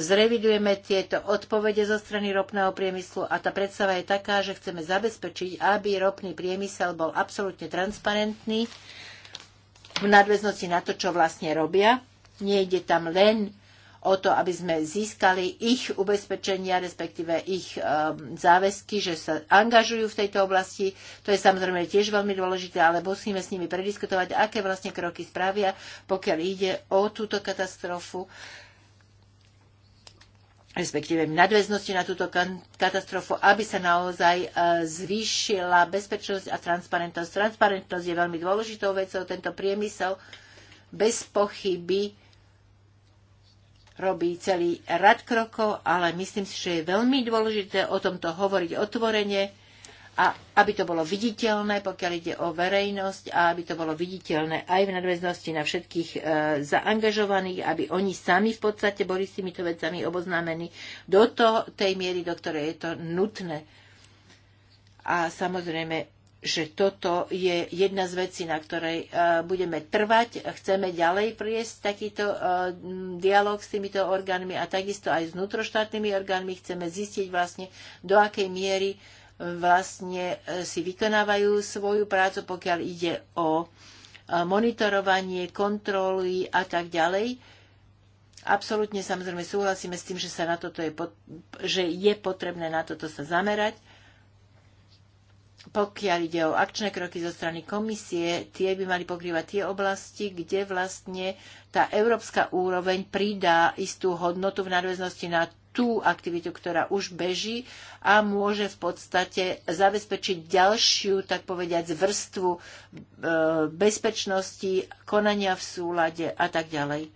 zrevidujeme tieto odpovede zo strany ropného priemyslu a tá predstava je taká, že chceme zabezpečiť, aby ropný priemysel bol absolútne transparentný v nadväznosti na to, čo vlastne robia. Nejde tam len o to, aby sme získali ich ubezpečenia, respektíve ich um, záväzky, že sa angažujú v tejto oblasti. To je samozrejme tiež veľmi dôležité, ale musíme s nimi prediskutovať, aké vlastne kroky spravia, pokiaľ ide o túto katastrofu respektíve v nadväznosti na túto katastrofu, aby sa naozaj uh, zvýšila bezpečnosť a transparentnosť. Transparentnosť je veľmi dôležitou vecou, tento priemysel bez pochyby robí celý rad krokov, ale myslím si, že je veľmi dôležité o tomto hovoriť otvorene a aby to bolo viditeľné, pokiaľ ide o verejnosť a aby to bolo viditeľné aj v nadväznosti na všetkých e, zaangažovaných, aby oni sami v podstate boli s týmito vecami oboznámení do to, tej miery, do ktorej je to nutné. A samozrejme, že toto je jedna z vecí, na ktorej e, budeme trvať. Chceme ďalej priesť takýto e, dialog s týmito orgánmi a takisto aj s vnútroštátnymi orgánmi. Chceme zistiť vlastne, do akej miery e, vlastne si vykonávajú svoju prácu, pokiaľ ide o monitorovanie, kontroly a tak ďalej. Absolútne samozrejme súhlasíme s tým, že, sa na toto je, že je potrebné na toto sa zamerať pokiaľ ide o akčné kroky zo strany komisie, tie by mali pokrývať tie oblasti, kde vlastne tá európska úroveň pridá istú hodnotu v nadväznosti na tú aktivitu, ktorá už beží a môže v podstate zabezpečiť ďalšiu, tak povediať, vrstvu e, bezpečnosti, konania v súlade a tak ďalej.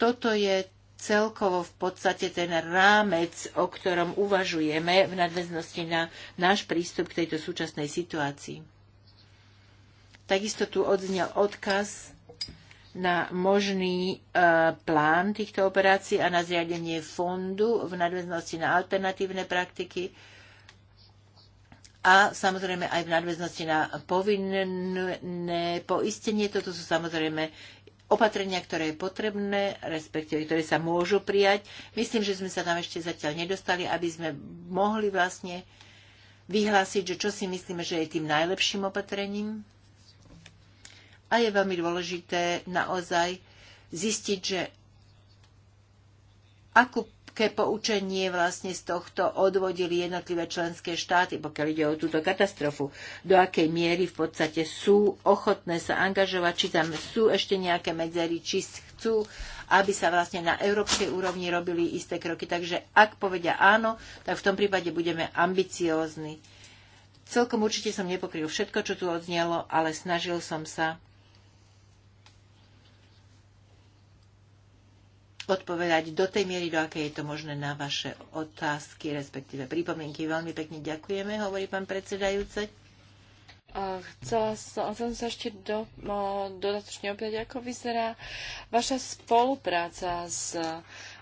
Toto je celkovo v podstate ten rámec, o ktorom uvažujeme v nadväznosti na náš prístup k tejto súčasnej situácii. Takisto tu odznel odkaz na možný e, plán týchto operácií a na zriadenie fondu v nadväznosti na alternatívne praktiky a samozrejme aj v nadväznosti na povinné poistenie. Toto sú samozrejme opatrenia, ktoré je potrebné, respektíve ktoré sa môžu prijať. Myslím, že sme sa tam ešte zatiaľ nedostali, aby sme mohli vlastne vyhlásiť, že čo si myslíme, že je tým najlepším opatrením. A je veľmi dôležité naozaj zistiť, že akú aké poučenie vlastne z tohto odvodili jednotlivé členské štáty, pokiaľ ide o túto katastrofu, do akej miery v podstate sú ochotné sa angažovať, či tam sú ešte nejaké medzery, či chcú, aby sa vlastne na európskej úrovni robili isté kroky. Takže ak povedia áno, tak v tom prípade budeme ambiciózni. Celkom určite som nepokryl všetko, čo tu odznelo, ale snažil som sa odpovedať do tej miery, do akej je to možné na vaše otázky, respektíve pripomienky. Veľmi pekne ďakujeme, hovorí pán predsedajúce. Chcela som, chcela som sa ešte do, no, dodatočne opäť, ako vyzerá vaša spolupráca s,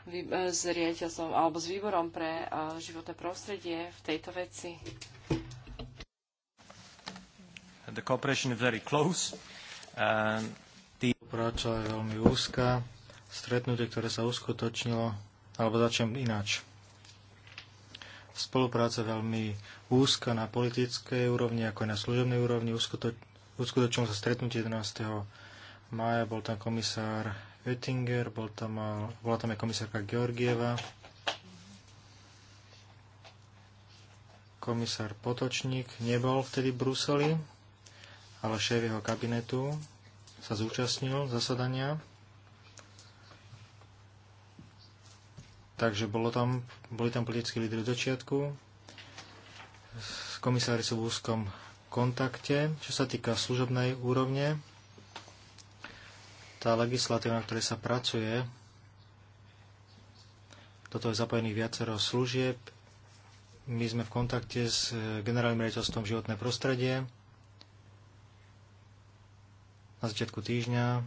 vy, s riaditeľstvom alebo s výborom pre o, životné prostredie v tejto veci. The cooperation is very close. Um, the... Práca je veľmi úzka stretnutie, ktoré sa uskutočnilo, alebo začnem ináč. Spolupráca veľmi úzka na politickej úrovni, ako aj na služobnej úrovni. Uskutočnilo sa stretnutie 11. maja, bol tam komisár Oettinger, bol tam, bola tam aj komisárka Georgieva, komisár Potočník nebol vtedy v Bruseli, ale šéf jeho kabinetu sa zúčastnil zasadania Takže bolo tam, boli tam politickí lídry od začiatku. Komisári sú v úzkom kontakte. Čo sa týka služobnej úrovne, tá legislatíva, na ktorej sa pracuje, toto je zapojených viacero služieb. My sme v kontakte s generálnym riaditeľstvom životné prostredie. Na začiatku týždňa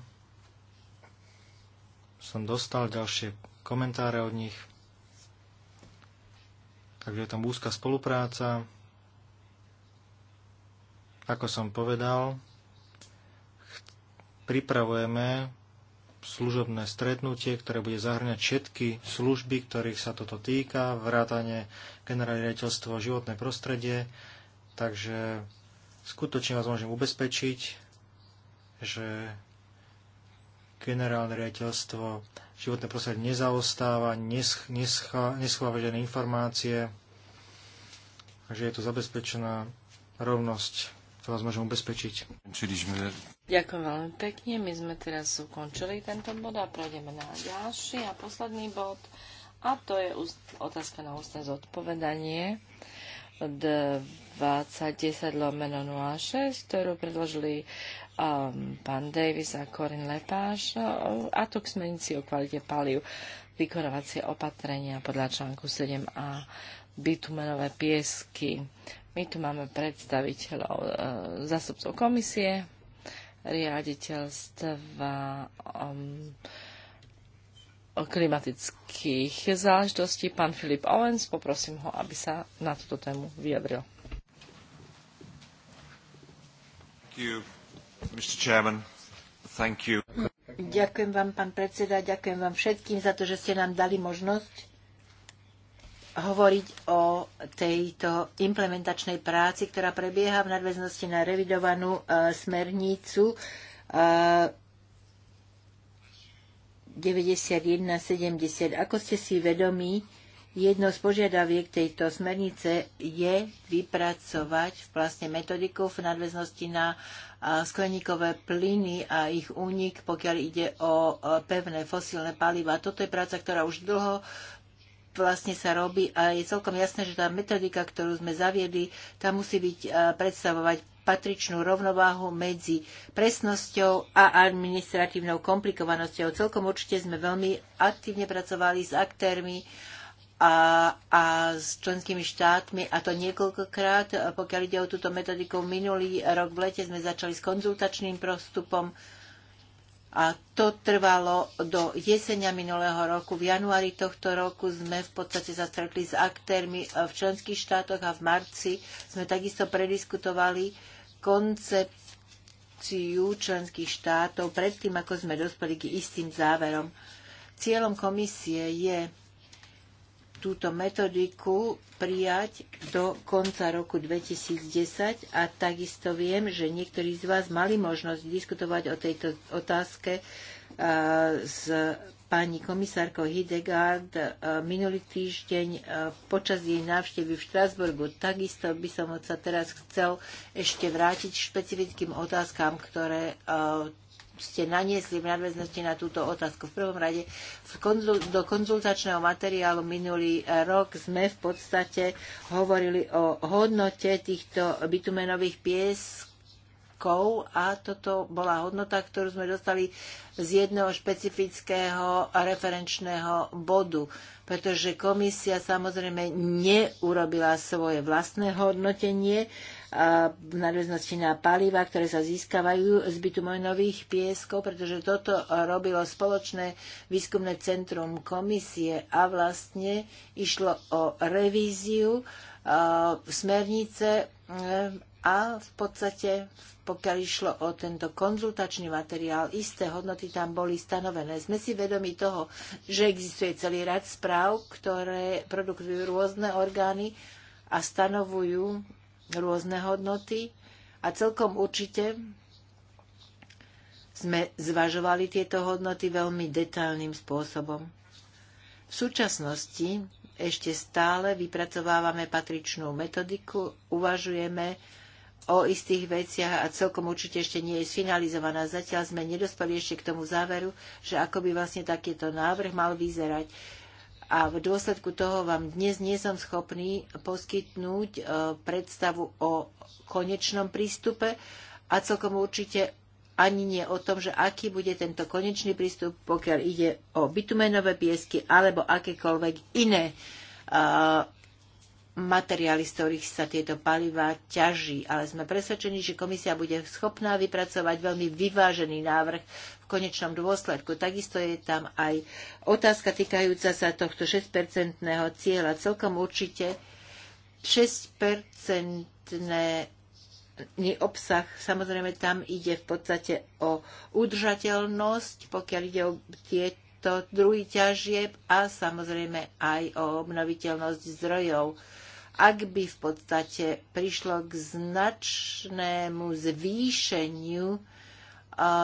som dostal ďalšie komentáre od nich. Takže je tam úzka spolupráca. Ako som povedal, pripravujeme služobné stretnutie, ktoré bude zahrňať všetky služby, ktorých sa toto týka, vrátane generálne riaditeľstvo životné prostredie. Takže skutočne vás môžem ubezpečiť, že generálne riaditeľstvo životné prostredie nezaostáva, nesch, nescha, neschová informácie, takže je tu zabezpečená rovnosť, to vás môžem ubezpečiť. Ďakujem veľmi pekne, my sme teraz ukončili tento bod a prejdeme na ďalší a posledný bod a to je otázka na ústne zodpovedanie. 2010 lomeno 06, ktorú predložili um, pán Davis a Corin Lepáš no, a to k smernici o kvalite paliv vykonávacie opatrenia podľa článku 7a bitumenové piesky. My tu máme predstaviteľov, e, uh, zastupcov komisie, riaditeľstva um, klimatických záležitostí. Pán Filip Owens, poprosím ho, aby sa na túto tému vyjadril. ďakujem vám, pán predseda, ďakujem vám všetkým za to, že ste nám dali možnosť hovoriť o tejto implementačnej práci, ktorá prebieha v nadväznosti na revidovanú eh, smernicu eh, 9170. Ako ste si vedomí, jedno z požiadaviek tejto smernice je vypracovať vlastne metodiku v nadväznosti na skleníkové plyny a ich únik, pokiaľ ide o pevné fosílne paliva. Toto je práca, ktorá už dlho vlastne sa robí a je celkom jasné, že tá metodika, ktorú sme zaviedli, tá musí byť predstavovať patričnú rovnováhu medzi presnosťou a administratívnou komplikovanosťou. Celkom určite sme veľmi aktívne pracovali s aktérmi a, a s členskými štátmi, a to niekoľkokrát. Pokiaľ ide o túto metodiku, minulý rok v lete sme začali s konzultačným prostupom a to trvalo do jesenia minulého roku. V januári tohto roku sme v podstate sa stretli s aktérmi v členských štátoch a v marci sme takisto prediskutovali koncepciu členských štátov predtým, ako sme dospeli k istým záverom. Cieľom komisie je túto metodiku prijať do konca roku 2010 a takisto viem, že niektorí z vás mali možnosť diskutovať o tejto otázke s pani komisárko Hidegard e, minulý týždeň e, počas jej návštevy v Štrasburgu. Takisto by som sa teraz chcel ešte vrátiť k špecifickým otázkam, ktoré e, ste naniesli v nadväznosti na túto otázku. V prvom rade do konzultačného materiálu minulý rok sme v podstate hovorili o hodnote týchto bitumenových piesk kov a toto bola hodnota, ktorú sme dostali z jedného špecifického referenčného bodu, pretože komisia samozrejme neurobila svoje vlastné hodnotenie v nadväznosti na paliva, ktoré sa získavajú z bitumenových pieskov, pretože toto robilo spoločné výskumné centrum komisie a vlastne išlo o revíziu smernice e, a v podstate, pokiaľ išlo o tento konzultačný materiál, isté hodnoty tam boli stanovené. Sme si vedomi toho, že existuje celý rad správ, ktoré produkujú rôzne orgány a stanovujú rôzne hodnoty. A celkom určite sme zvažovali tieto hodnoty veľmi detailným spôsobom. V súčasnosti ešte stále vypracovávame patričnú metodiku, uvažujeme o istých veciach a celkom určite ešte nie je sfinalizovaná. Zatiaľ sme nedospeli ešte k tomu záveru, že ako by vlastne takýto návrh mal vyzerať. A v dôsledku toho vám dnes nie som schopný poskytnúť e, predstavu o konečnom prístupe a celkom určite ani nie o tom, že aký bude tento konečný prístup, pokiaľ ide o bitumenové piesky alebo akékoľvek iné materiály, z ktorých sa tieto paliva ťaží. Ale sme presvedčení, že komisia bude schopná vypracovať veľmi vyvážený návrh v konečnom dôsledku. Takisto je tam aj otázka týkajúca sa tohto 6-percentného cieľa. Celkom určite 6-percentné obsah, samozrejme tam ide v podstate o udržateľnosť, pokiaľ ide o tieto druhy druhý ťažieb a samozrejme aj o obnoviteľnosť zdrojov ak by v podstate prišlo k značnému zvýšeniu e,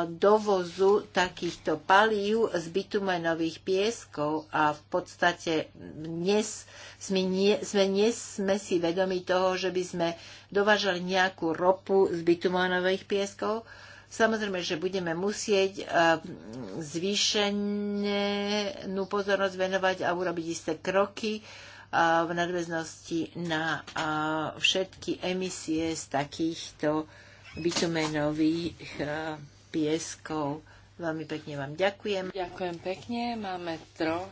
dovozu takýchto palív z bitumenových pieskov a v podstate dnes sme, nie, sme, dnes sme si vedomi toho, že by sme dovážali nejakú ropu z bitumenových pieskov. Samozrejme, že budeme musieť e, zvýšenú pozornosť venovať a urobiť isté kroky, v nadväznosti na všetky emisie z takýchto bitumenových pieskov. Veľmi pekne vám ďakujem. Ďakujem pekne. Máme troch,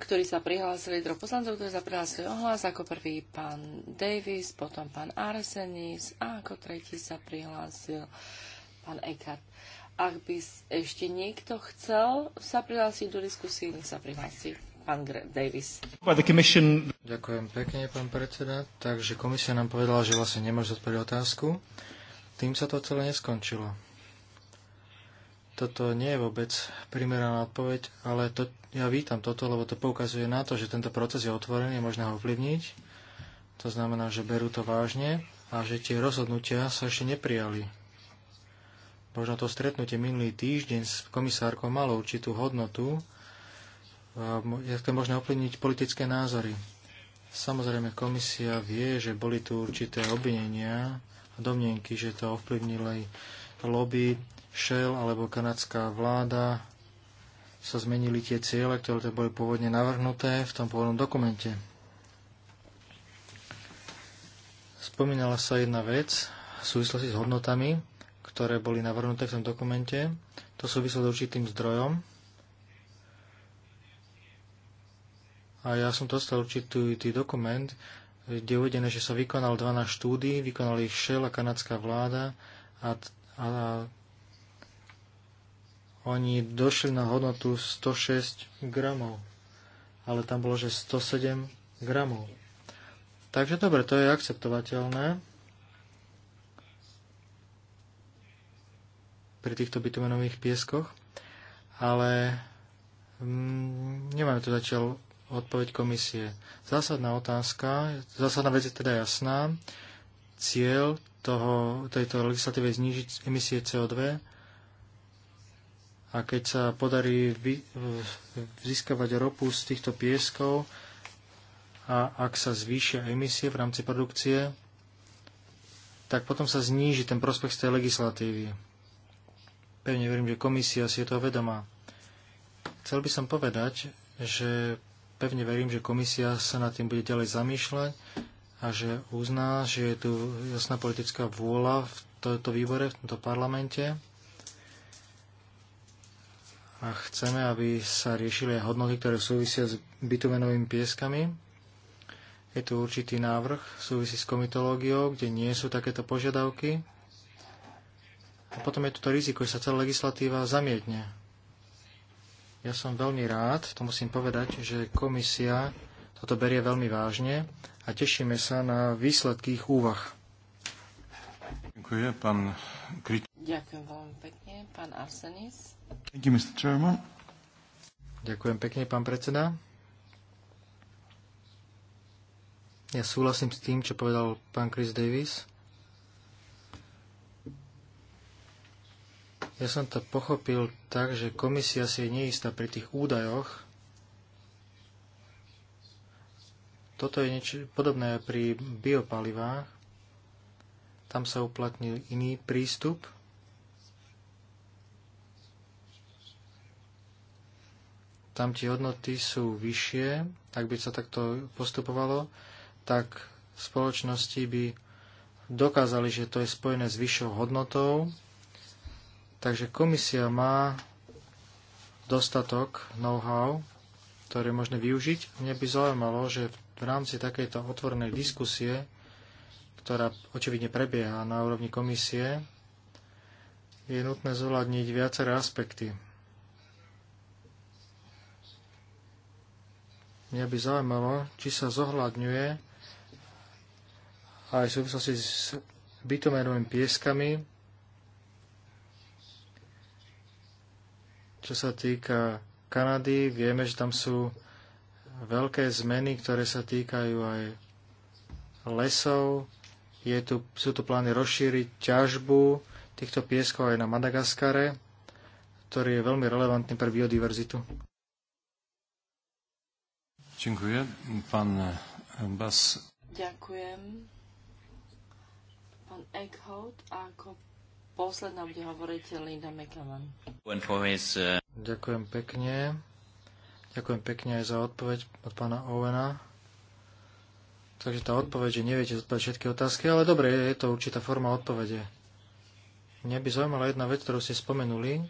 ktorí sa prihlásili, troch poslancov, ktorí sa prihlásili ohlas. Ako prvý pán Davis, potom pán Arsenis a ako tretí sa prihlásil pán Eckhart. Ak by ešte niekto chcel sa prihlásiť do diskusie, nech sa prihlásiť pán Davis. Ďakujem pekne, pán predseda. Takže komisia nám povedala, že vlastne nemôže zodpovedať otázku. Tým sa to celé neskončilo. Toto nie je vôbec primeraná odpoveď, ale to, ja vítam toto, lebo to poukazuje na to, že tento proces je otvorený, je možné ho ovplyvniť. To znamená, že berú to vážne a že tie rozhodnutia sa ešte neprijali. Možno to stretnutie minulý týždeň s komisárkou malo určitú hodnotu, je to možné ovplyvniť politické názory. Samozrejme, komisia vie, že boli tu určité obvinenia a domnenky, že to ovplyvnili lobby, Shell alebo kanadská vláda, sa zmenili tie ciele, ktoré to boli pôvodne navrhnuté v tom pôvodnom dokumente. Spomínala sa jedna vec v súvislosti s hodnotami, ktoré boli navrhnuté v tom dokumente. To súvislo s určitým zdrojom, a ja som dostal určitý tý dokument, kde je uvedené, že sa vykonal 12 štúdí, vykonali ich Shell a kanadská vláda a, a oni došli na hodnotu 106 gramov, ale tam bolo, že 107 gramov. Takže dobre, to je akceptovateľné pri týchto bitumenových pieskoch, ale mm, nemáme tu zatiaľ odpoveď komisie. Zásadná otázka, zásadná vec je teda jasná. Cieľ toho, tejto legislatívy je znižiť emisie CO2 a keď sa podarí vy, získavať ropu z týchto pieskov a ak sa zvýšia emisie v rámci produkcie, tak potom sa zníži ten prospech z tej legislatívy. Pevne verím, že komisia si je toho vedomá. Chcel by som povedať, že pevne verím, že komisia sa nad tým bude ďalej zamýšľať a že uzná, že je tu jasná politická vôľa v tomto výbore, v tomto parlamente a chceme, aby sa riešili aj hodnoty, ktoré súvisia s bitumenovými pieskami. Je tu určitý návrh, súvisí s komitológiou, kde nie sú takéto požiadavky. A potom je tu to riziko, že sa celá legislatíva zamietne. Ja som veľmi rád, to musím povedať, že komisia toto berie veľmi vážne a tešíme sa na výsledky ich úvah. Ďakujem, pán Kri... Ďakujem veľmi pekne, pán Arsenis. Thank you, Mr. Chairman. Ďakujem pekne, pán predseda. Ja súhlasím s tým, čo povedal pán Chris Davis. Ja som to pochopil tak, že komisia si je neistá pri tých údajoch. Toto je niečo podobné pri biopalivách. Tam sa uplatnil iný prístup. Tam tie hodnoty sú vyššie. Ak by sa takto postupovalo, tak spoločnosti by dokázali, že to je spojené s vyššou hodnotou Takže komisia má dostatok know-how, ktoré je možné využiť. Mne by zaujímalo, že v rámci takejto otvorenej diskusie, ktorá očividne prebieha na úrovni komisie, je nutné zohľadniť viaceré aspekty. Mňa by zaujímalo, či sa zohľadňuje aj v súvislosti s bytomerovými pieskami Čo sa týka Kanady, vieme, že tam sú veľké zmeny, ktoré sa týkajú aj lesov. Je tu, sú tu plány rozšíriť ťažbu týchto pieskov aj na Madagaskare, ktorý je veľmi relevantný pre biodiverzitu. Ďakujem. Pán e, Bas. Ďakujem. Pán Eckhout ako posledná bude hovoriť Linda McEwan. Uh, Ďakujem pekne. Ďakujem pekne aj za odpoveď od pána Owena. Takže tá odpoveď, že neviete zodpovedať všetky otázky, ale dobre, je to určitá forma odpovede. Mňa by zaujímala jedna vec, ktorú ste spomenuli.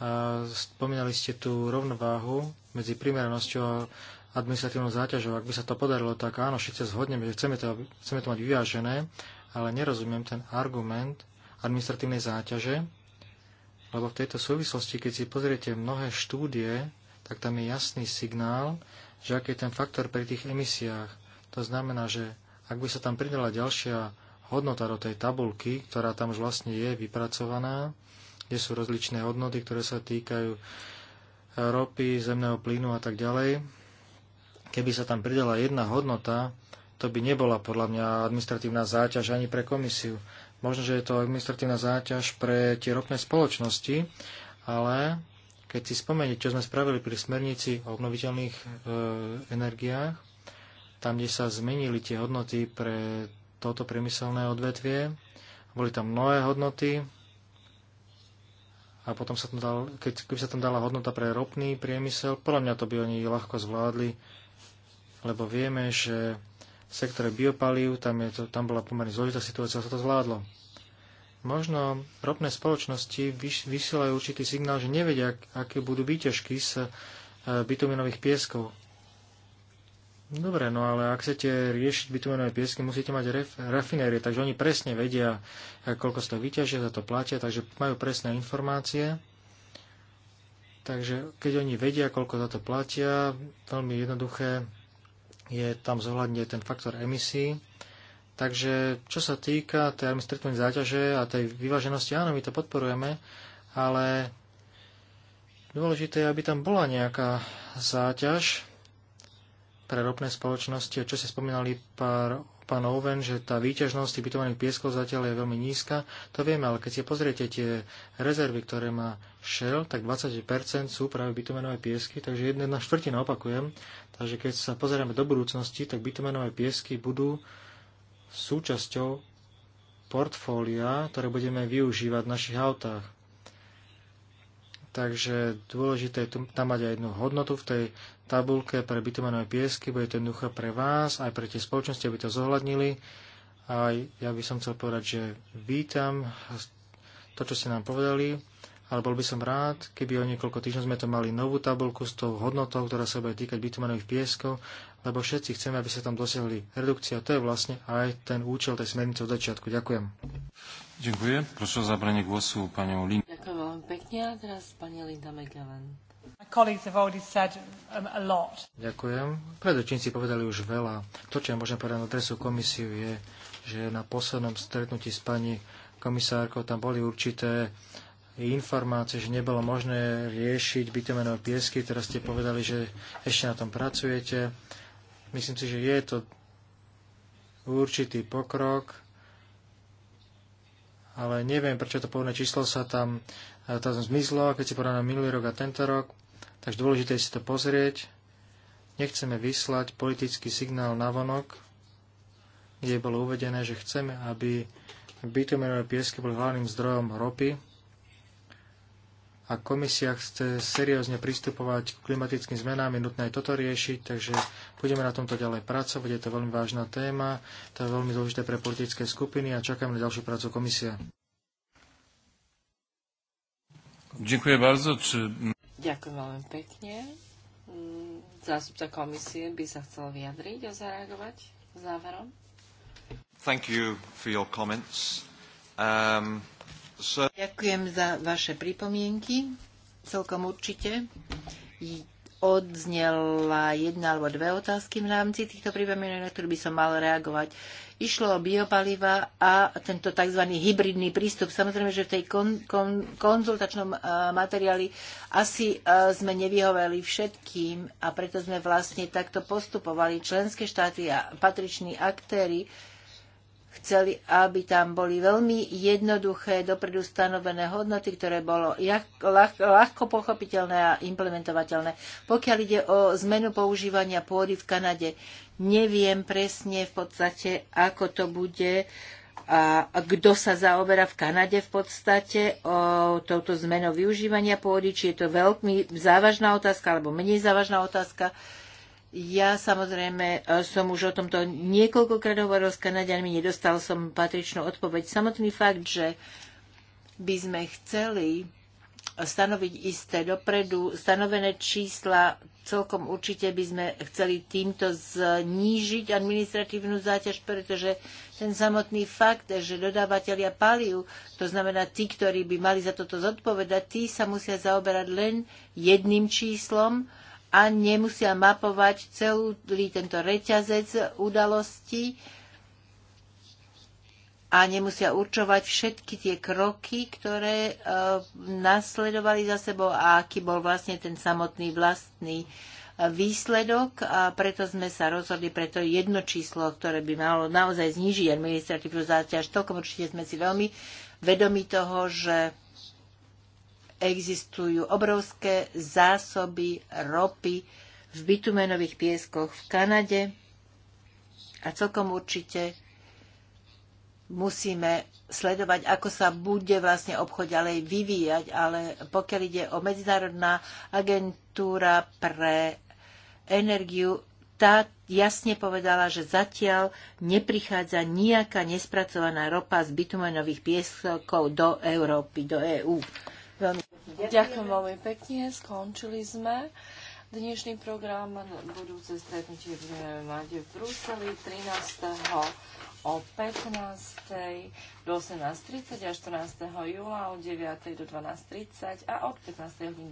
A spomínali ste tú rovnováhu medzi primeranosťou a administratívnou záťažou. Ak by sa to podarilo, tak áno, všetci zhodneme, že chceme to, chceme to mať vyvážené, ale nerozumiem ten argument, administratívnej záťaže, lebo v tejto súvislosti, keď si pozriete mnohé štúdie, tak tam je jasný signál, že aký je ten faktor pri tých emisiách. To znamená, že ak by sa tam pridala ďalšia hodnota do tej tabulky, ktorá tam už vlastne je vypracovaná, kde sú rozličné hodnoty, ktoré sa týkajú ropy, zemného plynu a tak ďalej. Keby sa tam pridala jedna hodnota, to by nebola podľa mňa administratívna záťaž ani pre komisiu. Možno, že je to administratívna záťaž pre tie ropné spoločnosti, ale keď si spomeniem, čo sme spravili pri smernici o obnoviteľných e, energiách, tam, kde sa zmenili tie hodnoty pre toto priemyselné odvetvie, boli tam nové hodnoty a potom sa tam dal, keď, keď sa tam dala hodnota pre ropný priemysel, podľa mňa to by oni ľahko zvládli, lebo vieme, že v sektore biopalív tam, je to, tam bola pomerne zložitá situácia, sa to zvládlo. Možno ropné spoločnosti vysielajú určitý signál, že nevedia, aké budú výťažky z e, bitumenových pieskov. Dobre, no ale ak chcete riešiť bitumenové piesky, musíte mať ref, rafinérie, takže oni presne vedia, e, koľko z toho vyťažia, za to platia, takže majú presné informácie. Takže keď oni vedia, koľko za to platia, veľmi jednoduché je tam zohľadne ten faktor emisí. Takže čo sa týka tej administratívnej záťaže a tej vyváženosti, áno, my to podporujeme, ale dôležité je, aby tam bola nejaká záťaž pre ropné spoločnosti. A čo ste spomínali pár pán Owen, že tá výťažnosť bytovaných pieskov zatiaľ je veľmi nízka. To vieme, ale keď si pozriete tie rezervy, ktoré má Shell, tak 20% sú práve bitumenové piesky, takže jedna štvrtina opakujem. Takže keď sa pozrieme do budúcnosti, tak bitumenové piesky budú súčasťou portfólia, ktoré budeme využívať v našich autách takže dôležité je tam mať aj jednu hodnotu v tej tabulke pre bitumenové piesky, bude to jednoduché pre vás, aj pre tie spoločnosti, aby to zohľadnili. A ja by som chcel povedať, že vítam to, čo ste nám povedali, ale bol by som rád, keby o niekoľko týždňov sme to mali novú tabulku s tou hodnotou, ktorá sa bude týkať bitumenových pieskov, lebo všetci chceme, aby sa tam dosiahli redukcia. To je vlastne aj ten účel tej smernice od začiatku. Ďakujem. Ďakujem. Prosím o zabranie głosu panią ja teraz pani Linda um, Ďakujem. Predrečníci povedali už veľa. To, čo ja môžem povedať na adresu komisiu, je, že na poslednom stretnutí s pani komisárkou tam boli určité informácie, že nebolo možné riešiť bitumenové piesky. Teraz ste povedali, že ešte na tom pracujete. Myslím si, že je to určitý pokrok, ale neviem, prečo to pôvodné číslo sa tam to som zmizlo, keď si porovnám minulý rok a tento rok, takže dôležité je si to pozrieť. Nechceme vyslať politický signál na vonok, kde bolo uvedené, že chceme, aby bitumenové piesky boli hlavným zdrojom ropy a komisia chce seriózne pristupovať k klimatickým zmenám, je nutné aj toto riešiť, takže budeme na tomto ďalej pracovať, je to veľmi vážna téma, to je veľmi dôležité pre politické skupiny a čakáme na ďalšiu prácu Komisia. Ďakujem bardzo. Ďakujem veľmi pekne. Zástupca komisie by sa chcel vyjadriť a zareagovať záverom. Thank you for your comments. Um, so... Ďakujem za vaše pripomienky. Celkom určite odznela jedna alebo dve otázky v rámci týchto pripomienok, na ktoré by som mal reagovať išlo o biopaliva a tento tzv. hybridný prístup. Samozrejme, že v tej kon, kon, konzultačnom materiáli asi sme nevyhovali všetkým a preto sme vlastne takto postupovali. Členské štáty a patriční aktéry chceli, aby tam boli veľmi jednoduché, dopredu stanovené hodnoty, ktoré bolo jak, ľah, ľahko pochopiteľné a implementovateľné. Pokiaľ ide o zmenu používania pôdy v Kanade, Neviem presne v podstate, ako to bude a kto sa zaoberá v Kanade v podstate o touto zmenou využívania pôdy, či je to veľmi závažná otázka alebo menej závažná otázka. Ja samozrejme e, som už o tomto niekoľkokrát hovoril s Kanadianmi, nedostal som patričnú odpoveď. Samotný fakt, že by sme chceli stanoviť isté dopredu stanovené čísla, celkom určite by sme chceli týmto znížiť administratívnu záťaž, pretože ten samotný fakt, že dodávateľia palív, to znamená tí, ktorí by mali za toto zodpovedať, tí sa musia zaoberať len jedným číslom a nemusia mapovať celý tento reťazec udalostí, a nemusia určovať všetky tie kroky, ktoré e, nasledovali za sebou a aký bol vlastne ten samotný vlastný e, výsledok a preto sme sa rozhodli pre to jedno číslo, ktoré by malo naozaj znižiť administratívnu záťaž. Tokom určite sme si veľmi vedomi toho, že existujú obrovské zásoby ropy v bitumenových pieskoch v Kanade a celkom určite musíme sledovať, ako sa bude vlastne obchod ďalej vyvíjať, ale pokiaľ ide o Medzinárodná agentúra pre energiu, tá jasne povedala, že zatiaľ neprichádza nejaká nespracovaná ropa z bitumenových pieskov do Európy, do EÚ. Veľmi Ďakujem. veľmi pekne, skončili sme. Dnešný program budúce stretnutie budeme mať v Bruseli 13 o 15. do 18.30 a 14. júla od 9. do 12.30 a od 15. hodiny